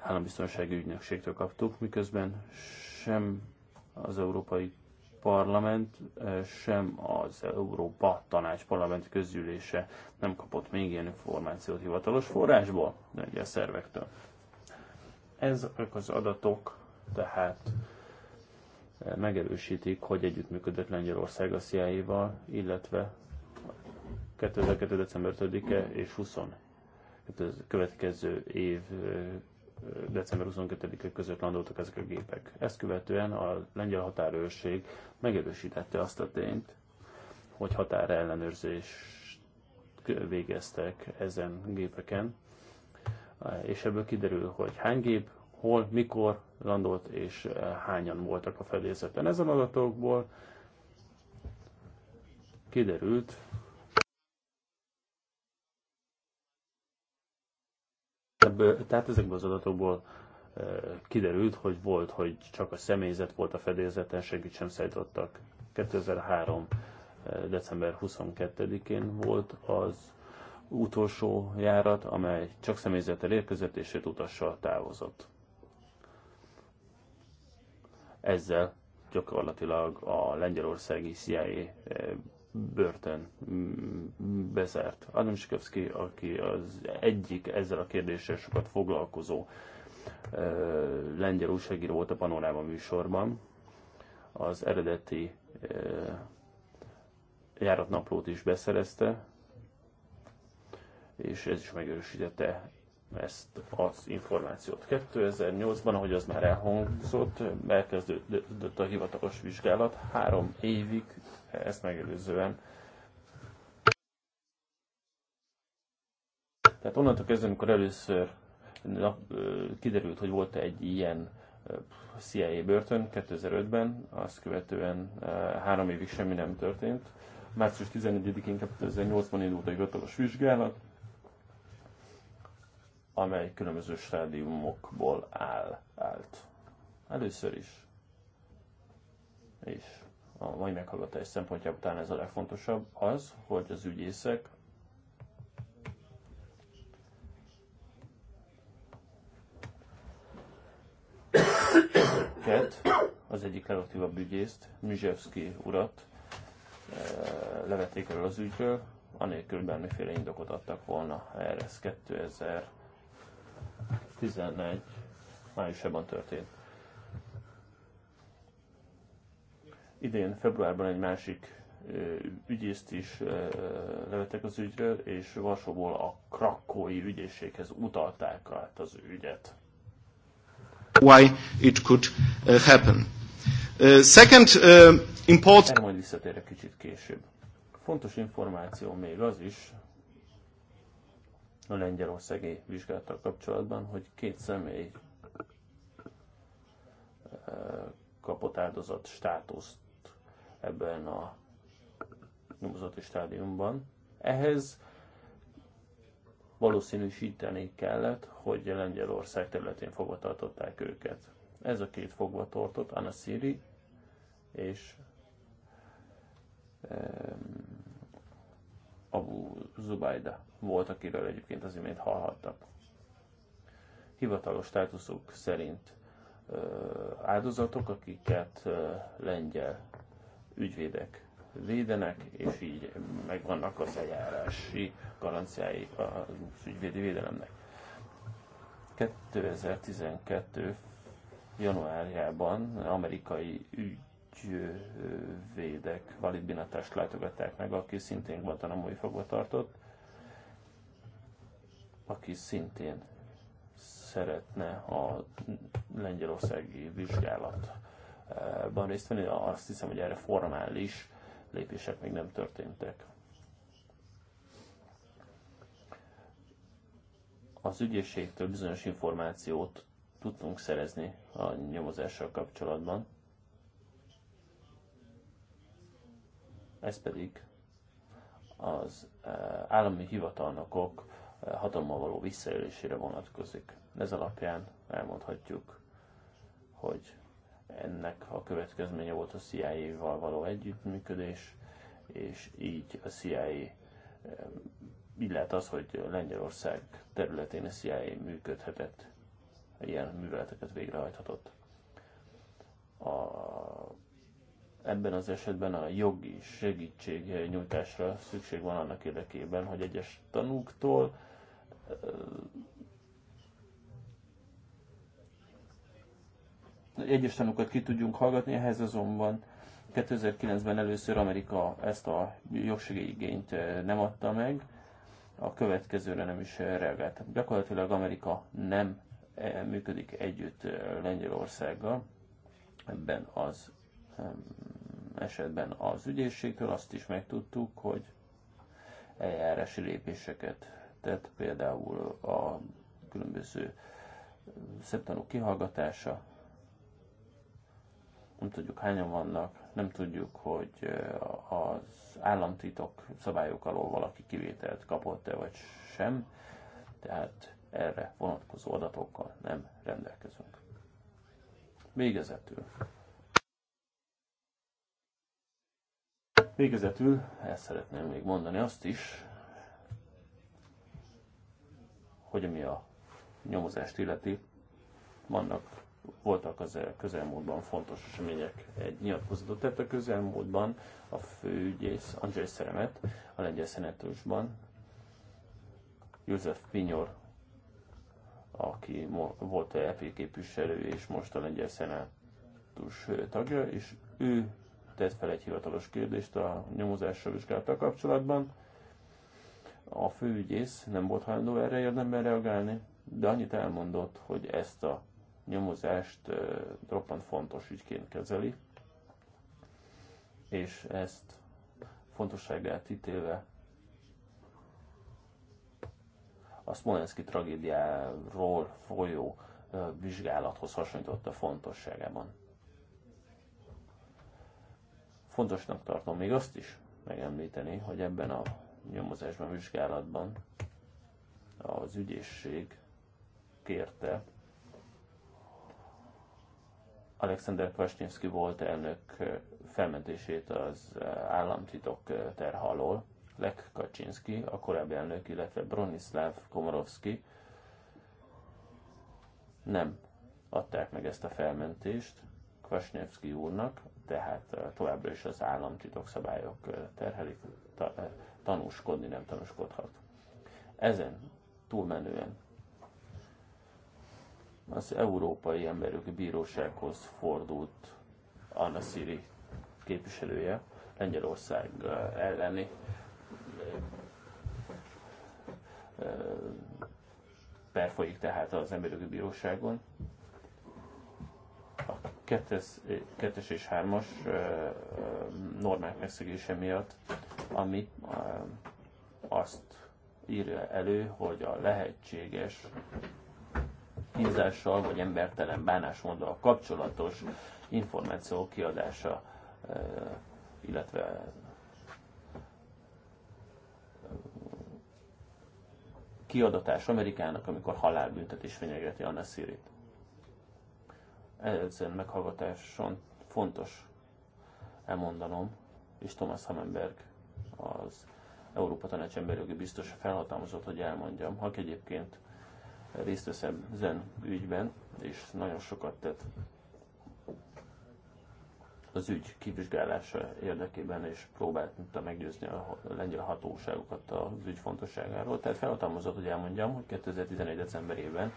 állambiztonsági ügynökségtől kaptuk, miközben sem az Európai parlament, eh, sem az Európa Tanács parlament közülése nem kapott még ilyen információt hivatalos forrásból, a szervektől. Ezek az adatok tehát eh, megerősítik, hogy együttműködött Lengyelország a CIA-val, illetve 2002. december 5-e és 20 következő év eh, december 22-e között landoltak ezek a gépek. Ezt követően a lengyel határőrség megerősítette azt a tényt, hogy határellenőrzést végeztek ezen gépeken, és ebből kiderül, hogy hány gép, hol, mikor landolt, és eh, hányan voltak a fedélzeten. Ezen adatokból kiderült, Ebből, tehát ezekből az adatokból kiderült, hogy volt, hogy csak a személyzet volt a fedélzeten, senkit sem szállítottak. 2003. december 22-én volt az utolsó járat, amely csak személyzettel érkezett és öt utassal távozott. Ezzel gyakorlatilag a lengyelországi CIA börtön mm, bezárt. Adam Sikowski, aki az egyik ezzel a kérdéssel sokat foglalkozó lengyel újságíró volt a Panoráma műsorban, az eredeti járatnaplót is beszerezte, és ez is megerősítette ezt az információt. 2008-ban, ahogy az már elhangzott, elkezdődött a hivatalos vizsgálat, három évig ezt megelőzően. Tehát onnantól kezdve, amikor először kiderült, hogy volt egy ilyen CIA börtön 2005-ben, azt követően három évig semmi nem történt. Március 14-én 2008-ban indult egy hivatalos vizsgálat, amely különböző stádiumokból áll, állt. Először is. És a mai meghallgatás szempontjából talán ez a legfontosabb, az, hogy az ügyészek Ket, az egyik legaktívabb ügyészt, Mizsevszki urat e, levették el az ügyről, anélkül bármiféle indokot adtak volna erre. Ez 2011 májusában történt. Idén februárban egy másik ügyészt is levettek az ügyről, és Varsóból a krakói ügyészséghez utalták át az ügyet. Why it could uh, happen. Uh, second uh, important... Erre majd visszatérek kicsit később. Fontos információ még az is, a lengyelországi vizsgálattal kapcsolatban, hogy két személy kapott áldozat státuszt ebben a nyomozati stádiumban. Ehhez valószínűsíteni kellett, hogy Lengyelország területén fogvatartották őket. Ez a két fogvatartott, Anna Siri és Abu Zubaida volt, akiről egyébként az imént hallhattak. Hivatalos státuszuk szerint áldozatok, akiket uh, lengyel ügyvédek védenek, és így megvannak az eljárási garanciái az ügyvédi védelemnek. 2012 januárjában amerikai ügyvédek validbinatást látogatták meg, aki szintén Guantanamo-i fogva tartott, aki szintén szeretne a lengyelországi vizsgálat ban ehm, részt venni, azt hiszem, hogy erre formális lépések még nem történtek. Az ügyészségtől bizonyos információt tudtunk szerezni a nyomozással kapcsolatban. Ez pedig az ehm, állami hivatalnokok ehm, hatalommal való visszaélésére vonatkozik. Ez alapján elmondhatjuk, hogy ennek a következménye volt a CIA-val való együttműködés, és így a CIA így lehet az, hogy Lengyelország területén a CIA működhetett, ilyen műveleteket végrehajthatott. A, ebben az esetben a jogi segítség nyújtásra szükség van annak érdekében, hogy egyes tanúktól egyes tanúkat ki tudjunk hallgatni, ehhez azonban 2009-ben először Amerika ezt a igényt eh, nem adta meg, a következőre nem is eh, reagált. Gyakorlatilag Amerika nem eh, működik együtt Lengyelországgal ebben az esetben az ügyészségtől. Azt is megtudtuk, hogy eljárási lépéseket tett, például a különböző szeptanú kihallgatása, nem tudjuk hányan vannak, nem tudjuk, hogy az államtitok szabályok alól valaki kivételt kapott-e vagy sem, tehát erre vonatkozó adatokkal nem rendelkezünk. Végezetül. Végezetül el szeretném még mondani azt is, hogy ami a nyomozást illeti, vannak voltak az közelmúltban fontos események. Egy nyilatkozatot tett a közelmúltban a főügyész Andrzej Szeremet a lengyel szenetősban. József Pinyor, aki volt a EP képviselő és most a lengyel szenetős tagja, és ő tett fel egy hivatalos kérdést a nyomozással vizsgálattal kapcsolatban. A főügyész nem volt hajlandó erre érdemben reagálni, de annyit elmondott, hogy ezt a nyomozást roppant fontos ügyként kezeli, és ezt fontosságát ítélve a Smolenski tragédiáról folyó vizsgálathoz hasonlította fontosságában. Fontosnak tartom még azt is megemlíteni, hogy ebben a nyomozásban, vizsgálatban az ügyészség kérte, Alexander Kvasnyevsky volt elnök felmentését az államtitok terha alól, Lech Kaczynski, a korábbi elnök, illetve Bronislav Komorowski nem adták meg ezt a felmentést Kvasnyevsky úrnak, tehát továbbra is az államtitok szabályok terhelik, ta, tanúskodni nem tanúskodhat. Ezen túlmenően az Európai Emberjogi Bírósághoz fordult Anna Siri képviselője Lengyelország elleni per folyik tehát az Emberjogi Bíróságon. A 2-es és 3-as normák megszegése miatt, ami azt írja elő, hogy a lehetséges kínzással vagy embertelen bánásmóddal kapcsolatos információk kiadása, eh, illetve eh, kiadatás Amerikának, amikor halálbüntetés fenyegeti a Szirit. Ezen meghallgatáson fontos elmondanom, és Thomas Hamenberg az Európa Tanács emberjogi biztos felhatalmazott, hogy elmondjam, ha egyébként részt vesz zen ügyben, és nagyon sokat tett az ügy kivizsgálása érdekében, és próbálta meggyőzni a lengyel hatóságokat az ügy fontosságáról. Tehát felhatalmazott, hogy elmondjam, hogy 2011. decemberében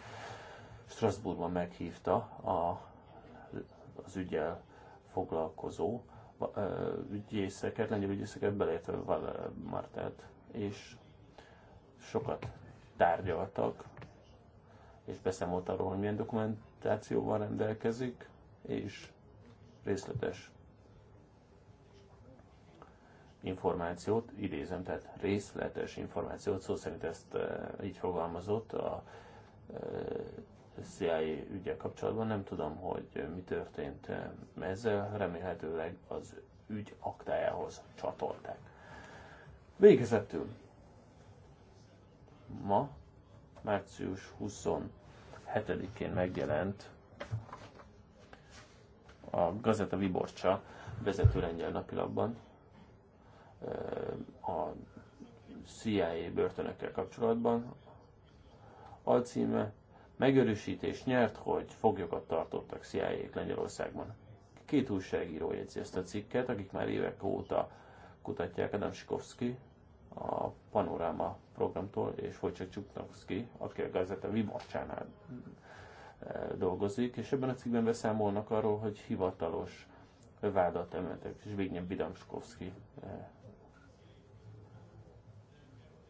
Strasbourgban meghívta a, az ügyel foglalkozó ügyészeket, lengyel ügyészeket, beleértve Valer és sokat tárgyaltak és beszámolt arról, hogy milyen dokumentációval rendelkezik, és részletes információt, idézem, tehát részletes információt, szó szerint ezt e, így fogalmazott a e, eh, CIA ügye kapcsolatban. Nem tudom, hogy mi történt eh, ezzel, remélhetőleg az ügy aktájához csatolták. Végezetül ma, március 20 7-én megjelent a Gazeta Viborcsa vezető lengyel napilapban a CIA börtönökkel kapcsolatban. Alcíme megerősítés nyert, hogy foglyokat tartottak cia Lengyelországban. Két újságíró jegyzi ezt a cikket, akik már évek óta kutatják, Adam Sikovsky a Panorama programtól, és Wojciech Csuknowski, aki a gazeta Vimarcsánál e, dolgozik, és ebben a cikkben beszámolnak arról, hogy hivatalos vádat emeltek Zbigniew Bidamskovski e,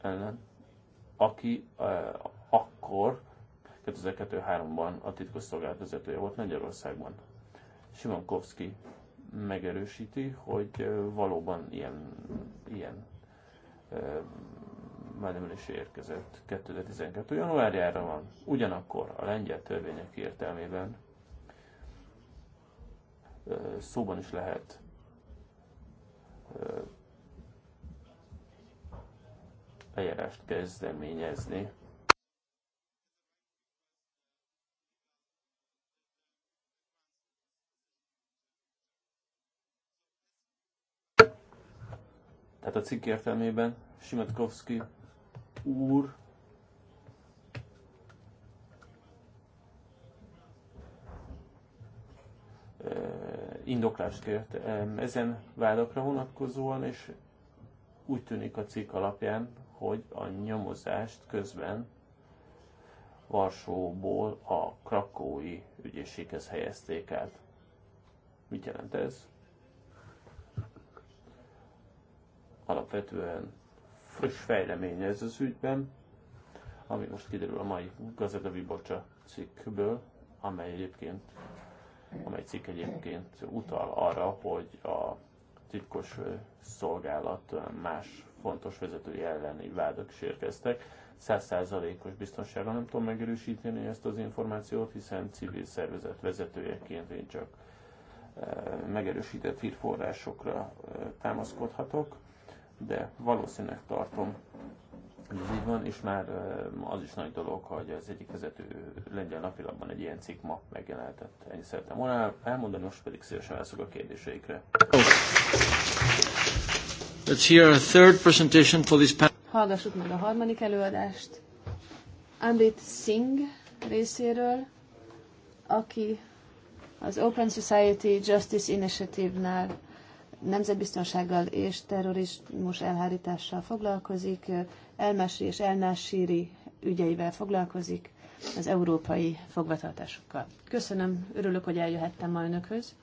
ellen, aki e, akkor 2002-3-ban a titkosszolgálat vezetője volt Magyarországban. Simonkovski megerősíti, hogy valóban ilyen, ilyen majdnem is érkezett 2012. januárjára van. Ugyanakkor a lengyel törvények értelmében szóban is lehet eljárást kezdeményezni Tehát a cikk értelmében Simetkovski úr e, indoklást kért e, ezen vádakra vonatkozóan, és úgy tűnik a cikk alapján, hogy a nyomozást közben Varsóból a krakói ügyészséghez helyezték át. Mit jelent ez? alapvetően friss fejlemény ez az ügyben, ami most kiderül a mai Gazeta Vibocsa cikkből, amely egyébként amely cikk egyébként utal arra, hogy a titkos szolgálat más fontos vezetői elleni vádak sérkeztek. Százszázalékos biztonsággal nem tudom megerősíteni ezt az információt, hiszen civil szervezet vezetőjeként én csak megerősített hírforrásokra támaszkodhatok de valószínűleg tartom, hogy ez így van, és már az is nagy dolog, hogy az egyik vezető lengyel napilapban egy ilyen cikk ma megjelentett. Ennyi szeretem volna elmondani, most pedig szívesen válaszok a kérdéseikre. Let's hear a third presentation for this panel. Hallgassuk meg a harmadik előadást. Amrit Singh részéről, aki az Open Society Justice Initiative-nál nemzetbiztonsággal és terrorizmus elhárítással foglalkozik, Elmesri és Elnásíri ügyeivel foglalkozik, az európai fogvatartásokkal. Köszönöm, örülök, hogy eljöhettem ma önökhöz.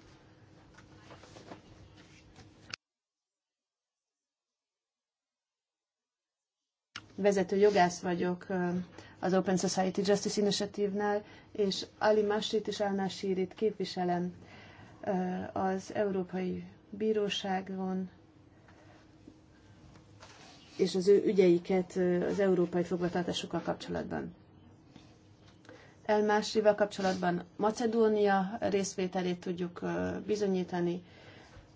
Vezető jogász vagyok az Open Society Justice Initiative-nál, és Ali Masrit és Alnás Sírit képviselem az Európai bíróságon, és az ő ügyeiket az európai fogvatartásokkal kapcsolatban. Elmásrival kapcsolatban Macedónia részvételét tudjuk bizonyítani,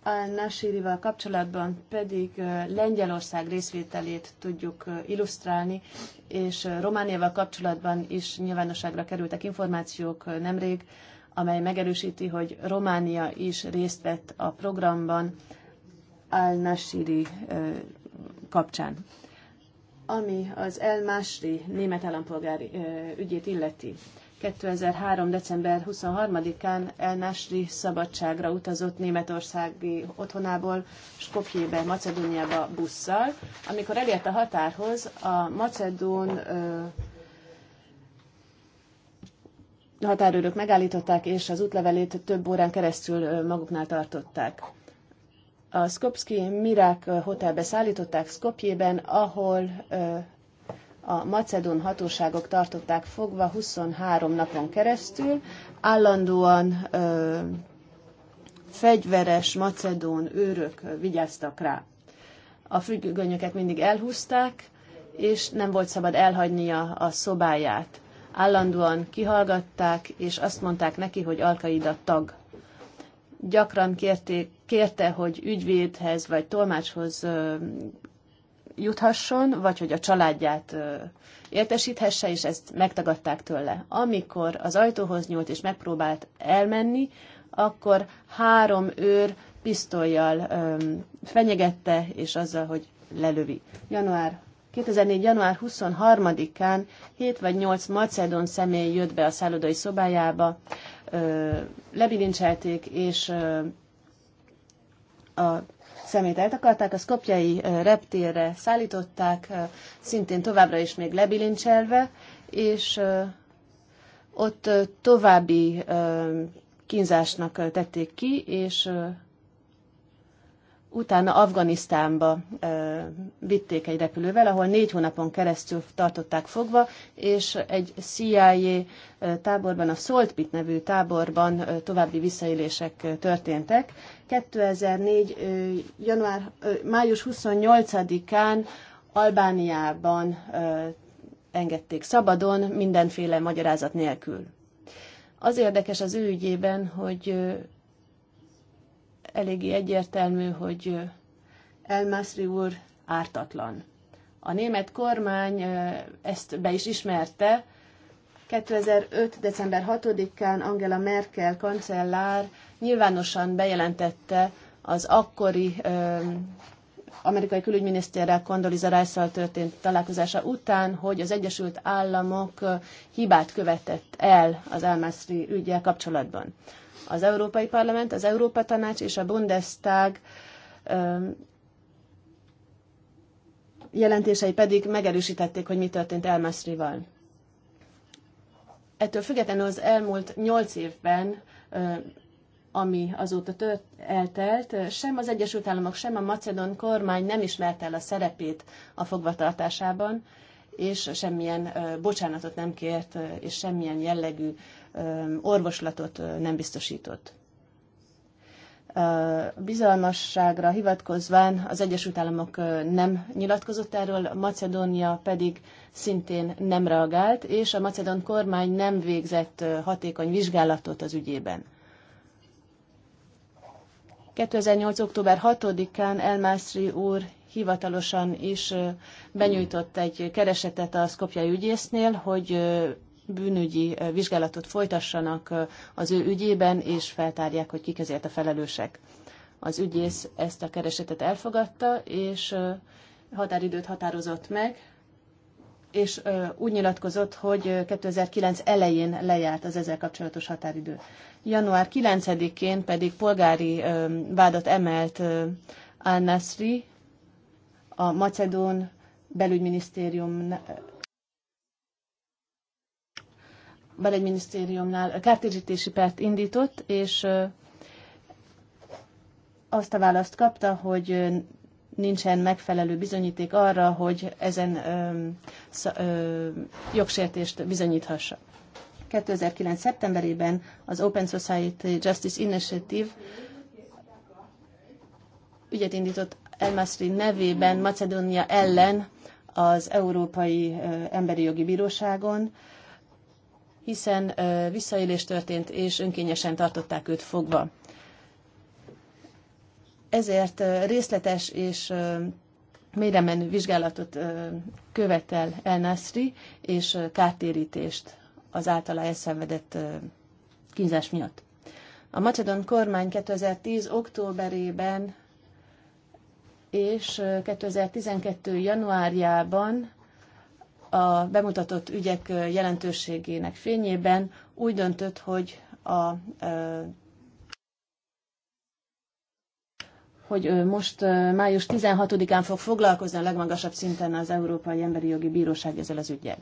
Al-Nashirival kapcsolatban pedig Lengyelország részvételét tudjuk illusztrálni, és Romániával kapcsolatban is nyilvánosságra kerültek információk nemrég, amely megerősíti, hogy Románia is részt vett a programban Al-Nashiri kapcsán. Ami az El Masri német állampolgári ügyét illeti. 2003. december 23-án El Nasri szabadságra utazott Németországi otthonából Skopjébe, Macedóniába busszal. Amikor elért a határhoz, a macedón ö, határőrök megállították, és az útlevelét több órán keresztül maguknál tartották. A Skopski Mirák hotelbe szállították Skopjében, ahol a macedón hatóságok tartották fogva 23 napon keresztül, állandóan ö, fegyveres macedón őrök vigyáztak rá. A függönyöket mindig elhúzták, és nem volt szabad elhagynia a szobáját állandóan kihallgatták, és azt mondták neki, hogy Alkaida tag. Gyakran kérté, kérte, hogy ügyvédhez vagy tolmácshoz juthasson, vagy hogy a családját értesíthesse, és ezt megtagadták tőle. Amikor az ajtóhoz nyúlt és megpróbált elmenni, akkor három őr pisztolyjal ö, fenyegette, és azzal, hogy lelövi. Január 2004. január 23-án 7 vagy 8 macedon személy jött be a szállodai szobájába, lebilincselték, és a szemét eltakarták, a szkopjai reptérre szállították, szintén továbbra is még lebilincselve, és ott további kínzásnak tették ki, és utána Afganisztánba ö, vitték egy repülővel, ahol négy hónapon keresztül tartották fogva, és egy CIA táborban, a Salt Pit nevű táborban ö, további visszaélések ö, történtek. 2004. Ö, január, ö, május 28-án Albániában ö, engedték szabadon, mindenféle magyarázat nélkül. Az érdekes az ő ügyében, hogy eléggé egyértelmű, hogy Elmászri úr ártatlan. A német kormány ezt be is ismerte. 2005. december 6-án Angela Merkel kancellár nyilvánosan bejelentette az akkori amerikai külügyminiszterrel Condoleezza rice történt találkozása után, hogy az Egyesült Államok hibát követett el az Elmászri ügyel kapcsolatban az Európai Parlament, az Európa Tanács és a Bundestag jelentései pedig megerősítették, hogy mi történt Elmasrival. Ettől függetlenül az elmúlt nyolc évben, ami azóta tört, eltelt, sem az Egyesült Államok, sem a macedon kormány nem ismerte el a szerepét a fogvatartásában, és semmilyen bocsánatot nem kért, és semmilyen jellegű orvoslatot nem biztosított. A bizalmasságra hivatkozván az Egyesült Államok nem nyilatkozott erről, Macedónia pedig szintén nem reagált, és a macedon kormány nem végzett hatékony vizsgálatot az ügyében. 2008. október 6-án Elmászri úr hivatalosan is benyújtott egy keresetet a Skopjai ügyésznél, hogy bűnügyi vizsgálatot folytassanak az ő ügyében, és feltárják, hogy kik ezért a felelősek. Az ügyész ezt a keresetet elfogadta, és határidőt határozott meg, és úgy nyilatkozott, hogy 2009 elején lejárt az ezzel kapcsolatos határidő. Január 9-én pedig polgári vádat emelt Al-Nasri a Macedón belügyminisztérium belügyminisztériumnál kártérítési pert indított, és azt a választ kapta, hogy nincsen megfelelő bizonyíték arra, hogy ezen ö, sz, ö, jogsértést bizonyíthassa. 2009. szeptemberében az Open Society Justice Initiative ügyet indított Elmasri nevében Macedónia ellen az Európai Emberi Jogi Bíróságon, hiszen visszaélés történt, és önkényesen tartották őt fogva. Ezért részletes és menő vizsgálatot követel El Nasri, és kártérítést az általa elszenvedett kínzás miatt. A macedon kormány 2010. októberében és 2012. januárjában a bemutatott ügyek jelentőségének fényében úgy döntött, hogy a hogy most május 16-án fog foglalkozni a legmagasabb szinten az Európai Emberi Jogi Bíróság ezzel az ügyel.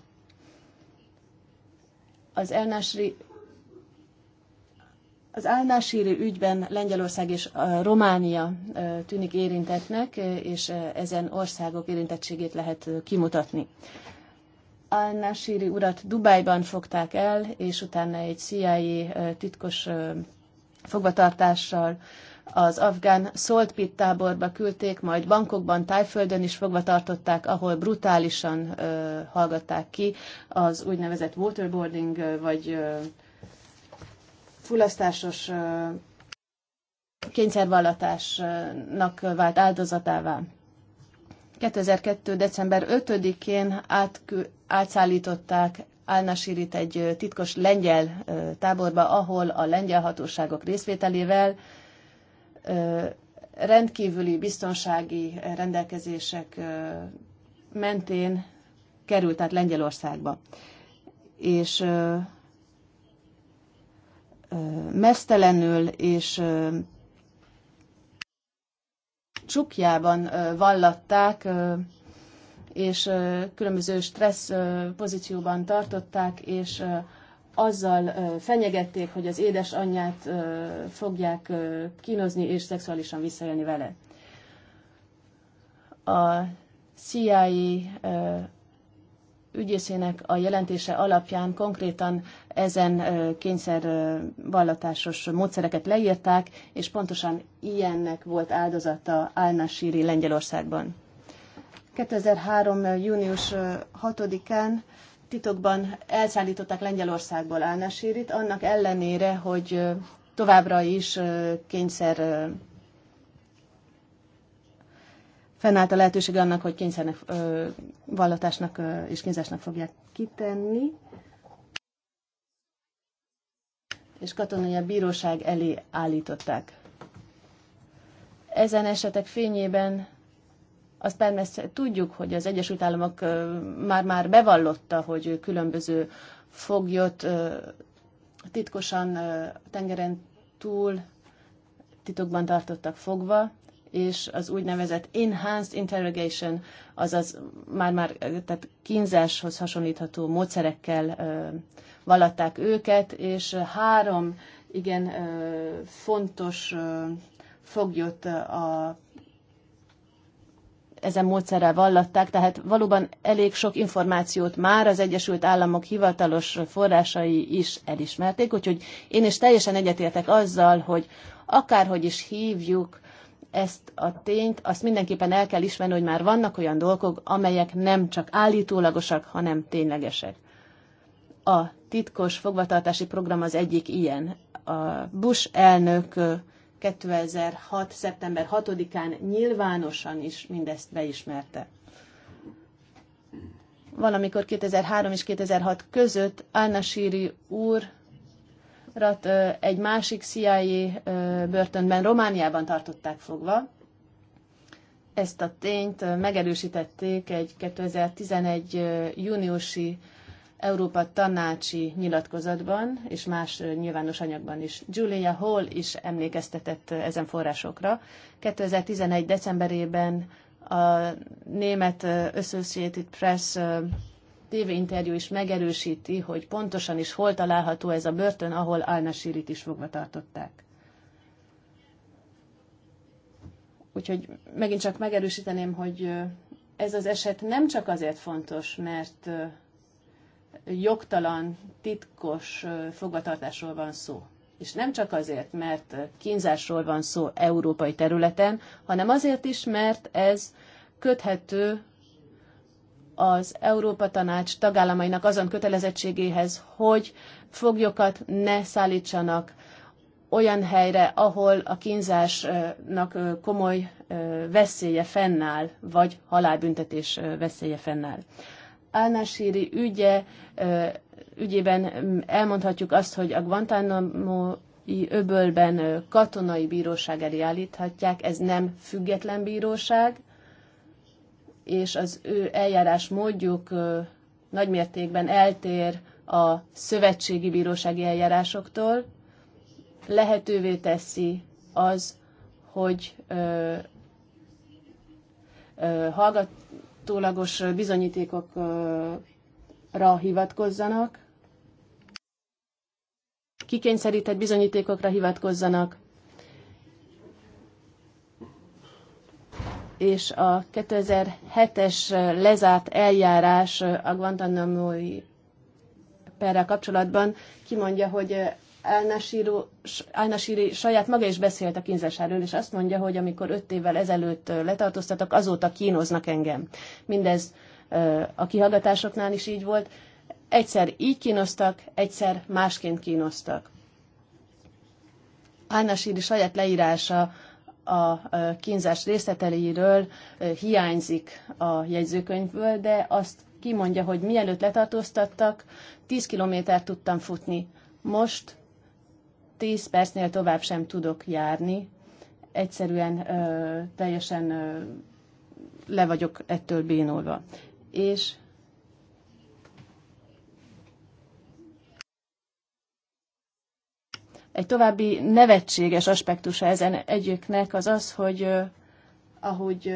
Az elnásri az Álnásíri ügyben Lengyelország és Románia tűnik érintetnek, és ezen országok érintettségét lehet kimutatni. Al-Nashiri urat Dubájban fogták el, és utána egy CIA titkos fogvatartással az afgán Pit táborba küldték, majd Bangkokban, Tájföldön is fogva tartották, ahol brutálisan ö, hallgatták ki az úgynevezett waterboarding, vagy ö, ö, kényszervallatásnak vált áldozatává. 2002. december 5-én átszállították Álnasirit egy titkos lengyel táborba, ahol a lengyel hatóságok részvételével rendkívüli biztonsági rendelkezések mentén került át Lengyelországba. És mesztelenül és csukjában vallatták, és különböző stressz pozícióban tartották, és azzal fenyegették, hogy az édesanyját fogják kínozni és szexuálisan visszaélni vele. A CIA ügyészének a jelentése alapján konkrétan ezen kényszer módszereket leírták, és pontosan ilyennek volt áldozata Álnásíri Lengyelországban. 2003. június 6-án titokban elszállították Lengyelországból Álnásírit, annak ellenére, hogy továbbra is kényszer fennállt a lehetőség annak, hogy kényszernek, vallatásnak és kínzásnak fogják kitenni. És katonai a bíróság elé állították. Ezen esetek fényében azt persze tudjuk, hogy az Egyesült Államok már-már bevallotta, hogy különböző foglyot titkosan tengeren túl titokban tartottak fogva, és az úgynevezett enhanced interrogation, azaz már-már tehát kínzáshoz hasonlítható módszerekkel vallatták őket, és három igen fontos foglyot a ezen módszerrel vallatták, tehát valóban elég sok információt már az Egyesült Államok hivatalos forrásai is elismerték, úgyhogy én is teljesen egyetértek azzal, hogy akárhogy is hívjuk ezt a tényt, azt mindenképpen el kell ismerni, hogy már vannak olyan dolgok, amelyek nem csak állítólagosak, hanem ténylegesek. A titkos fogvatartási program az egyik ilyen. A Bush elnök 2006. szeptember 6-án nyilvánosan is mindezt beismerte. Valamikor 2003 és 2006 között Anna Síri úr rat egy másik CIA börtönben Romániában tartották fogva. Ezt a tényt megerősítették egy 2011 júniusi Európa tanácsi nyilatkozatban és más nyilvános anyagban is. Julia Hall is emlékeztetett ezen forrásokra. 2011. decemberében a német Associated Press tévéinterjú is megerősíti, hogy pontosan is hol található ez a börtön, ahol Al-Nasirit is fogva tartották. Úgyhogy megint csak megerősíteném, hogy ez az eset nem csak azért fontos, mert jogtalan, titkos fogvatartásról van szó. És nem csak azért, mert kínzásról van szó európai területen, hanem azért is, mert ez köthető az Európa Tanács tagállamainak azon kötelezettségéhez, hogy foglyokat ne szállítsanak olyan helyre, ahol a kínzásnak komoly veszélye fennáll, vagy halálbüntetés veszélye fennáll. Álnásíri ügye, ügyében elmondhatjuk azt, hogy a Guantanamo öbölben katonai bíróság elé állíthatják, ez nem független bíróság, és az ő eljárás módjuk nagymértékben eltér a szövetségi bírósági eljárásoktól, lehetővé teszi az, hogy hallgatólagos bizonyítékokra hivatkozzanak, kikényszerített bizonyítékokra hivatkozzanak, és a 2007-es lezárt eljárás a Guantanamo-i perrel kapcsolatban kimondja, hogy Álnasíri saját maga is beszélt a kínzásáról, és azt mondja, hogy amikor öt évvel ezelőtt letartóztatok, azóta kínoznak engem. Mindez a kihallgatásoknál is így volt. Egyszer így kínoztak, egyszer másként kínoztak. Álnasíri saját leírása a kínzás részleteiről hiányzik a jegyzőkönyvből, de azt kimondja, hogy mielőtt letartóztattak, 10 kilométert tudtam futni. Most 10 percnél tovább sem tudok járni. Egyszerűen ö, teljesen ö, le vagyok ettől bénulva. És Egy további nevetséges aspektusa ezen egyiknek az az, hogy ahogy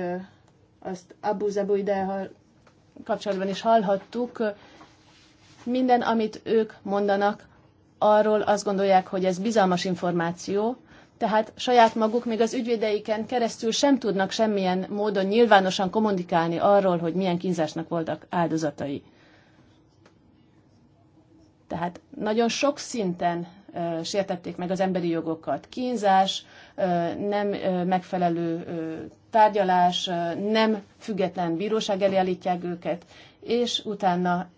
azt Abu Zabuide kapcsolatban is hallhattuk, minden, amit ők mondanak, arról azt gondolják, hogy ez bizalmas információ, tehát saját maguk még az ügyvédeiken keresztül sem tudnak semmilyen módon nyilvánosan kommunikálni arról, hogy milyen kínzásnak voltak áldozatai. Tehát nagyon sok szinten sértették meg az emberi jogokat. Kínzás, nem megfelelő tárgyalás, nem független bíróság elé állítják őket, és utána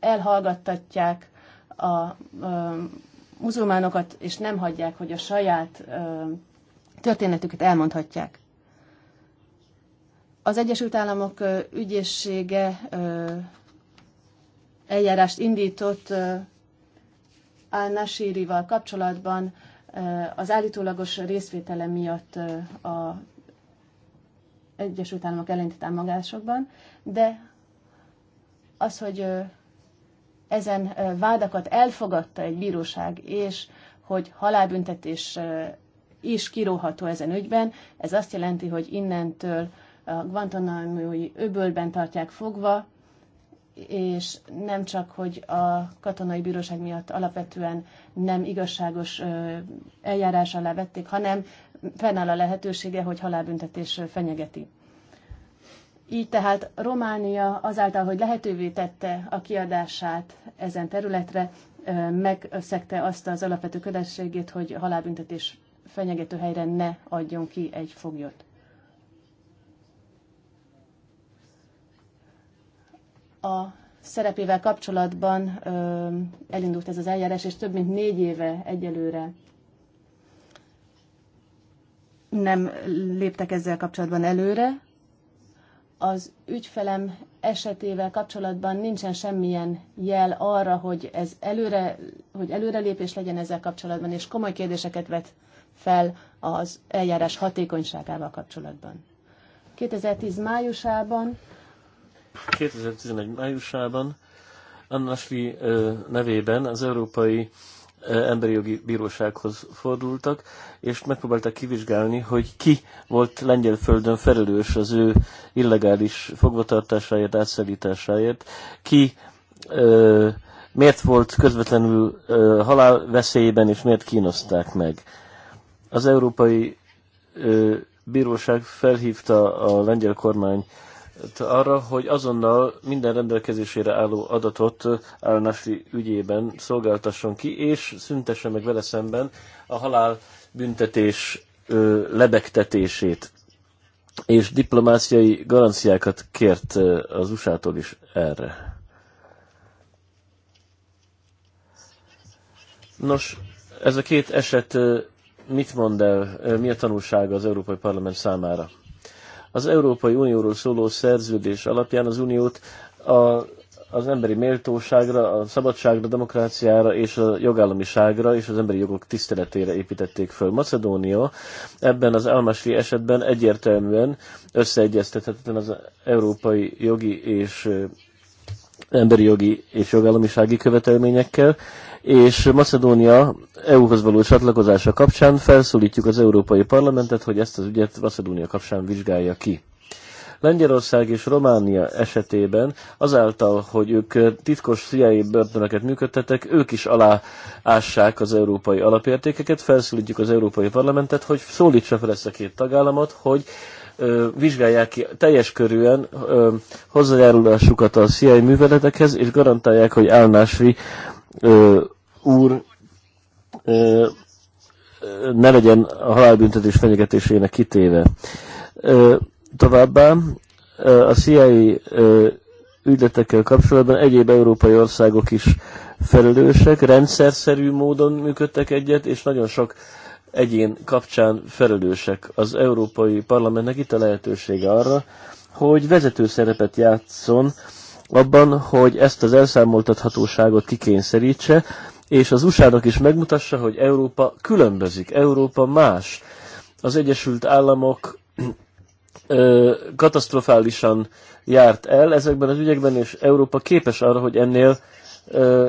elhallgattatják a muzulmánokat, és nem hagyják, hogy a saját történetüket elmondhatják. Az Egyesült Államok ügyészsége eljárást indított al-Nasirival kapcsolatban eh, az állítólagos részvétele miatt eh, a Egyesült Államok elleni támogásokban, de az, hogy eh, ezen vádakat elfogadta egy bíróság, és hogy halálbüntetés is kiróható ezen ügyben, ez azt jelenti, hogy innentől a Guantanamo-i öbölben tartják fogva, és nem csak, hogy a katonai bíróság miatt alapvetően nem igazságos eljárás alá vették, hanem fennáll a lehetősége, hogy halálbüntetés fenyegeti. Így tehát Románia azáltal, hogy lehetővé tette a kiadását ezen területre, megszegte azt az alapvető kötelességét, hogy halálbüntetés fenyegető helyre ne adjon ki egy foglyot. a szerepével kapcsolatban elindult ez az eljárás, és több mint négy éve egyelőre nem léptek ezzel kapcsolatban előre. Az ügyfelem esetével kapcsolatban nincsen semmilyen jel arra, hogy ez előre, hogy előrelépés legyen ezzel kapcsolatban, és komoly kérdéseket vet fel az eljárás hatékonyságával kapcsolatban. 2010 májusában 2011 májusában Annasli nevében az Európai Emberi Jogi Bírósághoz fordultak, és megpróbálták kivizsgálni, hogy ki volt lengyel földön felelős az ő illegális fogvatartásáért, átszállításáért, ki miért volt közvetlenül ö, és miért kínozták meg. Az Európai Bíróság felhívta a lengyel kormány arra, hogy azonnal minden rendelkezésére álló adatot Álnasi ügyében szolgáltasson ki, és szüntesse meg vele szemben a halál büntetés lebegtetését. És diplomáciai garanciákat kért az USA-tól is erre. Nos, ez a két eset mit mond el, mi a tanulsága az Európai Parlament számára? Az Európai Unióról szóló szerződés alapján az Uniót a, az emberi méltóságra, a szabadságra, demokráciára és a jogállamiságra és az emberi jogok tiszteletére építették föl. Macedónia ebben az álmasli esetben egyértelműen összeegyeztethetetlen az európai jogi és emberi jogi és jogállamisági követelményekkel, és Macedónia EU-hoz való csatlakozása kapcsán felszólítjuk az Európai Parlamentet, hogy ezt az ügyet Macedónia kapcsán vizsgálja ki. Lengyelország és Románia esetében azáltal, hogy ők titkos CIA börtönöket működtetek, ők is aláássák az európai alapértékeket. Felszólítjuk az Európai Parlamentet, hogy szólítsa fel ezt a két tagállamot, hogy ö, vizsgálják ki teljes körűen ö, hozzájárulásukat a CIA műveletekhez, és garantálják, hogy Álnásvi úr ne legyen a halálbüntetés fenyegetésének kitéve. Továbbá a CIA ügyletekkel kapcsolatban egyéb európai országok is felelősek, rendszerszerű módon működtek egyet, és nagyon sok egyén kapcsán felelősek. Az Európai Parlamentnek itt a lehetősége arra, hogy vezető szerepet játszon abban, hogy ezt az elszámoltathatóságot kikényszerítse, és az USA-nak is megmutassa, hogy Európa különbözik, Európa más. Az Egyesült Államok [clears throat] ö, katasztrofálisan járt el ezekben az ügyekben, és Európa képes arra, hogy ennél ö,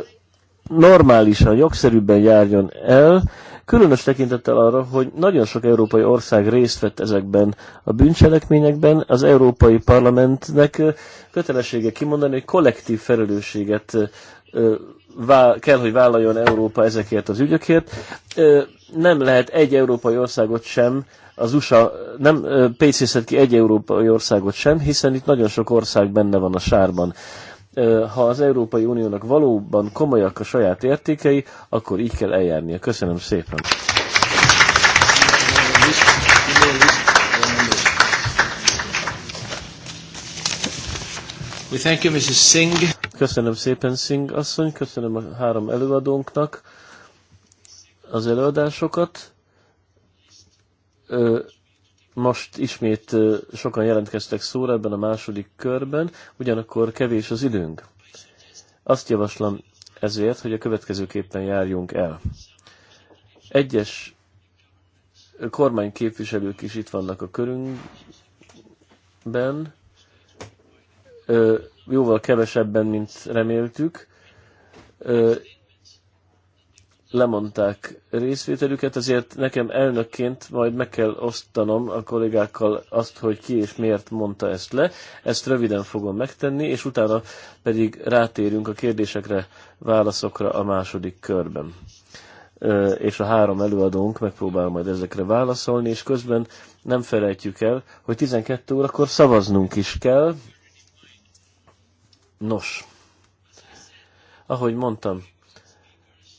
normálisan, jogszerűbben járjon el, különös tekintettel arra, hogy nagyon sok európai ország részt vett ezekben a bűncselekményekben, az Európai Parlamentnek kötelessége kimondani, hogy kollektív felelősséget vál, kell, hogy vállaljon Európa ezekért az ügyökért. Nem lehet egy európai országot sem, az USA nem pécészet ki egy európai országot sem, hiszen itt nagyon sok ország benne van a sárban. Ha az Európai Uniónak valóban komolyak a saját értékei, akkor így kell eljárnia. Köszönöm szépen! We thank you, Mrs. Singh. Köszönöm szépen, Singh asszony, köszönöm a három előadónknak az előadásokat. Ö, most ismét sokan jelentkeztek szóra ebben a második körben, ugyanakkor kevés az időnk. Azt javaslom ezért, hogy a következőképpen járjunk el. Egyes kormányképviselők is itt vannak a körünkben, jóval kevesebben, mint reméltük. Lemondták részvételüket, ezért nekem elnökként majd meg kell osztanom a kollégákkal azt, hogy ki és miért mondta ezt le. Ezt röviden fogom megtenni, és utána pedig rátérünk a kérdésekre, válaszokra a második körben és a három előadónk megpróbál majd ezekre válaszolni, és közben nem felejtjük el, hogy 12 órakor szavaznunk is kell, Nos, ahogy mondtam,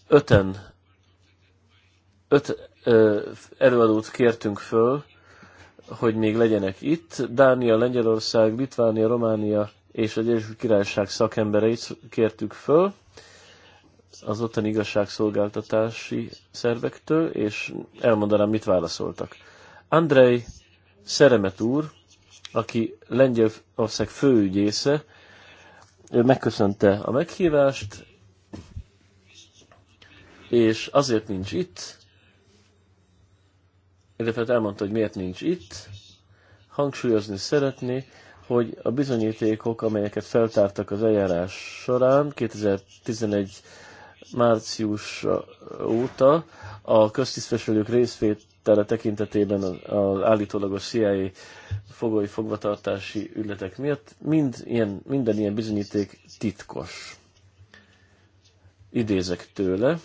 öten, öt ö, előadót kértünk föl, hogy még legyenek itt. Dánia, Lengyelország, Litvánia, Románia és az Egyesült Királyság szakembereit kértük föl az ottani igazságszolgáltatási szervektől, és elmondanám, mit válaszoltak. Andrei Szeremet úr, aki Lengyelország főügyésze, ő megköszönte a meghívást, és azért nincs itt, illetve hát elmondta, hogy miért nincs itt, hangsúlyozni szeretné, hogy a bizonyítékok, amelyeket feltártak az eljárás során 2011 március óta a köztisztviselők részvét, lefekvőtára tekintetében az állítólagos CIA fogói fogvatartási ügyletek miatt mind ilyen, minden ilyen bizonyíték titkos. Idézek tőle.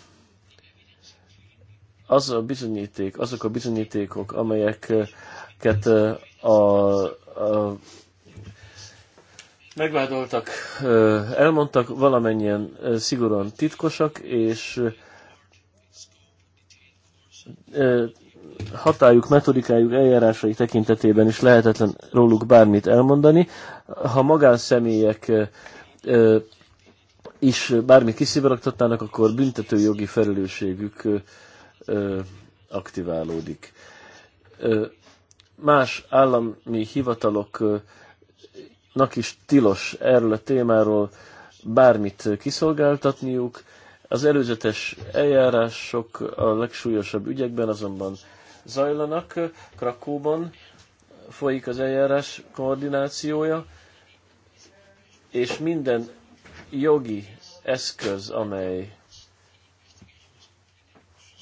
Az a bizonyíték, azok a bizonyítékok, amelyeket a, a megvádoltak, elmondtak, valamennyien szigorúan titkosak, és hatájuk, metodikájuk, eljárásai tekintetében is lehetetlen róluk bármit elmondani. Ha magánszemélyek is bármi kiszivárogtatnának, akkor büntető jogi felelősségük aktiválódik. Más állami hivataloknak is tilos erről a témáról bármit kiszolgáltatniuk. Az előzetes eljárások a legsúlyosabb ügyekben azonban zajlanak, Krakóban folyik az eljárás koordinációja, és minden jogi eszköz, amely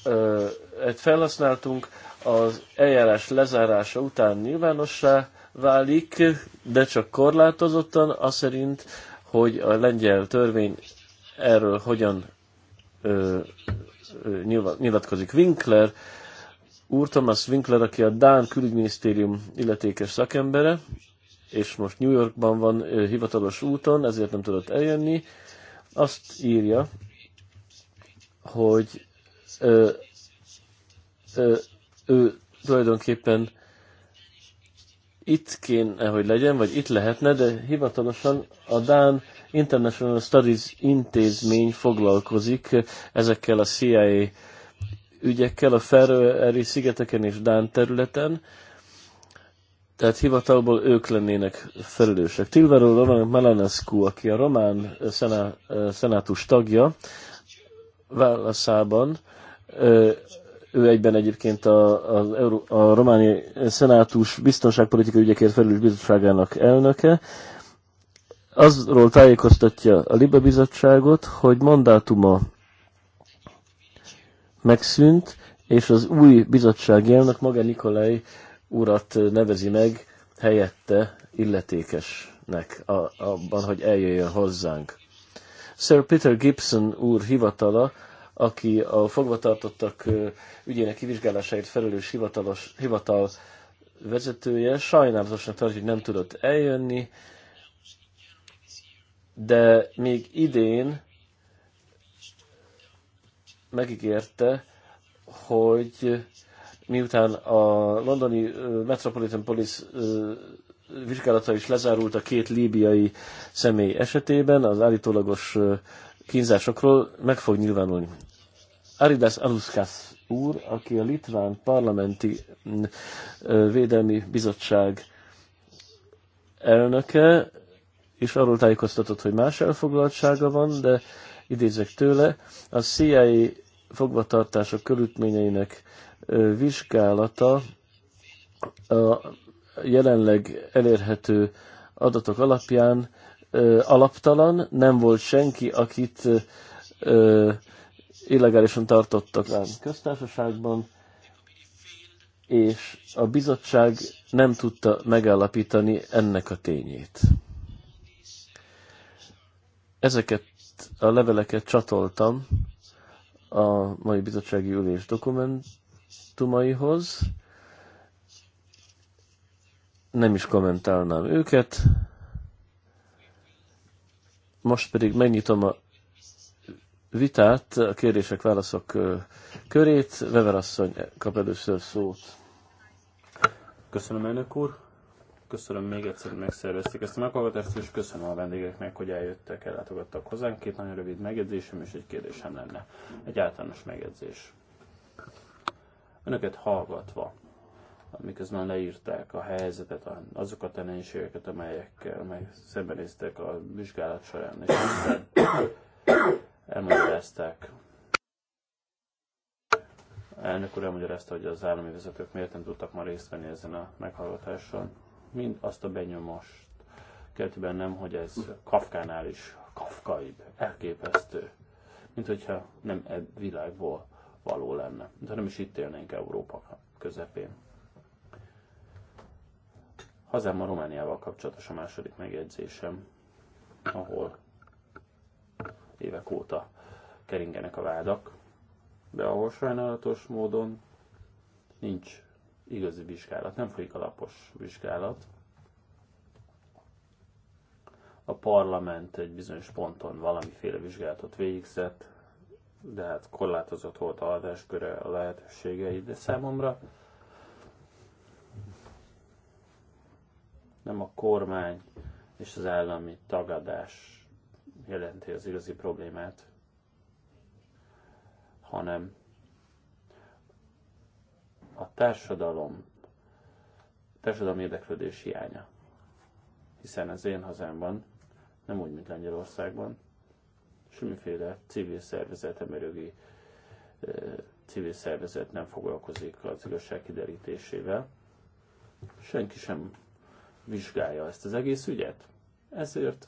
ö, felhasználtunk, az eljárás lezárása után nyilvánossá válik, de csak korlátozottan, az szerint, hogy a lengyel törvény erről hogyan ö, ö, nyilatkozik. Winkler úr, Thomas Winkler, aki a Dán külügyminisztérium illetékes szakembere, és most New Yorkban van hivatalos úton, ezért nem tudott eljönni, azt írja, hogy ö, ö, ő tulajdonképpen itt kéne, hogy legyen, vagy itt lehetne, de hivatalosan a Dán International Studies intézmény foglalkozik ezekkel a CIA ügyekkel a Feröeri szigeteken és Dán területen, tehát hivatalból ők lennének felelősek. Tilvaro Roman Melanescu, aki a román szená, szenátus tagja, válaszában, ő egyben egyébként a, a, a románi szenátus biztonságpolitikai ügyekért felelős bizottságának elnöke, azról tájékoztatja a Libe bizottságot, hogy mandátuma megszűnt, és az új bizottsági elnök maga Nikolaj urat nevezi meg helyette illetékesnek a, abban, hogy eljöjjön hozzánk. Sir Peter Gibson úr hivatala, aki a fogvatartottak ügyének kivizsgálásáért felelős hivatalos, hivatal vezetője, sajnálatosnak tartja, hogy nem tudott eljönni, de még idén megígérte, hogy miután a londoni Metropolitan Police vizsgálata is lezárult a két líbiai személy esetében, az állítólagos kínzásokról meg fog nyilvánulni. Aridas Aluskas úr, aki a Litván Parlamenti mm, Védelmi Bizottság elnöke, és arról tájékoztatott, hogy más elfoglaltsága van, de idézek tőle, a CIA Fogvatartása körülményeinek vizsgálata a jelenleg elérhető adatok alapján alaptalan, nem volt senki, akit illegálisan tartottak a köztársaságban, és a bizottság nem tudta megállapítani ennek a tényét. Ezeket a leveleket csatoltam a mai bizottsági ülés dokumentumaihoz. Nem is kommentálnám őket. Most pedig megnyitom a vitát, a kérdések-válaszok körét. Weber asszony kap először szót. Köszönöm, elnök úr. Köszönöm még egyszer, hogy megszervezték ezt a meghallgatást, és köszönöm a vendégeknek, hogy eljöttek, ellátogattak hozzánk. Két nagyon rövid megjegyzésem és egy kérdésem lenne. Egy általános megjegyzés. Önöket hallgatva, miközben leírták a helyzetet, azokat a nehézségeket, amelyekkel amelyek szembenéztek a vizsgálat során, és elmagyarázták. Elnök úr elmagyarázta, hogy az állami vezetők miért nem tudtak ma részt venni ezen a meghallgatáson mind azt a benyomást kelt bennem, hogy ez Kafkánál is kafkaibb, elképesztő. Mint hogyha nem e világból való lenne. Mint ha nem is itt élnénk Európa közepén. Hazám a Romániával kapcsolatos a második megjegyzésem, ahol évek óta keringenek a vádak, de ahol sajnálatos módon nincs igazi vizsgálat, nem folyik alapos vizsgálat. A parlament egy bizonyos ponton valamiféle vizsgálatot végzett, de hát korlátozott volt a hatásköre, a lehetőségei, de számomra nem a kormány és az állami tagadás jelenti az igazi problémát, hanem a társadalom, társadalmi érdeklődés hiánya. Hiszen az én hazámban, nem úgy, mint Lengyelországban, semmiféle civil szervezet, emberjogi civil szervezet nem foglalkozik az igazság kiderítésével. Senki sem vizsgálja ezt az egész ügyet. Ezért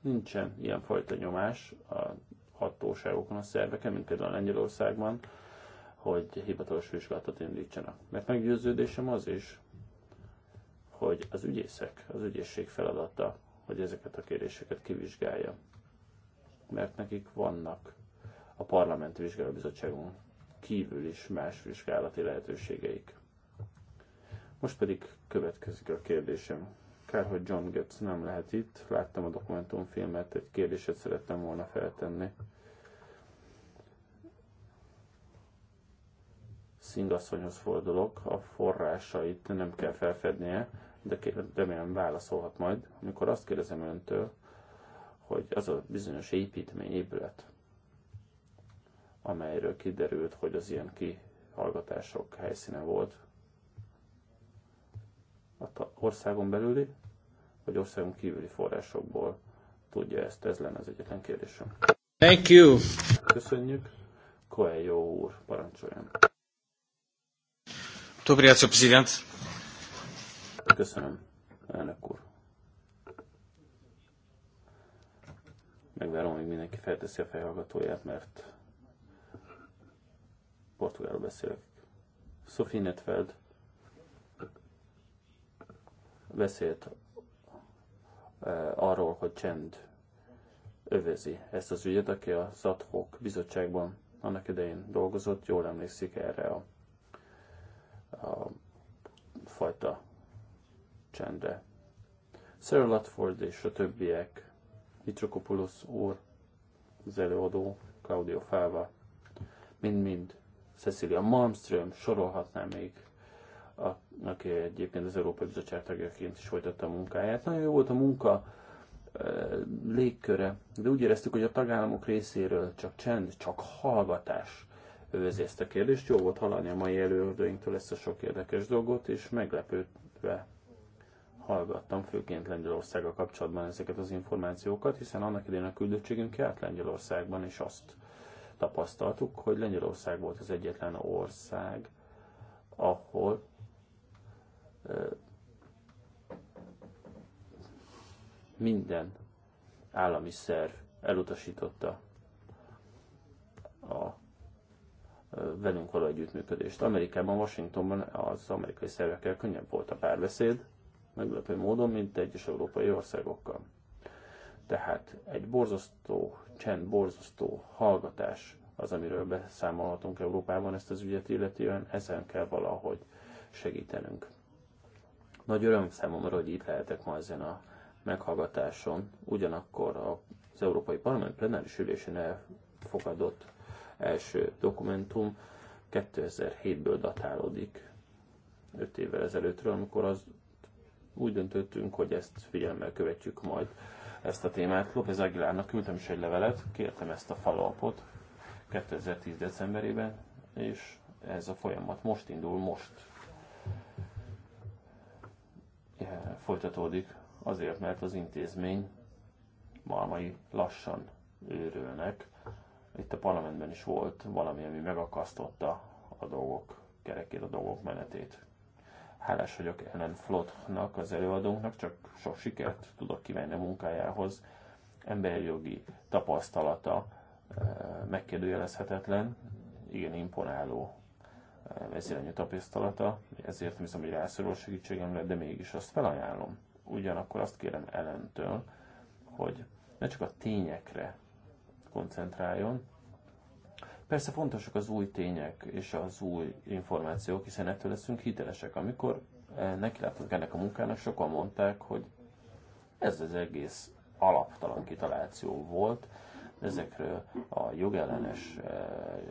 nincsen fajta nyomás a hatóságokon, a szerveken, mint például Lengyelországban, hogy hivatalos vizsgálatot indítsanak. Mert meggyőződésem az is, hogy az ügyészek, az ügyészség feladata, hogy ezeket a kéréseket kivizsgálja. Mert nekik vannak a parlament vizsgálóbizottságon kívül is más vizsgálati lehetőségeik. Most pedig következik a kérdésem. Kár, hogy John Götz nem lehet itt. Láttam a dokumentumfilmet, egy kérdéset szerettem volna feltenni. Szingasszonyhoz fordulok, a forrásait nem kell felfednie, de remélem válaszolhat majd, amikor azt kérdezem öntől, hogy az a bizonyos építmény, épület, amelyről kiderült, hogy az ilyen kihallgatások helyszíne volt, a országon belüli, vagy országon kívüli forrásokból tudja ezt, ez lenne az egyetlen kérdésem. Thank you! Köszönjük! jó úr, parancsoljon! Köszönöm, elnök úr. Megvárom, hogy mindenki felteszi a fejhallgatóját, mert portugálul beszélek. Sophie Netfeld beszélt eh, arról, hogy csend övezi ezt az ügyet, aki a Szadhok bizottságban annak idején dolgozott, jól emlékszik erre a a fajta csendre. Sarah Latford és a többiek, Mitrokopoulos úr, az előadó, Claudio Fava, mind-mind, Cecilia Malmström, sorolhatnám még, a, aki egyébként az Európai Bizottság tagjaként is folytatta a munkáját. Nagyon jó volt a munka e, légköre, de úgy éreztük, hogy a tagállamok részéről csak csend, csak hallgatás övezi ezt a kérdést. Jó volt hallani a mai előadóinktól ezt a sok érdekes dolgot, és meglepődve hallgattam, főként Lengyelországgal kapcsolatban ezeket az információkat, hiszen annak idején a küldöttségünk járt Lengyelországban, és azt tapasztaltuk, hogy Lengyelország volt az egyetlen ország, ahol minden állami szerv elutasította a velünk való együttműködést. Amerikában, Washingtonban az amerikai szervekkel könnyebb volt a párbeszéd, meglepő módon, mint egyes európai országokkal. Tehát egy borzasztó csend, borzasztó hallgatás az, amiről beszámolhatunk Európában ezt az ügyet illetően, ezen kell valahogy segítenünk. Nagy öröm számomra, hogy itt lehetek ma ezen a meghallgatáson, ugyanakkor az Európai Parlament plenáris ülésén elfogadott első dokumentum 2007-ből datálódik, 5 évvel ezelőttről, amikor az úgy döntöttünk, hogy ezt figyelemmel követjük majd ezt a témát. López Aguilárnak küldtem is egy levelet, kértem ezt a falapot 2010. decemberében, és ez a folyamat most indul, most folytatódik, azért, mert az intézmény malmai lassan őrülnek, itt a parlamentben is volt valami, ami megakasztotta a dolgok kerekét, a dolgok menetét. Hálás vagyok Ellen Flottnak, az előadónknak, csak sok sikert tudok kívánni a munkájához. Emberi jogi tapasztalata eh, megkérdőjelezhetetlen, igen imponáló eh, ez irányú tapasztalata, ezért hiszem, hogy rászorul segítségemre, de mégis azt felajánlom. Ugyanakkor azt kérem Ellentől, hogy ne csak a tényekre koncentráljon. Persze fontosak az új tények és az új információk, hiszen ettől leszünk hitelesek. Amikor eh, nekilátunk ennek a munkának, sokan mondták, hogy ez az egész alaptalan kitaláció volt, ezekről a jogellenes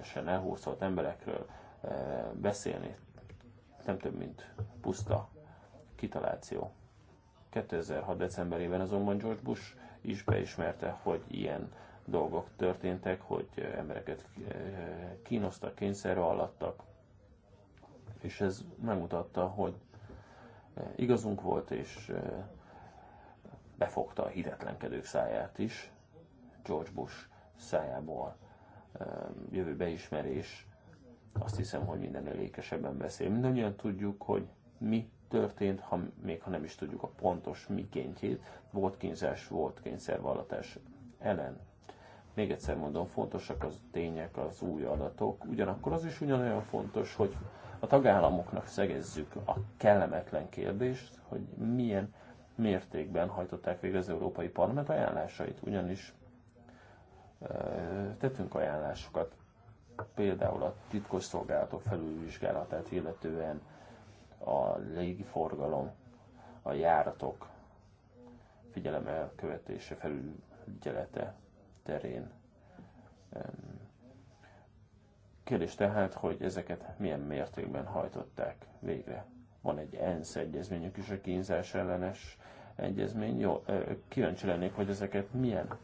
és elhúzott emberekről eh, beszélni nem több, mint puszta kitaláció. 2006. decemberében azonban George Bush is beismerte, hogy ilyen dolgok történtek, hogy embereket eh, kínoztak, kényszerre alattak, és ez megmutatta, hogy eh, igazunk volt, és eh, befogta a hitetlenkedők száját is, George Bush szájából jövő beismerés, azt hiszem, hogy minden elékesebben beszél. Mindannyian tudjuk, hogy mi történt, ha, még ha nem is tudjuk a pontos mikéntjét, volt kényszer, volt kényszervallatás ellen még egyszer mondom, fontosak az tények, az új adatok, ugyanakkor az is ugyanolyan fontos, hogy a tagállamoknak szegezzük a kellemetlen kérdést, hogy milyen mértékben hajtották végre az Európai Parlament ajánlásait, ugyanis tettünk ajánlásokat, például a titkos szolgálatok felülvizsgálatát illetően a légiforgalom, a járatok figyelemelkövetése, elkövetése felügyelete terén. Kérdés tehát, hogy ezeket milyen mértékben hajtották végre. Van egy ENSZ egyezményük is, a kínzás ellenes egyezmény. Jó, kíváncsi lennék, hogy ezeket milyen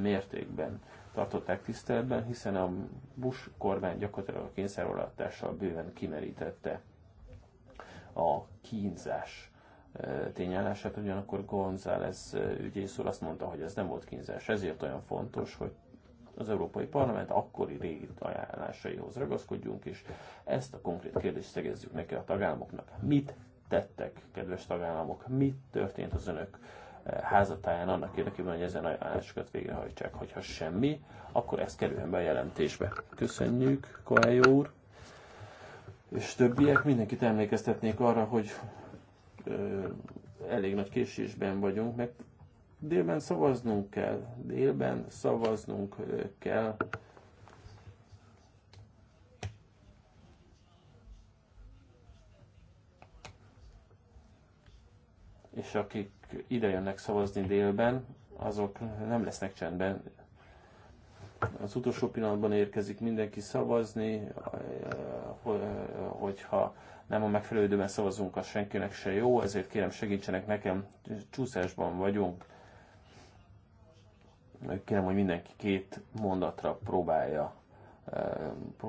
mértékben tartották tiszteletben, hiszen a Bush kormány gyakorlatilag a kényszerolatással bőven kimerítette a kínzás tényállását, ugyanakkor González ügyész úr azt mondta, hogy ez nem volt kínzás, ezért olyan fontos, hogy az Európai Parlament akkori régi ajánlásaihoz ragaszkodjunk, és ezt a konkrét kérdést szegezzük neki a tagállamoknak. Mit tettek, kedves tagállamok, mit történt az önök házatáján annak érdekében, hogy ezen ajánlásokat végrehajtsák, hogyha semmi, akkor ez kerüljön be a jelentésbe. Köszönjük, Koelyó úr! És többiek, mindenkit emlékeztetnék arra, hogy elég nagy késésben vagyunk, meg délben szavaznunk kell, délben szavaznunk kell. És akik ide jönnek szavazni délben, azok nem lesznek csendben. Az utolsó pillanatban érkezik mindenki szavazni, hogyha nem a megfelelő időben szavazunk, az senkinek se jó, ezért kérem segítsenek nekem, csúszásban vagyunk. Kérem, hogy mindenki két mondatra próbálja eh,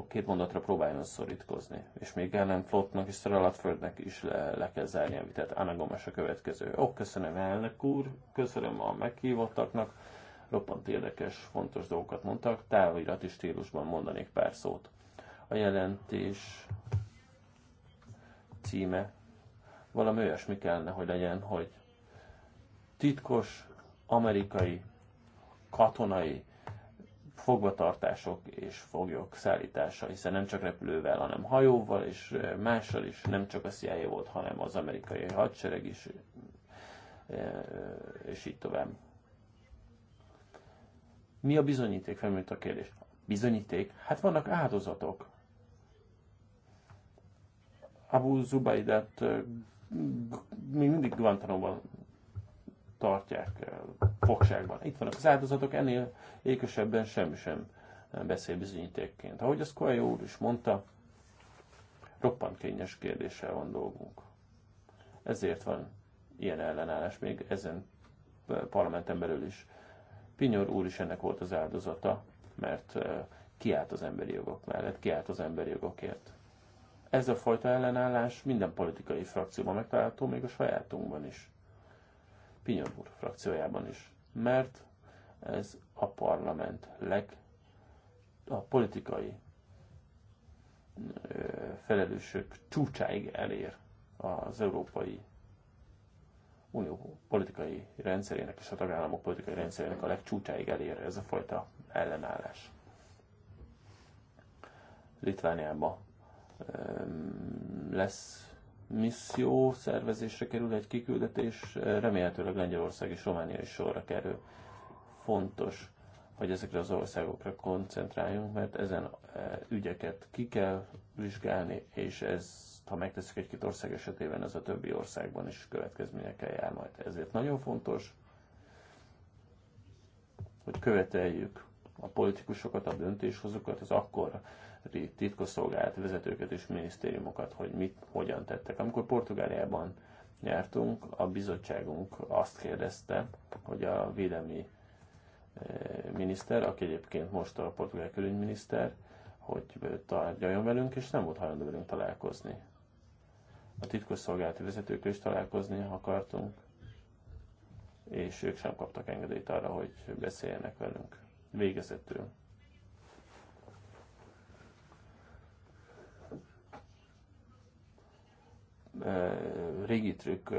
két mondatra próbáljon szorítkozni. És még ellen Flottnak és Szeralatföldnek is le, le kell zárni a vitát. Anna Gomes a következő. Ó, köszönöm elnök úr, köszönöm a meghívottaknak. Roppant érdekes, fontos dolgokat mondtak. Távirati stílusban mondanék pár szót. A jelentés címe valami olyasmi kellene, hogy legyen, hogy titkos amerikai katonai fogvatartások és foglyok szállítása, hiszen nem csak repülővel, hanem hajóval és mással is, nem csak a CIA volt, hanem az amerikai hadsereg is, és így tovább. Mi a bizonyíték? Felmerült a kérdés. Bizonyíték? Hát vannak áldozatok. Abu Zubaidat még mindig Guantanamo-ban tartják fogságban. Itt vannak az áldozatok, ennél ékesebben semmi sem beszél bizonyítékként. Ahogy az Koelyó úr is mondta, roppant kényes kérdéssel van dolgunk. Ezért van ilyen ellenállás még ezen parlamenten belül is. Pinyor úr is ennek volt az áldozata, mert kiállt az emberi jogok mellett, kiállt az emberi jogokért. Ez a fajta ellenállás minden politikai frakcióban megtalálható, még a sajátunkban is. Pinyon úr frakciójában is. Mert ez a parlament leg a politikai felelősök csúcsáig elér az Európai Unió politikai rendszerének és a tagállamok politikai rendszerének a legcsúcsáig elér ez a fajta ellenállás. Litvániában lesz misszió, szervezésre kerül egy kiküldetés, remélhetőleg Lengyelország és Románia is sorra kerül. Fontos, hogy ezekre az országokra koncentráljunk, mert ezen e, ügyeket ki kell vizsgálni, és ez ha megteszük egy-két ország esetében, ez a többi országban is következményekkel jár majd. Ezért nagyon fontos, hogy követeljük a politikusokat, a döntéshozókat, az akkor titkosszolgált vezetőket és minisztériumokat, hogy mit, hogyan tettek. Amikor Portugáliában jártunk, a bizottságunk azt kérdezte, hogy a védelmi eh, miniszter, aki egyébként most a portugál külügyminiszter, hogy tárgyaljon velünk, és nem volt hajlandó velünk találkozni. A titkosszolgálati vezetőkkel is találkozni akartunk, és ők sem kaptak engedélyt arra, hogy beszéljenek velünk. Végezetül régi trükk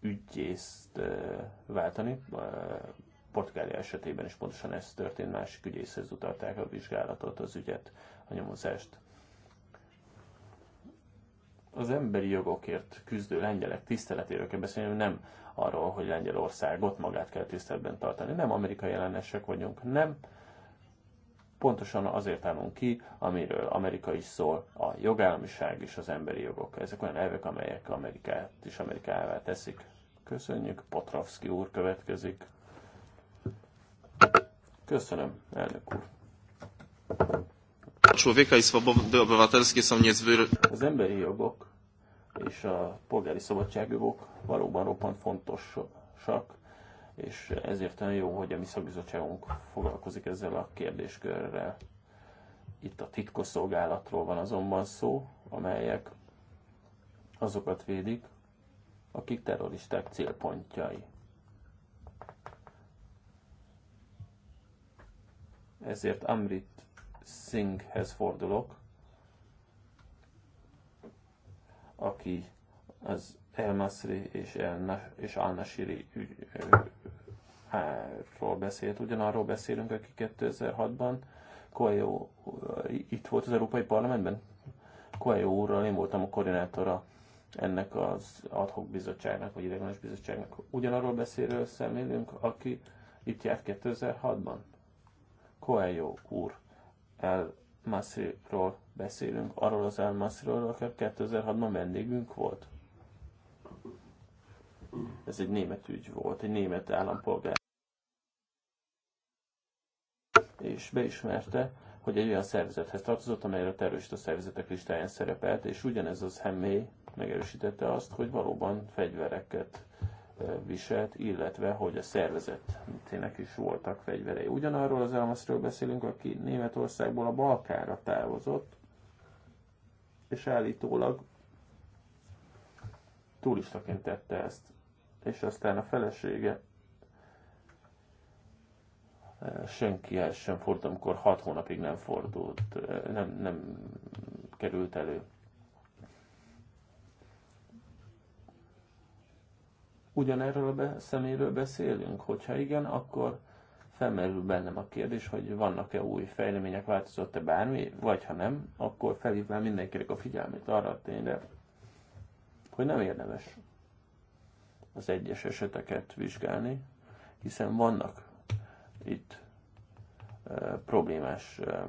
ügyészt váltani. Portugália esetében is pontosan ez történt, másik ügyészhez utalták a vizsgálatot, az ügyet, a nyomozást. Az emberi jogokért küzdő lengyelek tiszteletéről kell beszélni, nem arról, hogy Lengyelországot magát kell tiszteletben tartani. Nem amerikai ellenesek vagyunk, nem pontosan azért állunk ki, amiről Amerika is szól, a jogállamiság és az emberi jogok. Ezek olyan elvek, amelyek Amerikát is Amerikává teszik. Köszönjük, Potravski úr következik. Köszönöm, elnök úr. Az emberi jogok és a polgári szabadságjogok valóban roppant fontosak és ezért nagyon jó, hogy a mi szakbizottságunk foglalkozik ezzel a kérdéskörrel. Itt a titkosszolgálatról van azonban szó, amelyek azokat védik, akik terroristák célpontjai. Ezért Amrit Singhhez fordulok, aki az El Masri és, El és Al Nashiri hárról beszélt, ugyanarról beszélünk, aki 2006-ban Coelho uh, itt volt az Európai Parlamentben. Coelho úrral én voltam a koordinátora ennek az adhok bizottságnak, vagy ideiglenes bizottságnak. Ugyanarról beszélő szemlélünk, aki itt járt 2006-ban. Coelho úr El Masri-ról beszélünk, arról az El Masriról, aki 2006-ban vendégünk volt. Ez egy német ügy volt, egy német állampolgár. És beismerte, hogy egy olyan szervezethez tartozott, amelyre a terrorista szervezetek listáján szerepelt, és ugyanez az Hemmé megerősítette azt, hogy valóban fegyvereket viselt, illetve hogy a szervezetének is voltak fegyverei. Ugyanarról az Elmaszról beszélünk, aki Németországból a Balkára távozott, és állítólag turistaként tette ezt és aztán a felesége eh, el sem fordult, amikor hat hónapig nem fordult, eh, nem, nem került elő. Ugyanerről a szeméről beszélünk? Hogyha igen, akkor felmerül bennem a kérdés, hogy vannak-e új fejlemények, változott-e bármi, vagy ha nem, akkor felhívnám mindenkinek a figyelmét arra a tényre, hogy nem érdemes az egyes eseteket vizsgálni, hiszen vannak itt e, problémás e,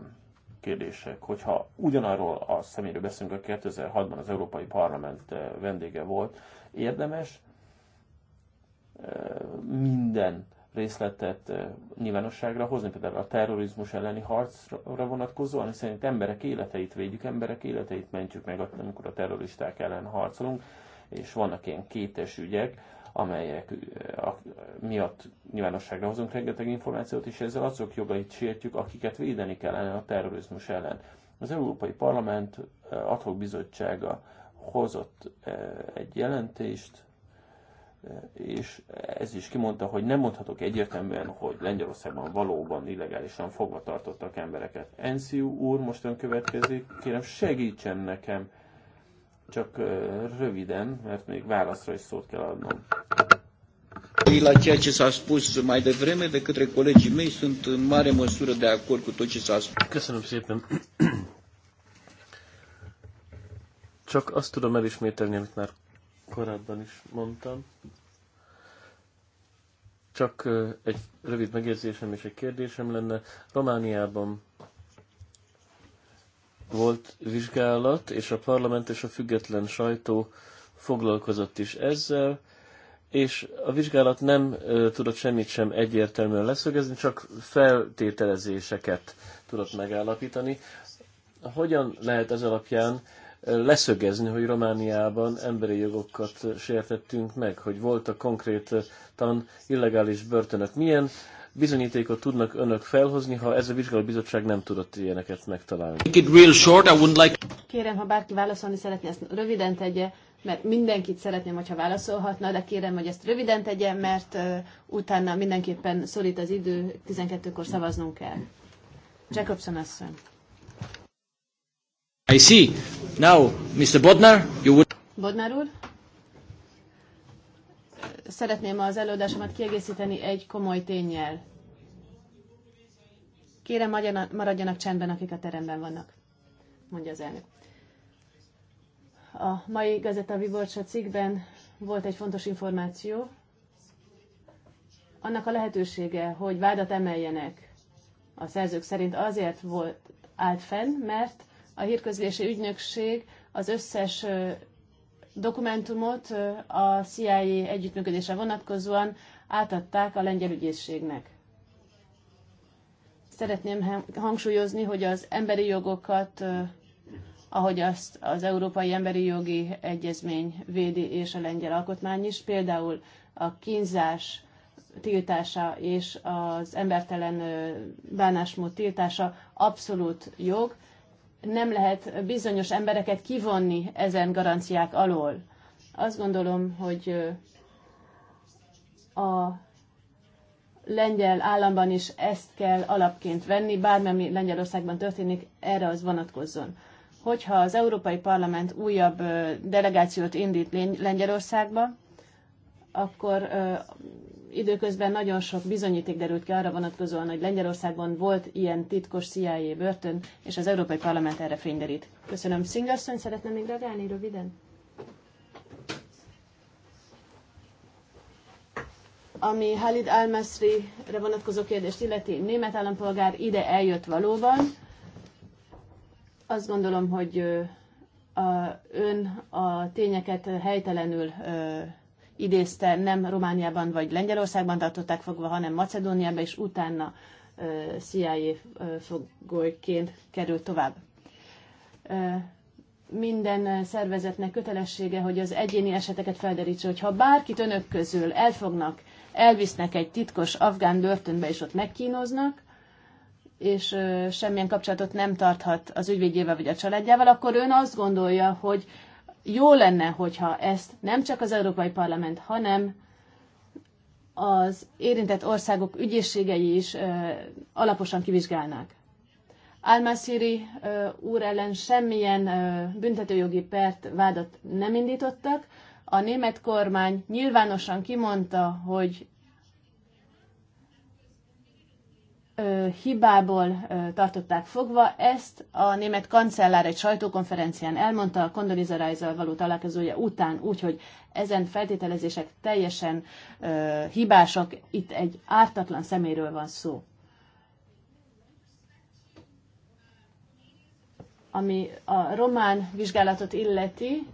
kérdések. Hogyha ugyanarról a személyről beszélünk, aki 2006-ban az Európai Parlament e, vendége volt, érdemes e, minden részletet e, nyilvánosságra hozni, például a terrorizmus elleni harcra vonatkozóan, hiszen itt emberek életeit védjük, emberek életeit mentjük meg, amikor a terroristák ellen harcolunk, és vannak ilyen kétes ügyek, amelyek eh, miatt nyilvánosságra hozunk rengeteg információt, és ezzel azok jogait sértjük, akiket védeni kellene a terrorizmus ellen. Az Európai Parlament eh, adhok bizottsága hozott eh, egy jelentést, és ez is kimondta, hogy nem mondhatok egyértelműen, hogy Lengyelországban valóban illegálisan fogva tartottak embereket. Enciu úr, most ön következik, kérem segítsen nekem csak röviden, mert még válaszra is szót kell adnom. La ceea ce s-a spus mai devreme de către colegii mei sunt în mare măsură de acord cu tot ce s-a spus. [clears throat] Csak azt tudom elismételni, amit már korábban is mondtam. Csak egy rövid megjegyzésem és egy kérdésem lenne. Romániában volt vizsgálat, és a parlament és a független sajtó foglalkozott is ezzel, és a vizsgálat nem tudott semmit sem egyértelműen leszögezni, csak feltételezéseket tudott megállapítani. Hogyan lehet ez alapján leszögezni, hogy Romániában emberi jogokat sértettünk meg, hogy voltak konkrétan illegális börtönök. Milyen bizonyítékot tudnak önök felhozni, ha ez a vizsgálóbizottság nem tudott ilyeneket megtalálni? Kérem, ha bárki válaszolni szeretné, ezt röviden tegye, mert mindenkit szeretném, hogyha válaszolhatna, de kérem, hogy ezt röviden tegye, mert uh, utána mindenképpen szorít az idő, 12-kor szavaznunk kell. Jacobson asszony. I see. Now, Mr. Bodnar, you would... Bodnar úr? szeretném az előadásomat kiegészíteni egy komoly tényel. Kérem, maradjanak csendben, akik a teremben vannak, mondja az elnök. A mai Gazeta Viborcsa cikkben volt egy fontos információ, annak a lehetősége, hogy vádat emeljenek a szerzők szerint azért volt, állt fenn, mert a hírközlési ügynökség az összes dokumentumot a CIA együttműködése vonatkozóan átadták a lengyel ügyészségnek. Szeretném hangsúlyozni, hogy az emberi jogokat, ahogy azt az Európai Emberi Jogi Egyezmény védi és a lengyel alkotmány is, például a kínzás tiltása és az embertelen bánásmód tiltása abszolút jog, nem lehet bizonyos embereket kivonni ezen garanciák alól. Azt gondolom, hogy a lengyel államban is ezt kell alapként venni, bármi Lengyelországban történik, erre az vonatkozzon. Hogyha az Európai Parlament újabb delegációt indít Lengyelországba, akkor Időközben nagyon sok bizonyíték derült ki arra vonatkozóan, hogy Lengyelországban volt ilyen titkos CIA börtön, és az Európai Parlament erre fényderít. Köszönöm. Szingerszony, szeretne még reagálni röviden? Ami Halid Almasri-re vonatkozó kérdést illeti, német állampolgár ide eljött valóban. Azt gondolom, hogy a, ön a tényeket helytelenül idézte, nem Romániában vagy Lengyelországban tartották fogva, hanem Macedóniában, és utána CIA fogolyként került tovább. Minden szervezetnek kötelessége, hogy az egyéni eseteket felderítse, hogyha bárkit önök közül elfognak, elvisznek egy titkos afgán börtönbe, és ott megkínoznak, és semmilyen kapcsolatot nem tarthat az ügyvédjével vagy a családjával, akkor ön azt gondolja, hogy jó lenne, hogyha ezt nem csak az Európai Parlament, hanem az érintett országok ügyészségei is ö, alaposan kivizsgálnák. Almasiri úr ellen semmilyen ö, büntetőjogi pert vádat nem indítottak. A német kormány nyilvánosan kimondta, hogy hibából tartották fogva. Ezt a német kancellár egy sajtókonferencián elmondta a Condoleezza rice való találkozója után, úgyhogy ezen feltételezések teljesen ö, hibásak, itt egy ártatlan szeméről van szó. Ami a román vizsgálatot illeti,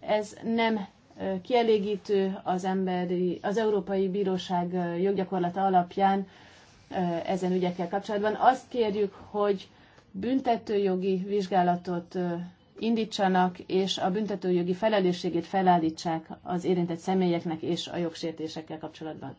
ez nem kielégítő az, emberi, az Európai Bíróság joggyakorlata alapján ezen ügyekkel kapcsolatban. Azt kérjük, hogy büntetőjogi vizsgálatot indítsanak, és a büntetőjogi felelősségét felállítsák az érintett személyeknek és a jogsértésekkel kapcsolatban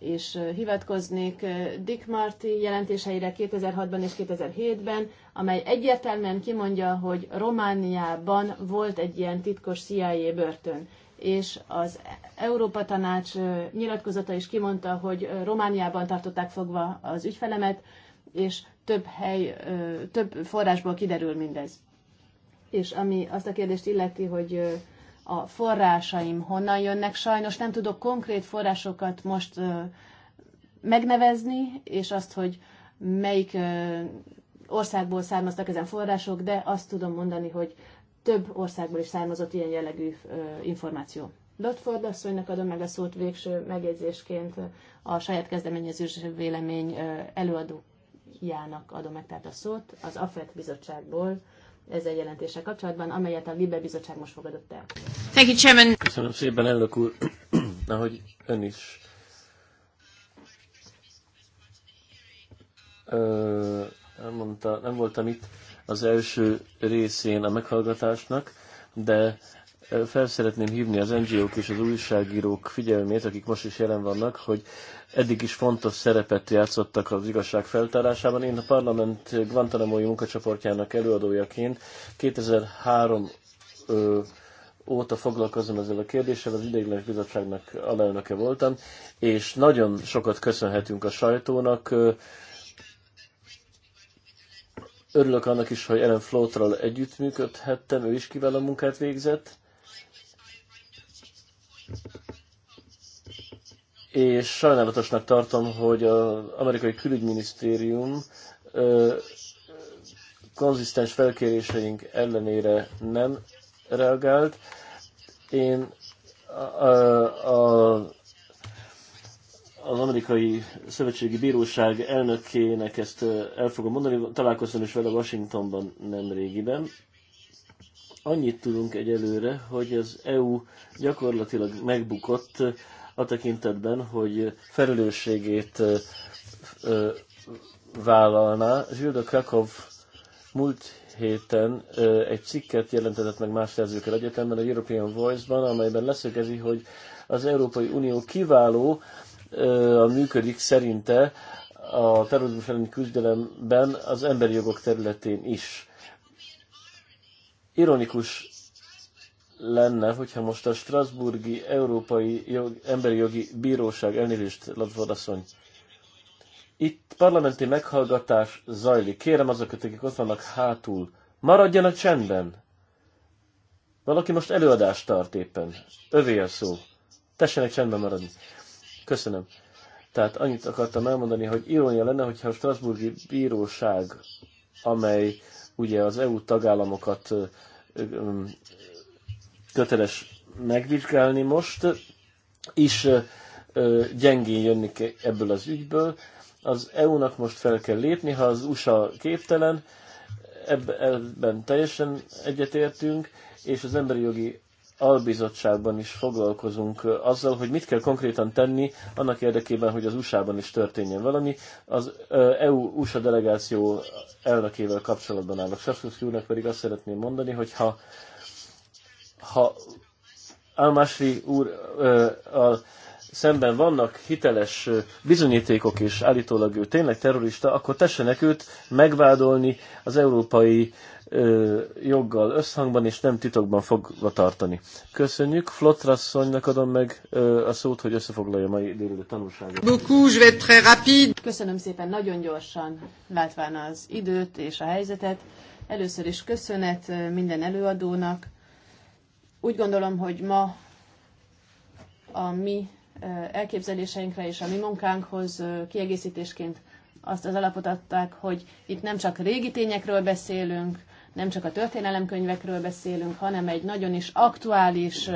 és hivatkoznék Dick Marty jelentéseire 2006-ban és 2007-ben, amely egyértelműen kimondja, hogy Romániában volt egy ilyen titkos CIA börtön. És az Európa Tanács nyilatkozata is kimondta, hogy Romániában tartották fogva az ügyfelemet, és több, hely, több forrásból kiderül mindez. És ami azt a kérdést illeti, hogy a forrásaim honnan jönnek. Sajnos nem tudok konkrét forrásokat most megnevezni, és azt, hogy melyik országból származtak ezen források, de azt tudom mondani, hogy több országból is származott ilyen jellegű információ. Lotford asszonynak adom meg a szót végső megjegyzésként a saját kezdeményezős vélemény előadójának adom meg tehát a szót az AFET bizottságból ezzel jelentéssel kapcsolatban, amelyet a Libe Bizottság most fogadott el. Thank you, Chairman. Köszönöm szépen, elnök úr, [clears throat] ahogy ön is. Ö, mondta, nem voltam itt az első részén a meghallgatásnak, de fel szeretném hívni az NGO-k és az újságírók figyelmét, akik most is jelen vannak, hogy eddig is fontos szerepet játszottak az igazság feltárásában. Én a parlament Guantanamo-i munkacsoportjának előadójaként 2003 ö, óta foglalkozom ezzel a kérdéssel, az ideiglenes bizottságnak alelnöke voltam, és nagyon sokat köszönhetünk a sajtónak. Örülök annak is, hogy Ellen Flótral együttműködhettem, ő is kivel a munkát végzett, és sajnálatosnak tartom, hogy az amerikai külügyminisztérium ö, konzisztens felkéréseink ellenére nem reagált. Én a, a, az amerikai szövetségi bíróság elnökének ezt el fogom mondani, találkoztam is vele Washingtonban nem régiben, annyit tudunk egyelőre, hogy az EU gyakorlatilag megbukott eh, a tekintetben, hogy felelősségét eh, eh, vállalná. Zsilda Krakow múlt héten egy cikket jelentetett meg más szerzőkkel egyetemben a European Voice-ban, amelyben leszögezi, hogy az Európai Unió kiváló a működik szerinte a terrorizmus elleni küzdelemben az emberi jogok területén is ironikus lenne, hogyha most a Strasburgi Európai Jog, Emberi Jogi Bíróság elnézést, Latvad Itt parlamenti meghallgatás zajlik. Kérem azokat, akik ott vannak hátul, maradjanak csendben. Valaki most előadást tart éppen. Övé a szó. Tessenek csendben maradni. Köszönöm. Tehát annyit akartam elmondani, hogy irónia lenne, hogyha a Strasburgi Bíróság, amely ugye az EU tagállamokat köteles megvizsgálni most, is gyengén jönni ebből az ügyből. Az EU-nak most fel kell lépni, ha az USA képtelen, ebben teljesen egyetértünk, és az emberi jogi albizottságban is foglalkozunk azzal, hogy mit kell konkrétan tenni annak érdekében, hogy az USA-ban is történjen valami. Az EU-USA delegáció elnökével kapcsolatban állok. Saskovszki úrnak pedig azt szeretném mondani, hogy ha, ha Almasri úr a szemben vannak hiteles bizonyítékok, és állítólag ő tényleg terrorista, akkor tessenek őt megvádolni az európai joggal összhangban és nem titokban fogva tartani. Köszönjük. Flotrasszonynak adom meg a szót, hogy összefoglalja mai délelőtt tanulságot. Köszönöm szépen, nagyon gyorsan látván az időt és a helyzetet. Először is köszönet minden előadónak. Úgy gondolom, hogy ma a mi elképzeléseinkre és a mi munkánkhoz kiegészítésként azt az alapot adták, hogy itt nem csak régi tényekről beszélünk, nem csak a történelemkönyvekről beszélünk, hanem egy nagyon is aktuális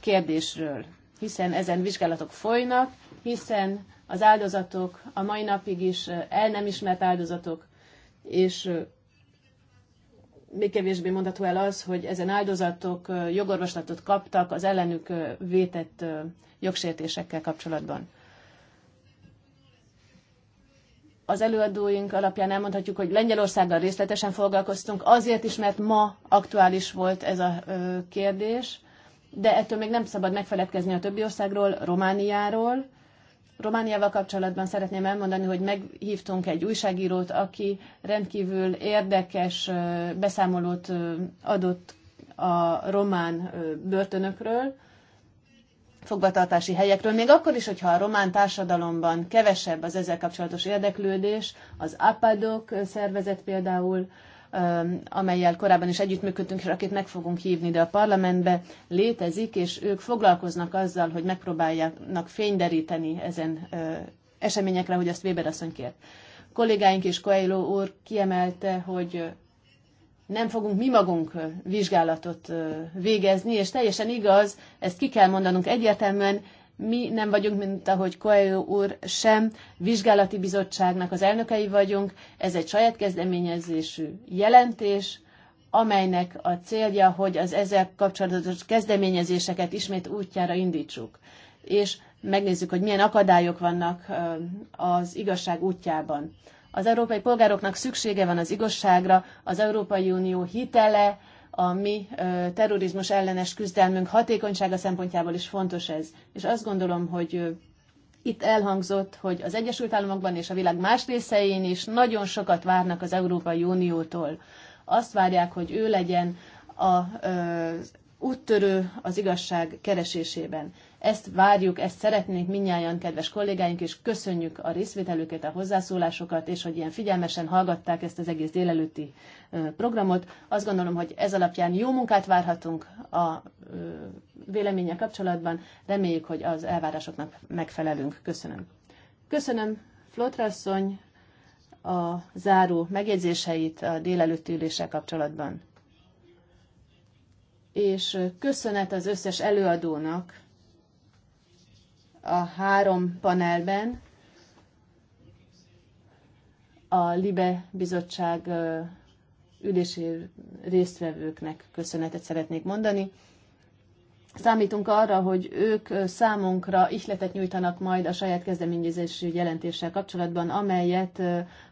kérdésről, hiszen ezen vizsgálatok folynak, hiszen az áldozatok a mai napig is el nem ismert áldozatok, és még kevésbé mondható el az, hogy ezen áldozatok jogorvoslatot kaptak az ellenük vétett jogsértésekkel kapcsolatban. az előadóink alapján elmondhatjuk, hogy Lengyelországgal részletesen foglalkoztunk, azért is, mert ma aktuális volt ez a kérdés, de ettől még nem szabad megfeledkezni a többi országról, Romániáról. Romániával kapcsolatban szeretném elmondani, hogy meghívtunk egy újságírót, aki rendkívül érdekes beszámolót adott a román börtönökről, fogvatartási helyekről, még akkor is, hogyha a román társadalomban kevesebb az ezzel kapcsolatos érdeklődés, az APADOK szervezet például, amelyel korábban is együttműködtünk, és akit meg fogunk hívni ide a parlamentbe, létezik, és ők foglalkoznak azzal, hogy megpróbáljanak fényderíteni ezen eseményekre, hogy azt Weber asszony kért. Kollégáink és Coelho úr kiemelte, hogy nem fogunk mi magunk vizsgálatot végezni, és teljesen igaz, ezt ki kell mondanunk egyértelműen, mi nem vagyunk, mint ahogy Coelho úr sem, vizsgálati bizottságnak az elnökei vagyunk, ez egy saját kezdeményezésű jelentés, amelynek a célja, hogy az ezzel kapcsolatos kezdeményezéseket ismét útjára indítsuk. És megnézzük, hogy milyen akadályok vannak az igazság útjában. Az európai polgároknak szüksége van az igazságra, az Európai Unió hitele, a mi terrorizmus ellenes küzdelmünk hatékonysága szempontjából is fontos ez. És azt gondolom, hogy itt elhangzott, hogy az Egyesült Államokban és a világ más részein is nagyon sokat várnak az Európai Uniótól. Azt várják, hogy ő legyen az úttörő az igazság keresésében. Ezt várjuk, ezt szeretnénk minnyáján, kedves kollégáink, és köszönjük a részvételüket, a hozzászólásokat, és hogy ilyen figyelmesen hallgatták ezt az egész délelőtti programot. Azt gondolom, hogy ez alapján jó munkát várhatunk a véleménye kapcsolatban. Reméljük, hogy az elvárásoknak megfelelünk. Köszönöm. Köszönöm, Flotrasszony, a záró megjegyzéseit a délelőtti üléssel kapcsolatban és köszönet az összes előadónak a három panelben, a LIBE bizottság ülési résztvevőknek köszönetet szeretnék mondani. Számítunk arra, hogy ők számunkra ihletet nyújtanak majd a saját kezdeményezésű jelentéssel kapcsolatban, amelyet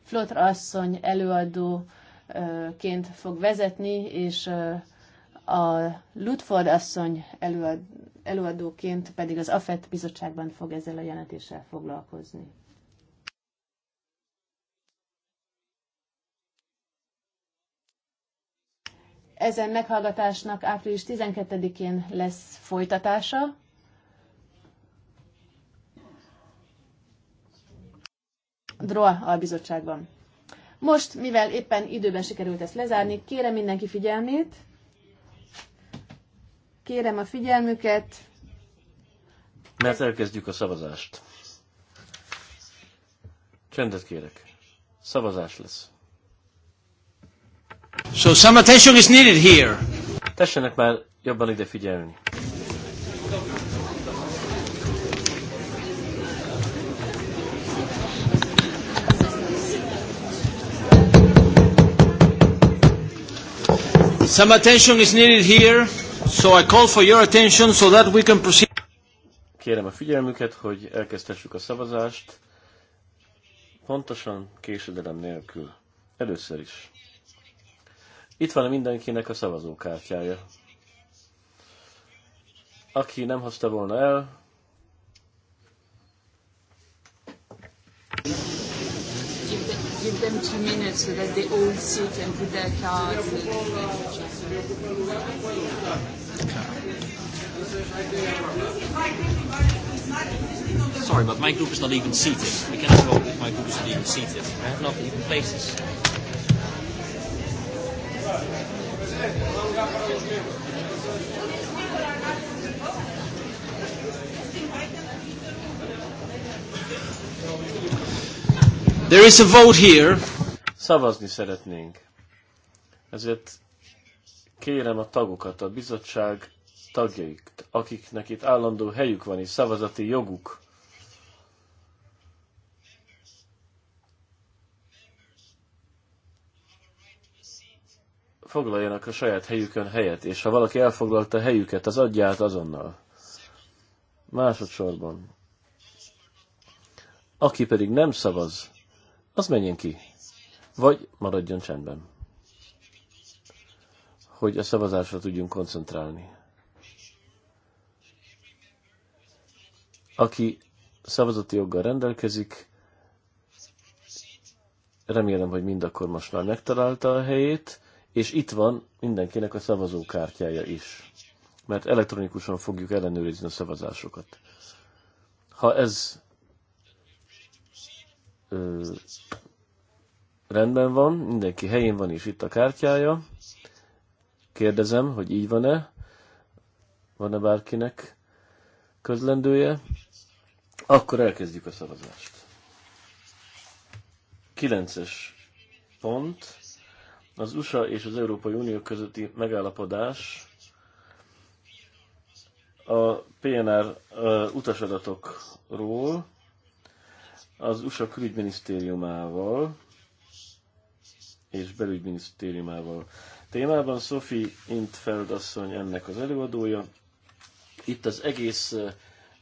Flotra asszony előadóként fog vezetni, és a Ludford asszony előad, előadóként pedig az AFET bizottságban fog ezzel a jelentéssel foglalkozni. Ezen meghallgatásnak április 12-én lesz folytatása. DROA a bizottságban. Most, mivel éppen időben sikerült ezt lezárni, kérem mindenki figyelmét, Kérem a figyelmüket. Mert elkezdjük a szavazást. Csendet kérek. Szavazás lesz. So some attention is needed here. Tessenek már jobban ide figyelni. Some attention is needed here. So I call for your attention so that we can proceed. Kérem a figyelmüket, hogy elkezdhessük a szavazást. Pontosan, késedelem nélkül. Először is. Itt van mindenkinek a szavazókártyája. Aki nem hozta volna el, give them two minutes so that they all sit and put their cards. And Sorry, but my group is not even seated. We cannot vote if my group is not even seated. I have not even places. There is a vote here. Szavazni szeretnénk. Ezért kérem a tagokat, a bizottság tagjait, akiknek itt állandó helyük van és szavazati joguk, foglaljanak a saját helyükön helyet, és ha valaki elfoglalta helyüket, az adját azonnal. Másodszorban. Aki pedig nem szavaz, az menjen ki. Vagy maradjon csendben. Hogy a szavazásra tudjunk koncentrálni. Aki szavazati joggal rendelkezik, remélem, hogy mind akkor most már megtalálta a helyét, és itt van mindenkinek a szavazókártyája is. Mert elektronikusan fogjuk ellenőrizni a szavazásokat. Ha ez ö, rendben van, mindenki helyén van és itt a kártyája. Kérdezem, hogy így van-e? Van-e bárkinek közlendője? Akkor elkezdjük a szavazást. 9-es pont. Az USA és az Európai Unió közötti megállapodás a PNR uh, utasadatokról az USA külügyminisztériumával és belügyminisztériumával. Témában Sophie Intfeld asszony ennek az előadója. Itt az egész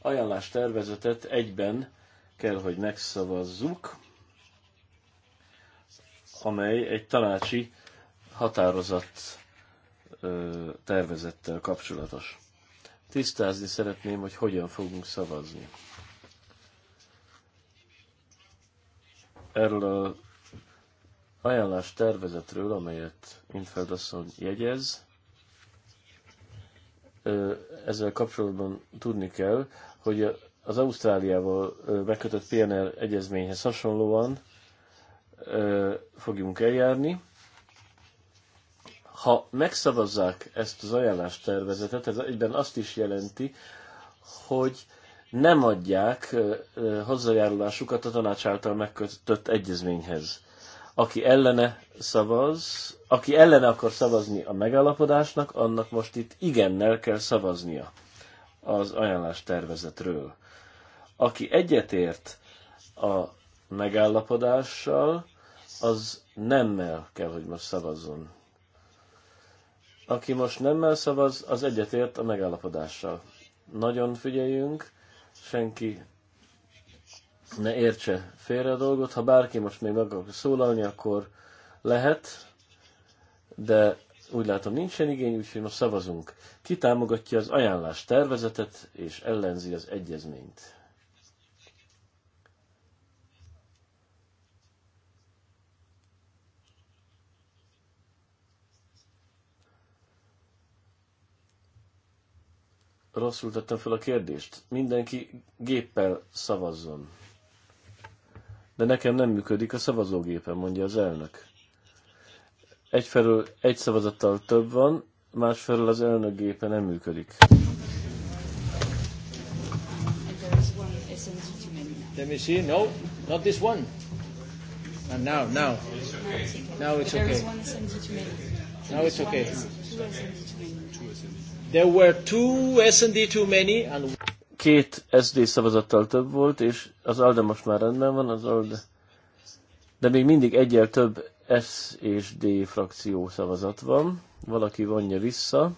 ajánlás tervezetet egyben kell, hogy megszavazzuk, amely egy tanácsi határozat tervezettel kapcsolatos. Tisztázni szeretném, hogy hogyan fogunk szavazni. erről a ajánlás tervezetről, amelyet Infeld asszony jegyez, ezzel kapcsolatban tudni kell, hogy az Ausztráliával megkötött PNR egyezményhez hasonlóan fogjunk eljárni. Ha megszavazzák ezt az ajánlástervezetet, ez egyben azt is jelenti, hogy nem adják hozzájárulásukat a tanács által megkötött egyezményhez. Aki ellene szavaz, aki ellene akar szavazni a megállapodásnak, annak most itt igennel kell szavaznia az ajánlás tervezetről. Aki egyetért a megállapodással, az nemmel kell, hogy most szavazzon. Aki most nemmel szavaz, az egyetért a megállapodással. Nagyon figyeljünk, senki ne értse félre a dolgot. Ha bárki most még meg akar szólalni, akkor lehet, de úgy látom nincsen igény, úgyhogy most szavazunk. Ki támogatja az ajánlás tervezetet és ellenzi az egyezményt? rosszul tettem fel a kérdést. Mindenki géppel szavazzon. De nekem nem működik a szavazógépen, mondja az elnök. Egyfelől egy szavazattal több van, másfelől az elnök gépe nem működik. Let me see. No, not this one. And now, now. Now it's okay. Now it's okay. Now it's okay. There were two SD too many and... Két SD szavazattal több volt, és az ALDE most már rendben van, az ALDE... De még mindig egyel több S és D frakció szavazat van. Valaki vonja vissza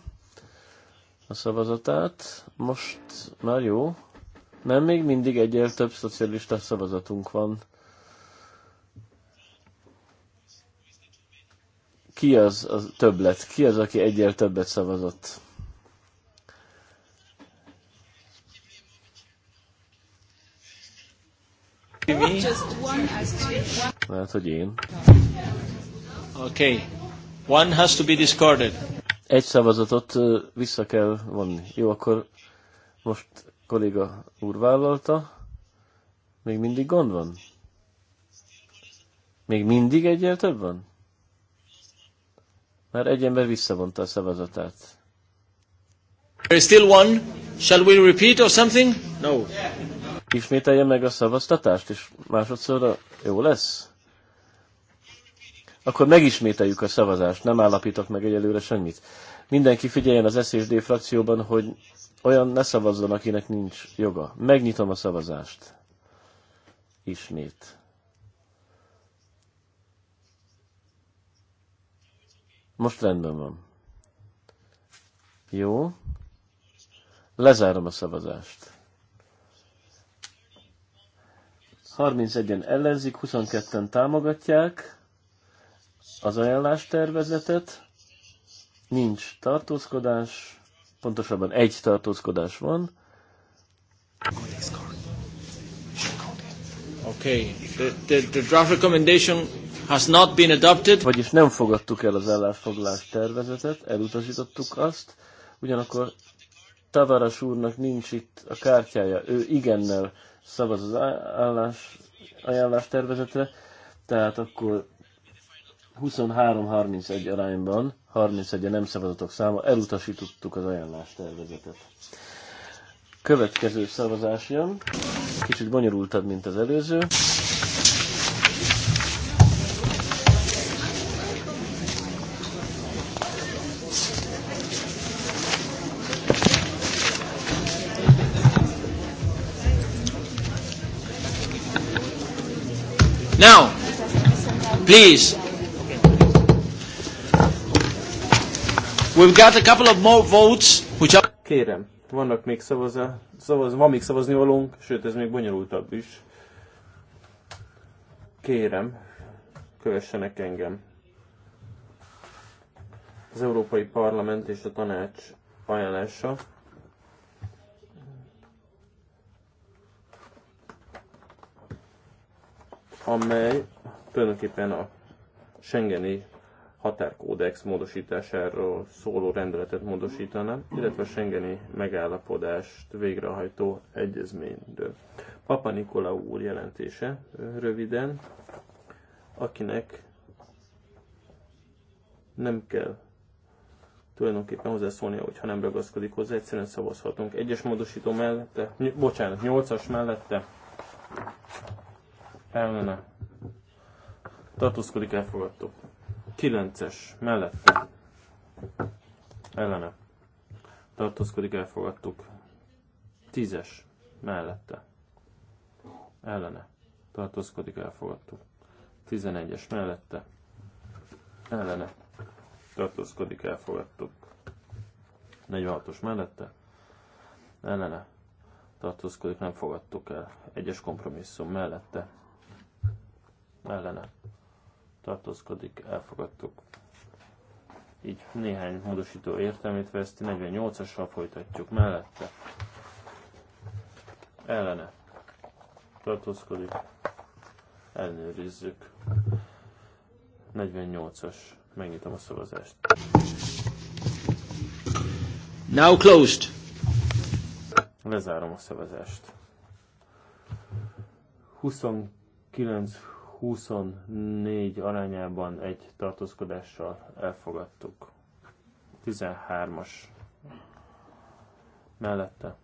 a szavazatát. Most már jó. Nem, még mindig egyel több szocialista szavazatunk van. Ki az a többlet? Ki az, aki egyel többet szavazott? Lehet, hogy én. Okay. One has to be discarded. Egy szavazatot vissza kell vonni. Jó, akkor most kolléga úr vállalta. Még mindig gond van? Még mindig egyel több van? Már egy ember visszavonta a szavazatát. There is still one. Shall we repeat or something? No. Yeah. Ismételje meg a szavaztatást, és másodszorra jó lesz? Akkor megismételjük a szavazást, nem állapítok meg egyelőre semmit. Mindenki figyeljen az SZSD frakcióban, hogy olyan ne szavazzon, akinek nincs joga. Megnyitom a szavazást. Ismét. Most rendben van. Jó. Lezárom a szavazást. 31-en ellenzik, 22-en támogatják az tervezetet Nincs tartózkodás, pontosabban egy tartózkodás van. Okay. The, the, the draft recommendation has not been adopted. Vagyis nem fogadtuk el az állásfoglalás tervezetet, elutasítottuk azt, ugyanakkor Tavaras úrnak nincs itt a kártyája, ő igennel szavaz az állás, ajánlás tervezetre, tehát akkor 23-31 arányban, 31 a nem szavazatok száma, elutasítottuk az ajánlás tervezetet. Következő szavazás jön, kicsit bonyolultabb, mint az előző. Please. We've got a couple of more votes, which are... Kérem, vannak még szavaza, szavaz, van még szavazni valónk, sőt ez még bonyolultabb is. Kérem, kövessenek engem. Az Európai Parlament és a Tanács ajánlása. amely tulajdonképpen a Schengeni határkódex módosításáról szóló rendeletet módosítana, illetve a Schengeni megállapodást végrehajtó egyezményről. Papa Nikolau úr jelentése röviden, akinek nem kell tulajdonképpen hozzászólnia, hogyha nem ragaszkodik hozzá, egyszerűen szavazhatunk. Egyes módosító mellette, ny- bocsánat, nyolcas mellette, ellene tartózkodik, elfogadtó. 9-es mellette ellene tartózkodik, elfogadtuk. 10-es mellette ellene tartózkodik, elfogadtuk. 11-es mellette ellene tartózkodik, elfogadtuk. 46-os mellette ellene tartózkodik, nem fogadtuk el. Egyes kompromisszum mellette ellene tartózkodik, elfogadtuk. Így néhány módosító értelmét veszti, 48-assal folytatjuk mellette. Ellene tartózkodik, ellenőrizzük. 48-as, megnyitom a szavazást. Now closed. Lezárom a szavazást. 29 24 arányában egy tartózkodással elfogadtuk. 13-as mellette.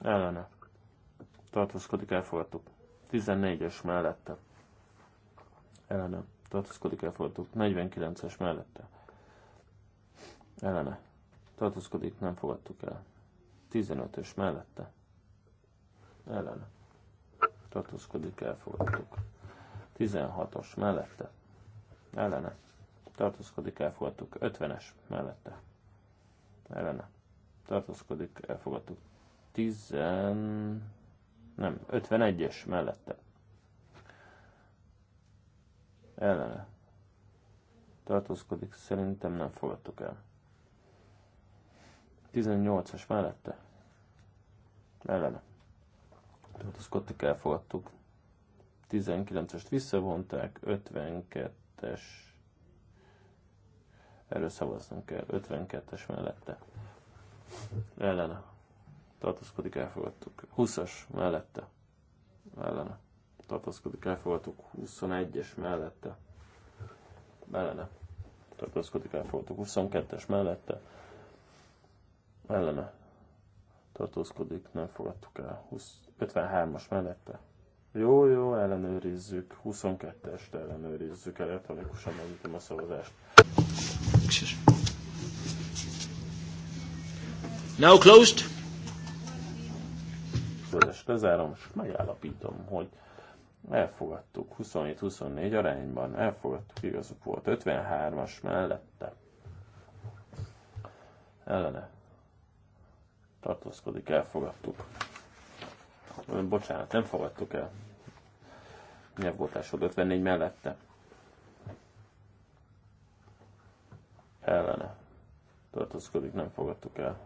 Ellene. Tartózkodik, elfogadtuk. 14-es mellette. Ellene. Tartózkodik, elfogadtuk. 49-es mellette. Ellene. Tartózkodik, nem fogadtuk el. 15-ös mellette. Ellene tartózkodik, el, elfogadtuk. 16-os mellette, ellene, tartózkodik, el, elfogadtuk. 50-es mellette, ellene, tartózkodik, el, elfogadtuk. 10, nem, 51-es mellette, ellene, tartózkodik, szerintem nem fogadtuk el. 18-as mellette, ellene tehát tartózkodtak, elfogadtuk. 19-est visszavonták, 52-es erről szavaznunk kell, 52-es mellette ellene tartózkodik, elfogadtuk. 20-as mellette ellene tartózkodik, elfogadtuk. 21-es mellette ellene tartózkodik, elfogadtuk. 22-es mellette ellene tartózkodik, nem fogadtuk el. 53-as mellette. Jó, jó, ellenőrizzük. 22-est ellenőrizzük elektronikusan, megnyitom a szavazást. Now closed. Szavazást lezárom, és megállapítom, hogy elfogadtuk 27-24 arányban, elfogadtuk, igazuk volt. 53-as mellette. Ellene tartózkodik, elfogadtuk. Bocsánat, nem fogadtuk el. Nyelvboltásod 54 mellette. Ellene. Tartózkodik, nem fogadtuk el.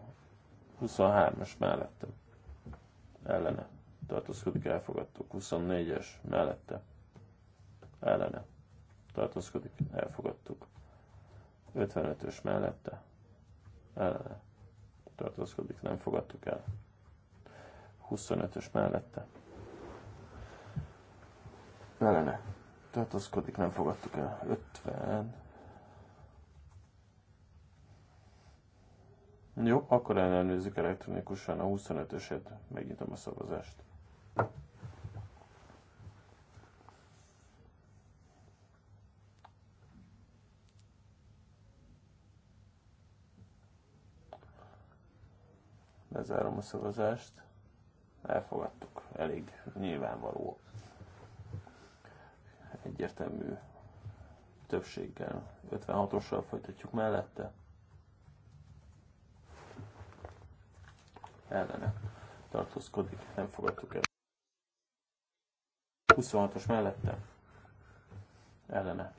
23-as mellette. Ellene. Tartózkodik, elfogadtuk. 24-es mellette. Ellene. Tartózkodik, elfogadtuk. 55-ös mellette. Ellene tartózkodik, nem fogadtuk el. 25-ös mellette. Ellene. Tartózkodik, nem fogadtuk el. 50. Jó, akkor ellenőrizzük elektronikusan a 25-öset. Megnyitom a szavazást. Lezárom a szavazást. Elfogadtuk. Elég nyilvánvaló. Egyértelmű többséggel. 56-ossal folytatjuk mellette. Ellene tartózkodik. Nem fogadtuk el. 26-os mellette. Ellene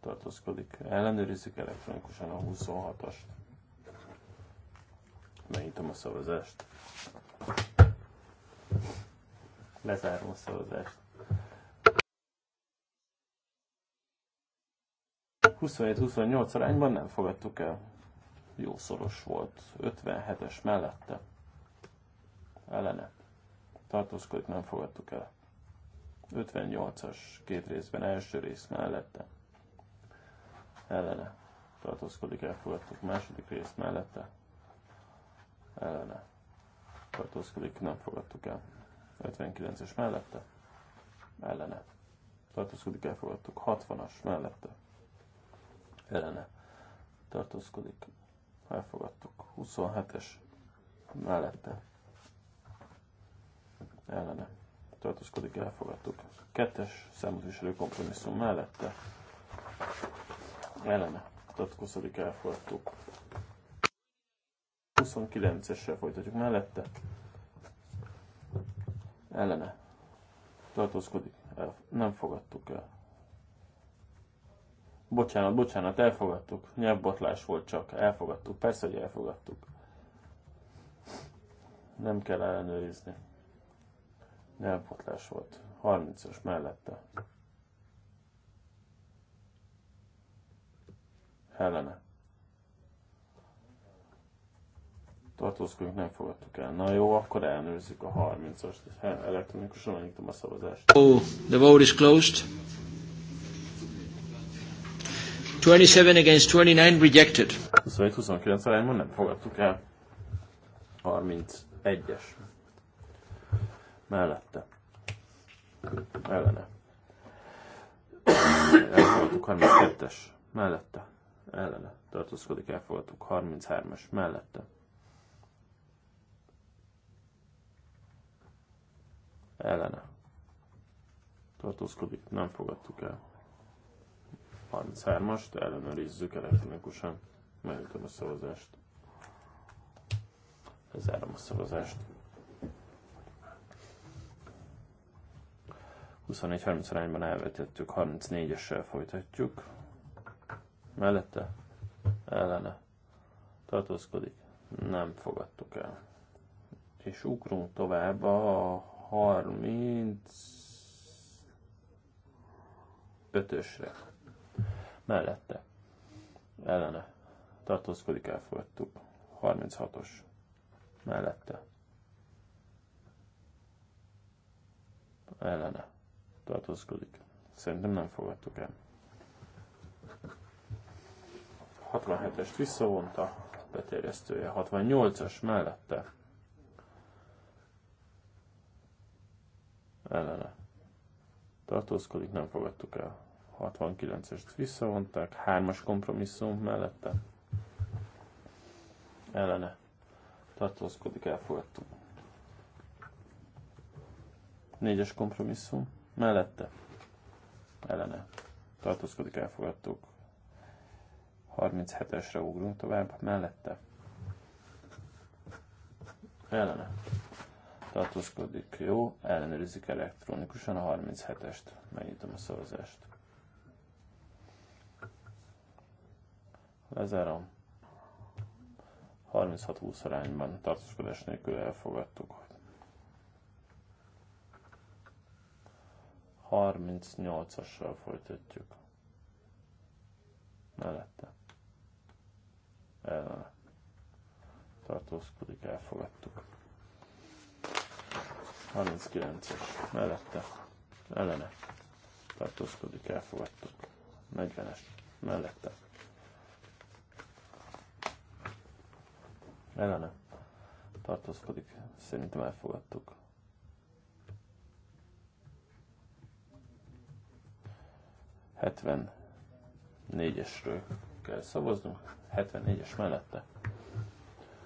tartózkodik. Ellenőrizzük elektronikusan a 26-ast. Megnyitom a szavazást. Lezárom a szavazást. 27-28 arányban nem fogadtuk el. Jó szoros volt. 57-es mellette. Ellene. Tartózkodik, nem fogadtuk el. 58-as két részben, első rész mellette. Ellene. Tartózkodik, elfogadtuk. Második rész mellette ellene tartózkodik, nem fogadtuk el. 59-es mellette, ellene tartózkodik, elfogadtuk. 60-as mellette, ellene tartózkodik, elfogadtuk. 27-es mellette, ellene tartózkodik, elfogadtuk. Kettes számúzviselő kompromisszum mellette, ellene tartózkodik, elfogadtuk. 29-essel folytatjuk mellette. Ellene. Tartózkodik. El, nem fogadtuk el. Bocsánat, bocsánat, elfogadtuk. Nyelvbotlás volt csak. Elfogadtuk. Persze, hogy elfogadtuk. Nem kell ellenőrizni. Nyelvbotlás volt. 30-as mellette. Ellene. tartózkodunk, nem fogadtuk el. Na jó, akkor elnőrzik a 30-ast. Elektronikusan megnyitom a szavazást. Oh, the vote is closed. 27 against 29 rejected. 27-29 arányban nem fogadtuk el. 31-es. Mellette. Ellene. Elfogadtuk 32-es. Mellette. Ellene. Tartózkodik, elfogadtuk 33-es. Mellette ellene tartózkodik, nem fogadtuk el. 33-ast ellenőrizzük elektronikusan, megütöm a szavazást. Lezárom a szavazást. 21-30 arányban elvetettük, 34-essel folytatjuk. Mellette, ellene tartózkodik, nem fogadtuk el. És ugrunk tovább a 35-ösre. Mellette. Ellene. Tartózkodik, elfogadtuk. 36-os. Mellette. Ellene. Tartózkodik. Szerintem nem fogadtuk el. 67-est visszavonta, beterjesztője 68-as mellette ellene tartózkodik, nem fogadtuk el. 69-est visszavonták, hármas kompromisszum mellette ellene tartózkodik, elfogadtuk. Négyes kompromisszum mellette ellene tartózkodik, elfogadtuk. 37-esre ugrunk tovább, mellette ellene tartózkodik, jó, ellenőrizik elektronikusan a 37-est, megnyitom a szavazást. Lezárom. 36-20 arányban tartózkodás nélkül elfogadtuk. 38-assal folytatjuk. Mellette. Ellen. Tartózkodik, elfogadtuk. 39-es mellette ellene tartózkodik, elfogadtuk. 40-es mellette ellene tartózkodik, szerintem elfogadtuk. Hetven négyesről kell szavaznunk, 74-es mellette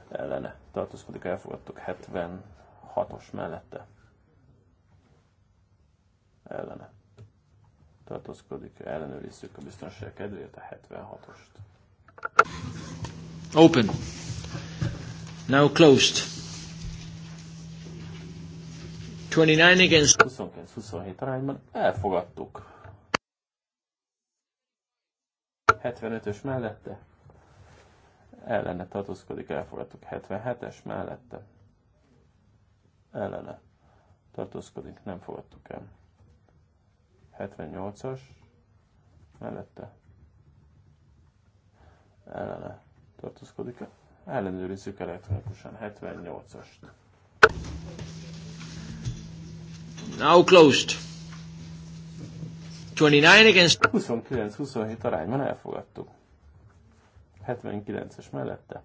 ellene tartózkodik, elfogadtuk 76-os mellette ellene tartózkodik, ellenőrizzük a biztonság kedvéért a 76-ost. Open. Now closed. 29 against 29-27 arányban elfogadtuk. 75-ös mellette ellene tartózkodik, elfogadtuk 77-es mellette ellene tartózkodik, nem fogadtuk el. 78-as, mellette ellene tartózkodik. Ellenőrizzük elektronikusan 78-ast. Now closed. 29 against... 29-27 arányban elfogadtuk. 79-es mellette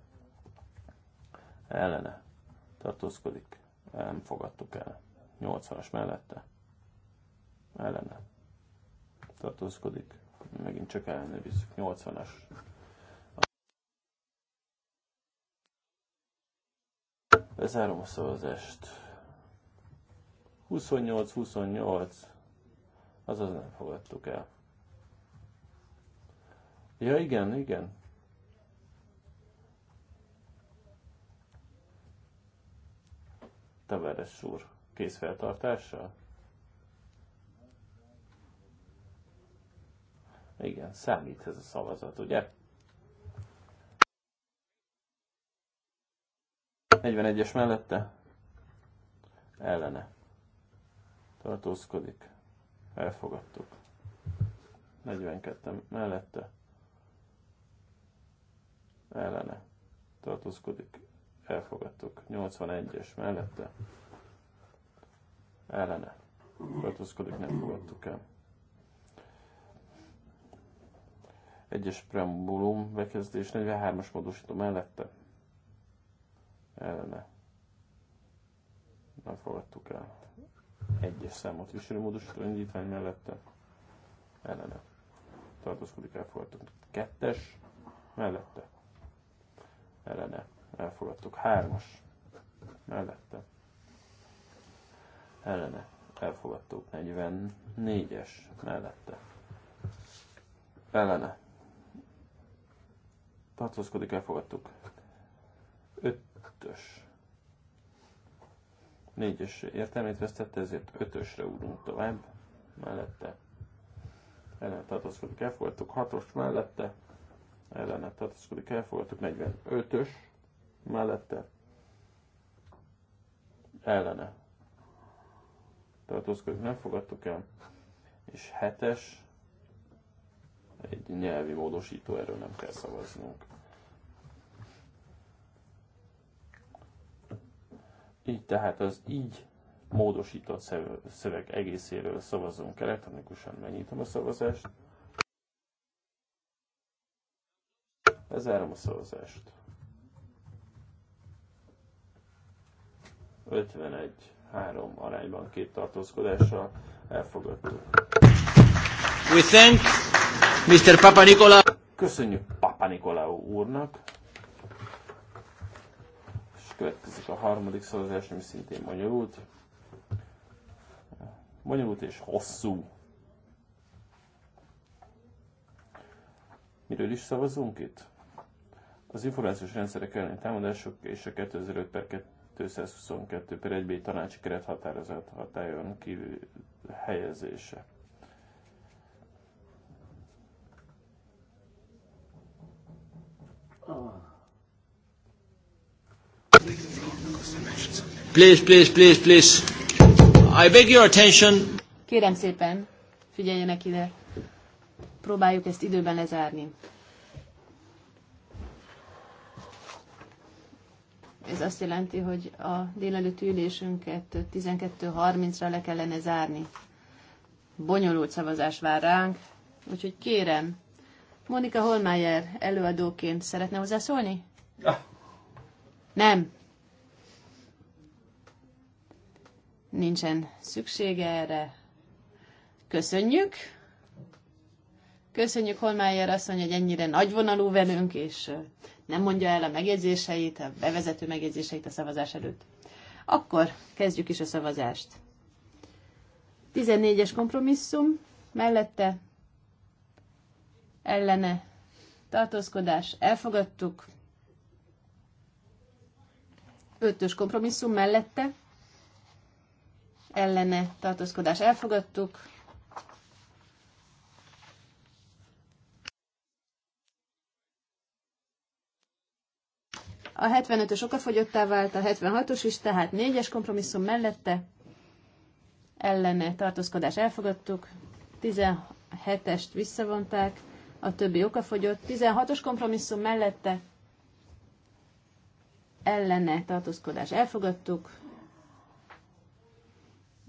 ellene tartózkodik. Nem fogadtuk el. 80-as mellette ellene tartózkodik. Megint csak ellenőrizzük. 80-as. Bezárom a szavazást. 28-28. Azaz nem fogadtuk el. Ja igen, igen. Tavares úr készfeltartással? Igen, számít ez a szavazat, ugye? 41-es mellette ellene tartózkodik. Elfogadtuk. 42 mellette ellene tartózkodik. Elfogadtuk. 81-es mellette ellene tartózkodik. Nem fogadtuk el. Egyes preambulum bekezdés 43-as módosító mellette. Ellene. Nem fogadtuk el. Egyes számot viselő módosító indítvány mellette. Ellene. Tartózkodik, elfogadtuk. Kettes mellette. Ellene. Elfogadtuk. Hármas mellette. Ellene. Elfogadtuk. 44-es mellette. Ellene tartózkodik, elfogadtuk. Ötös. Négyes értelmét vesztette, ezért ötösre úrunk tovább. Mellette Ellen tartózkodik, elfogadtuk. Hatos mellette Ellen tartózkodik, elfogadtuk. 45-ös mellette ellene tartózkodik, nem fogadtuk el. És hetes egy nyelvi módosító, erről nem kell szavaznunk. Így tehát az így módosított szöveg egészéről szavazunk elektronikusan, megnyitom a szavazást. Lezárom a szavazást. 51-3 arányban két tartózkodással elfogadtuk. We thank Mr. Papa Nicola. Köszönjük Papa Nicola úrnak következik a harmadik szavazás, ami szintén bonyolult. Bonyolult és hosszú. Miről is szavazunk itt? Az információs rendszerek elleni támadások és a 2005 per 222 per 1B tanácsi határozat hatályon kívül helyezése. Oh. Please, please, please, please. I beg your attention. Kérem szépen, figyeljenek ide. Próbáljuk ezt időben lezárni. Ez azt jelenti, hogy a délelőtt ülésünket 12.30-ra le kellene zárni. Bonyolult szavazás vár ránk, úgyhogy kérem, Monika Holmeyer előadóként szeretne hozzászólni? Ah. Nem. Nincsen szüksége erre. Köszönjük! Köszönjük Holmájer asszony, hogy ennyire nagyvonalú velünk, és nem mondja el a megjegyzéseit, a bevezető megjegyzéseit a szavazás előtt. Akkor kezdjük is a szavazást. 14-es kompromisszum, mellette ellene tartózkodás, elfogadtuk. 5-ös kompromisszum mellette ellene tartózkodás elfogadtuk. A 75-ös okafogyottá vált, a 76-os is, tehát 4-es kompromisszum mellette ellene tartózkodás elfogadtuk, 17-est visszavonták, a többi okafogyott, 16-os kompromisszum mellette ellene tartózkodás elfogadtuk,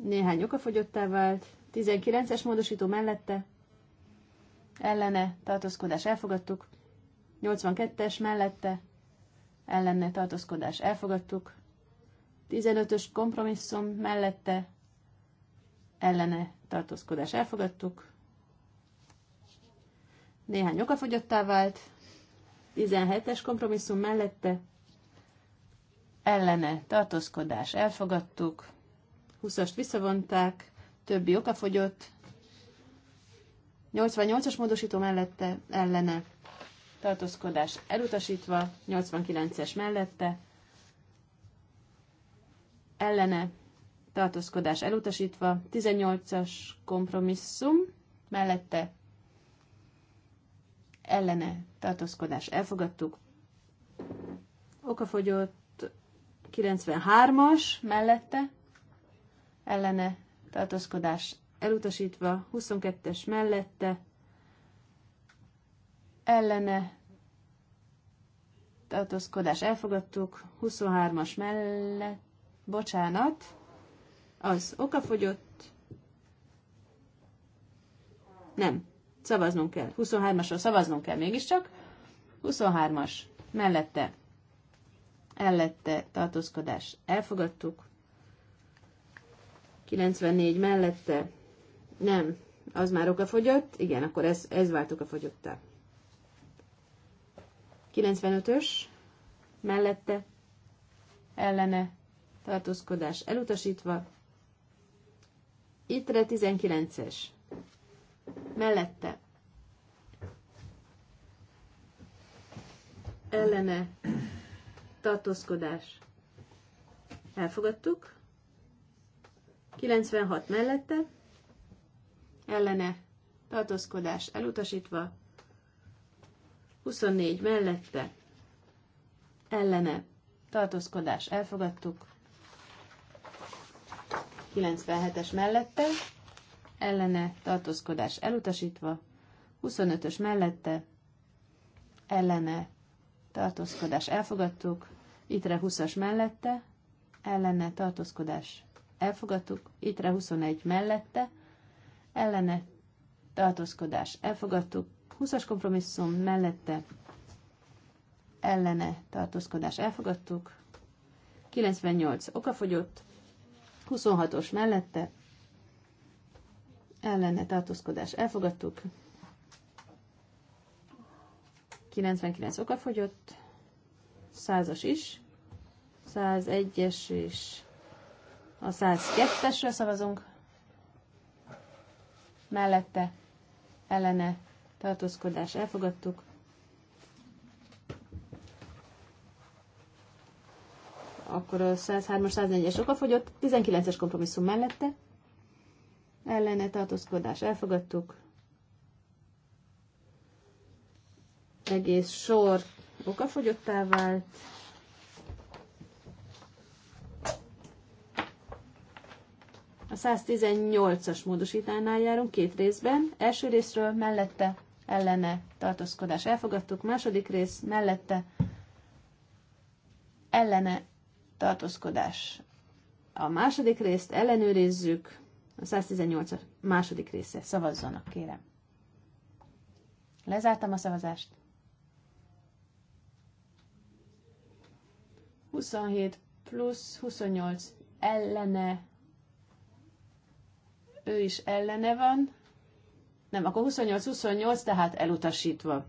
néhány okafogyottá vált, 19-es módosító mellette, ellene tartózkodás elfogadtuk, 82-es mellette, ellene tartózkodás elfogadtuk, 15-ös kompromisszum mellette, ellene tartózkodás elfogadtuk, néhány okafogyottá vált, 17-es kompromisszum mellette, ellene tartózkodás elfogadtuk, 20-ast visszavonták, többi okafogyott, 88-as módosító mellette ellene, tartózkodás elutasítva, 89-es mellette, ellene, tartózkodás elutasítva, 18-as kompromisszum mellette, ellene, tartózkodás elfogadtuk, okafogyott 93-as mellette, ellene tartózkodás elutasítva, 22-es mellette ellene tartózkodás elfogadtuk, 23-as mellett, bocsánat, az okafogyott, nem, szavaznunk kell, 23-asról szavaznunk kell mégiscsak, 23-as mellette ellette tartózkodás elfogadtuk, 94 mellette, nem, az már okafogyott, igen, akkor ez, ez vált okafogyottá. 95-ös, mellette, ellene, tartózkodás elutasítva. Ittre 19-es, mellette, ellene, tartózkodás elfogadtuk. 96 mellette, ellene tartózkodás elutasítva, 24 mellette, ellene tartózkodás elfogadtuk, 97-es mellette, ellene tartózkodás elutasítva, 25-ös mellette, ellene tartózkodás elfogadtuk, ittre 20-as mellette, ellene tartózkodás elfogadtuk, ittre 21 mellette, ellene tartózkodás elfogadtuk, 20-as kompromisszum mellette, ellene tartózkodás elfogadtuk, 98 okafogyott, 26-os mellette, ellene tartózkodás elfogadtuk, 99 okafogyott, 100-as is, 101-es és a 102 esre szavazunk. Mellette, ellene, tartózkodás elfogadtuk. Akkor a 103-as, 104-es okafogyott, 19-es kompromisszum mellette, ellene, tartózkodás elfogadtuk. Egész sor okafogyottá vált. A 118-as módosításnál járunk két részben. Első részről mellette ellene tartózkodás elfogadtuk, második rész mellette ellene tartózkodás. A második részt ellenőrizzük, a 118 második része. Szavazzanak, kérem. Lezártam a szavazást. 27 plusz 28 ellene ő is ellene van. Nem, akkor 28-28, tehát elutasítva.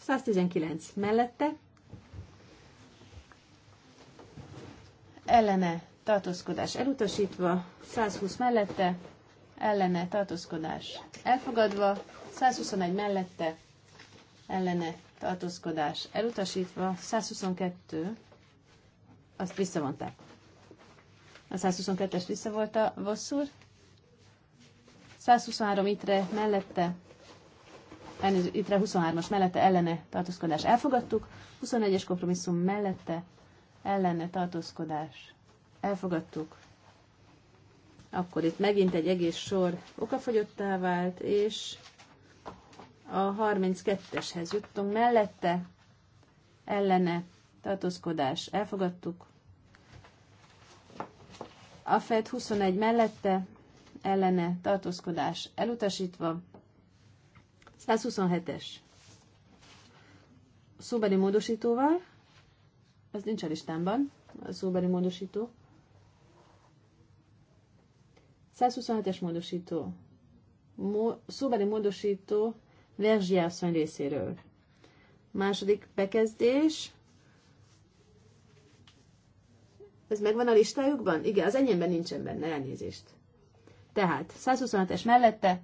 119 mellette. Ellene tartózkodás elutasítva, 120 mellette, ellene tartózkodás elfogadva, 121 mellette, ellene tartózkodás elutasítva, 122, azt visszavonták. A 122-est visszavolta Vosszúr. 123 itre mellette, itre 23-as mellette ellene tartózkodás elfogadtuk, 21-es kompromisszum mellette ellene tartózkodás elfogadtuk. Akkor itt megint egy egész sor okafogyottá vált, és a 32-eshez juttunk mellette, ellene tartózkodás elfogadtuk, a FED 21 mellette ellene tartózkodás elutasítva. 127-es szóbeli módosítóval, ez nincs a listámban, a szóbeli módosító. 127-es módosító. Mo- szóbeli módosító Verzsi asszony részéről. Második bekezdés, Ez megvan a listájukban? Igen, az enyémben nincsen benne, elnézést. Tehát 127-es mellette,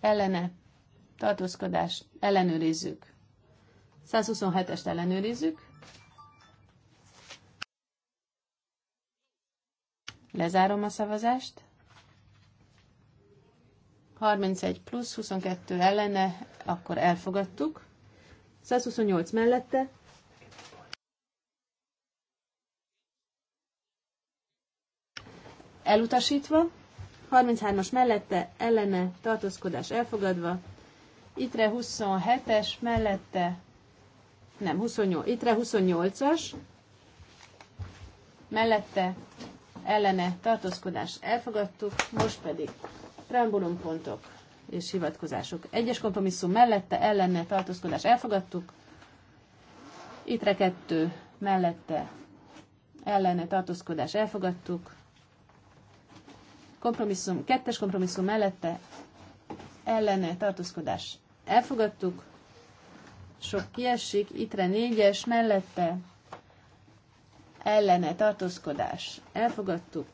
ellene, tartózkodás, ellenőrizzük. 127-est ellenőrizzük. Lezárom a szavazást. 31 plusz, 22 ellene, akkor elfogadtuk. 128 mellette, elutasítva, 33-as mellette ellene tartózkodás elfogadva, itre 27-es mellette, nem, 28, itre 28-as, mellette ellene tartózkodás elfogadtuk, most pedig preambulumpontok és hivatkozások. Egyes kompromisszum mellette ellene tartózkodás elfogadtuk, itre 2 mellette ellene tartózkodás elfogadtuk, kompromisszum, kettes kompromisszum mellette ellene tartózkodás. Elfogadtuk, sok kiesik, itre négyes, mellette ellene tartózkodás. Elfogadtuk,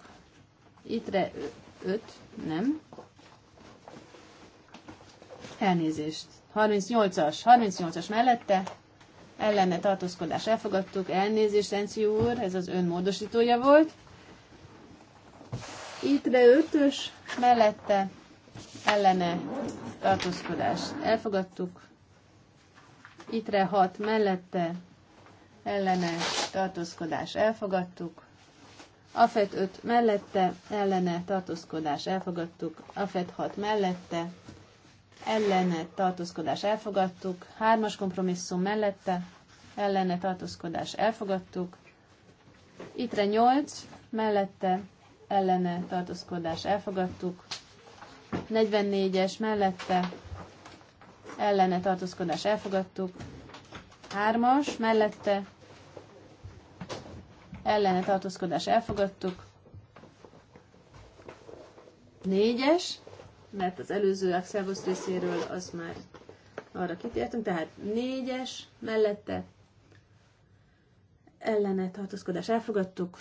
itre öt, nem. Elnézést. 38-as, 38-as mellette ellene tartózkodás elfogadtuk, elnézést, Enci úr, ez az módosítója volt. Itt ötös mellette ellene tartózkodás. Elfogadtuk. Itre hat mellette ellene tartózkodás. Elfogadtuk. Afet 5 mellette ellene tartózkodás. Elfogadtuk. Afet 6 mellette ellene tartózkodás. Elfogadtuk. Hármas kompromisszum mellette ellene tartózkodás. Elfogadtuk. Itre 8 mellette ellene tartózkodás elfogadtuk, 44-es mellette ellene tartózkodás elfogadtuk, 3-as mellette ellene tartózkodás elfogadtuk, 4-es, mert az előző Axelvosz részéről az már arra kitértünk, tehát 4-es mellette ellene tartózkodás elfogadtuk,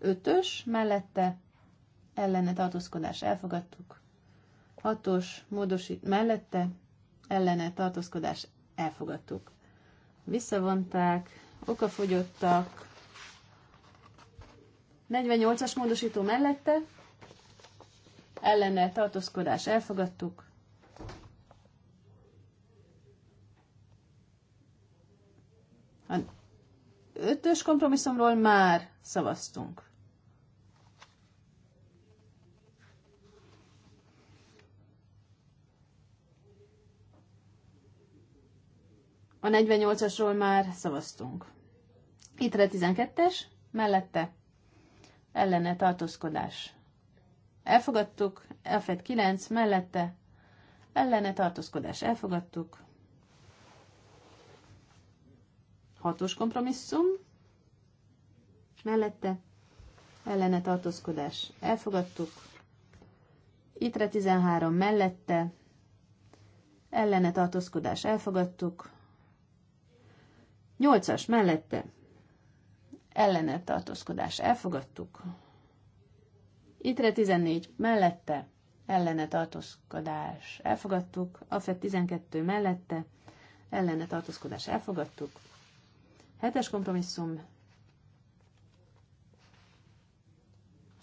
Ötös mellette ellene tartózkodás elfogadtuk. Hatos módosít mellette ellene tartózkodás elfogadtuk. Visszavonták, okafogyottak. 48-as módosító mellette ellene tartózkodás elfogadtuk. A ötös kompromisszumról már szavaztunk. A 48-asról már szavaztunk. Ittre 12-es, mellette ellene tartózkodás. Elfogadtuk, Elfed 9, mellette ellene tartózkodás. Elfogadtuk. Hatos kompromisszum, mellette ellene tartózkodás. Elfogadtuk. Itre 13 mellette ellene tartózkodás elfogadtuk. Nyolcas mellette ellene tartózkodás elfogadtuk. Itre 14 mellette ellene tartózkodás elfogadtuk. Afet 12 mellette ellene tartózkodás elfogadtuk. Hetes kompromisszum.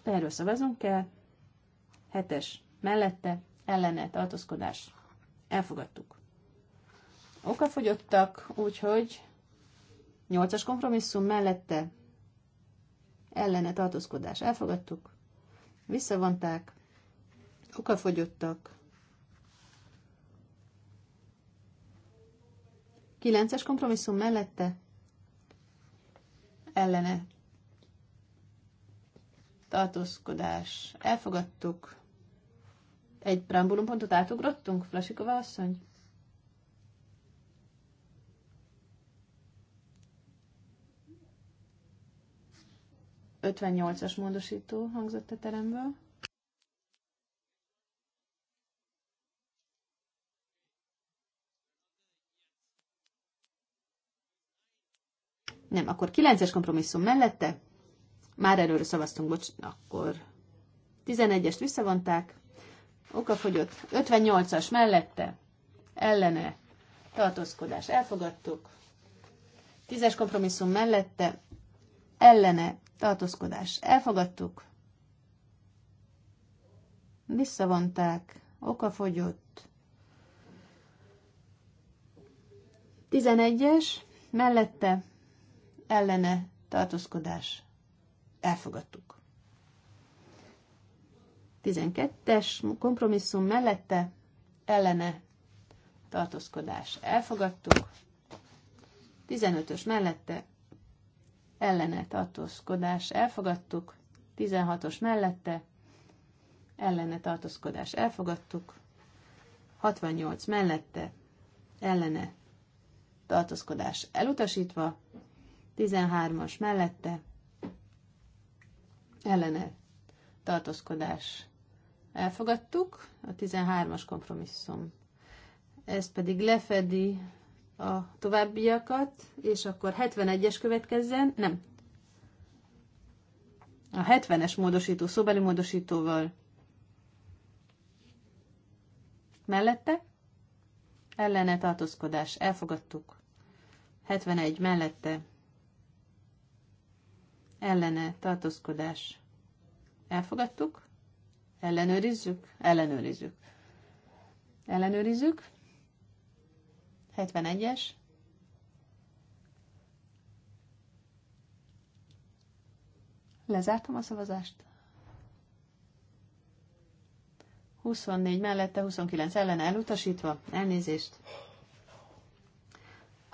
Erről szavazunk kell. Hetes mellette ellene tartózkodás elfogadtuk. Okafogyottak, úgyhogy Nyolcas kompromisszum mellette ellene tartózkodás elfogadtuk, visszavonták, okafogyottak. Kilences kompromisszum mellette ellene tartózkodás elfogadtuk. Egy preambulumpontot átugrottunk, Flasikova asszony? 58-as módosító hangzott a teremből. Nem, akkor 9-es kompromisszum mellette. Már előre szavaztunk, bocs, akkor 11-est visszavonták. Okafogyott. 58-as mellette. Ellene. Tartózkodás. Elfogadtuk. 10-es kompromisszum mellette ellene tartózkodás elfogadtuk, visszavonták, fogyott. 11-es, mellette ellene tartózkodás elfogadtuk. 12-es kompromisszum mellette ellene tartózkodás elfogadtuk. 15-ös mellette ellene tartózkodás elfogadtuk, 16-os mellette ellene tartózkodás elfogadtuk, 68 mellette ellene tartózkodás elutasítva, 13-as mellette ellene tartózkodás elfogadtuk, a 13-as kompromisszum. Ez pedig lefedi a továbbiakat, és akkor 71-es következzen, nem. A 70-es módosító, szóbeli módosítóval mellette, ellene tartózkodás, elfogadtuk. 71 mellette, ellene tartózkodás, elfogadtuk. Ellenőrizzük? Ellenőrizzük. Ellenőrizzük. 71-es. Lezártam a szavazást. 24 mellette, 29 ellen elutasítva. Elnézést.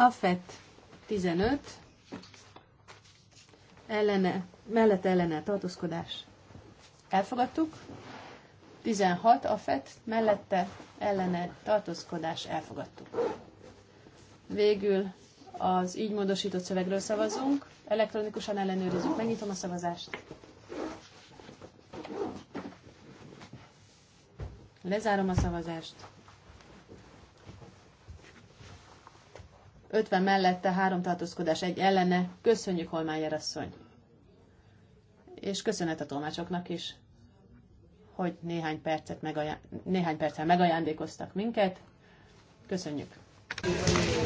FET 15. Ellene, mellette ellene tartózkodás. Elfogadtuk. 16. FET mellette ellene tartózkodás. Elfogadtuk. Végül az így módosított szövegről szavazunk. Elektronikusan ellenőrizzük. Megnyitom a szavazást. Lezárom a szavazást. 50 mellette, három tartózkodás, egy ellene. Köszönjük, Holmájer asszony. És köszönet a tolmácsoknak is, hogy néhány, percet megajá- néhány perccel megajándékoztak minket. Köszönjük.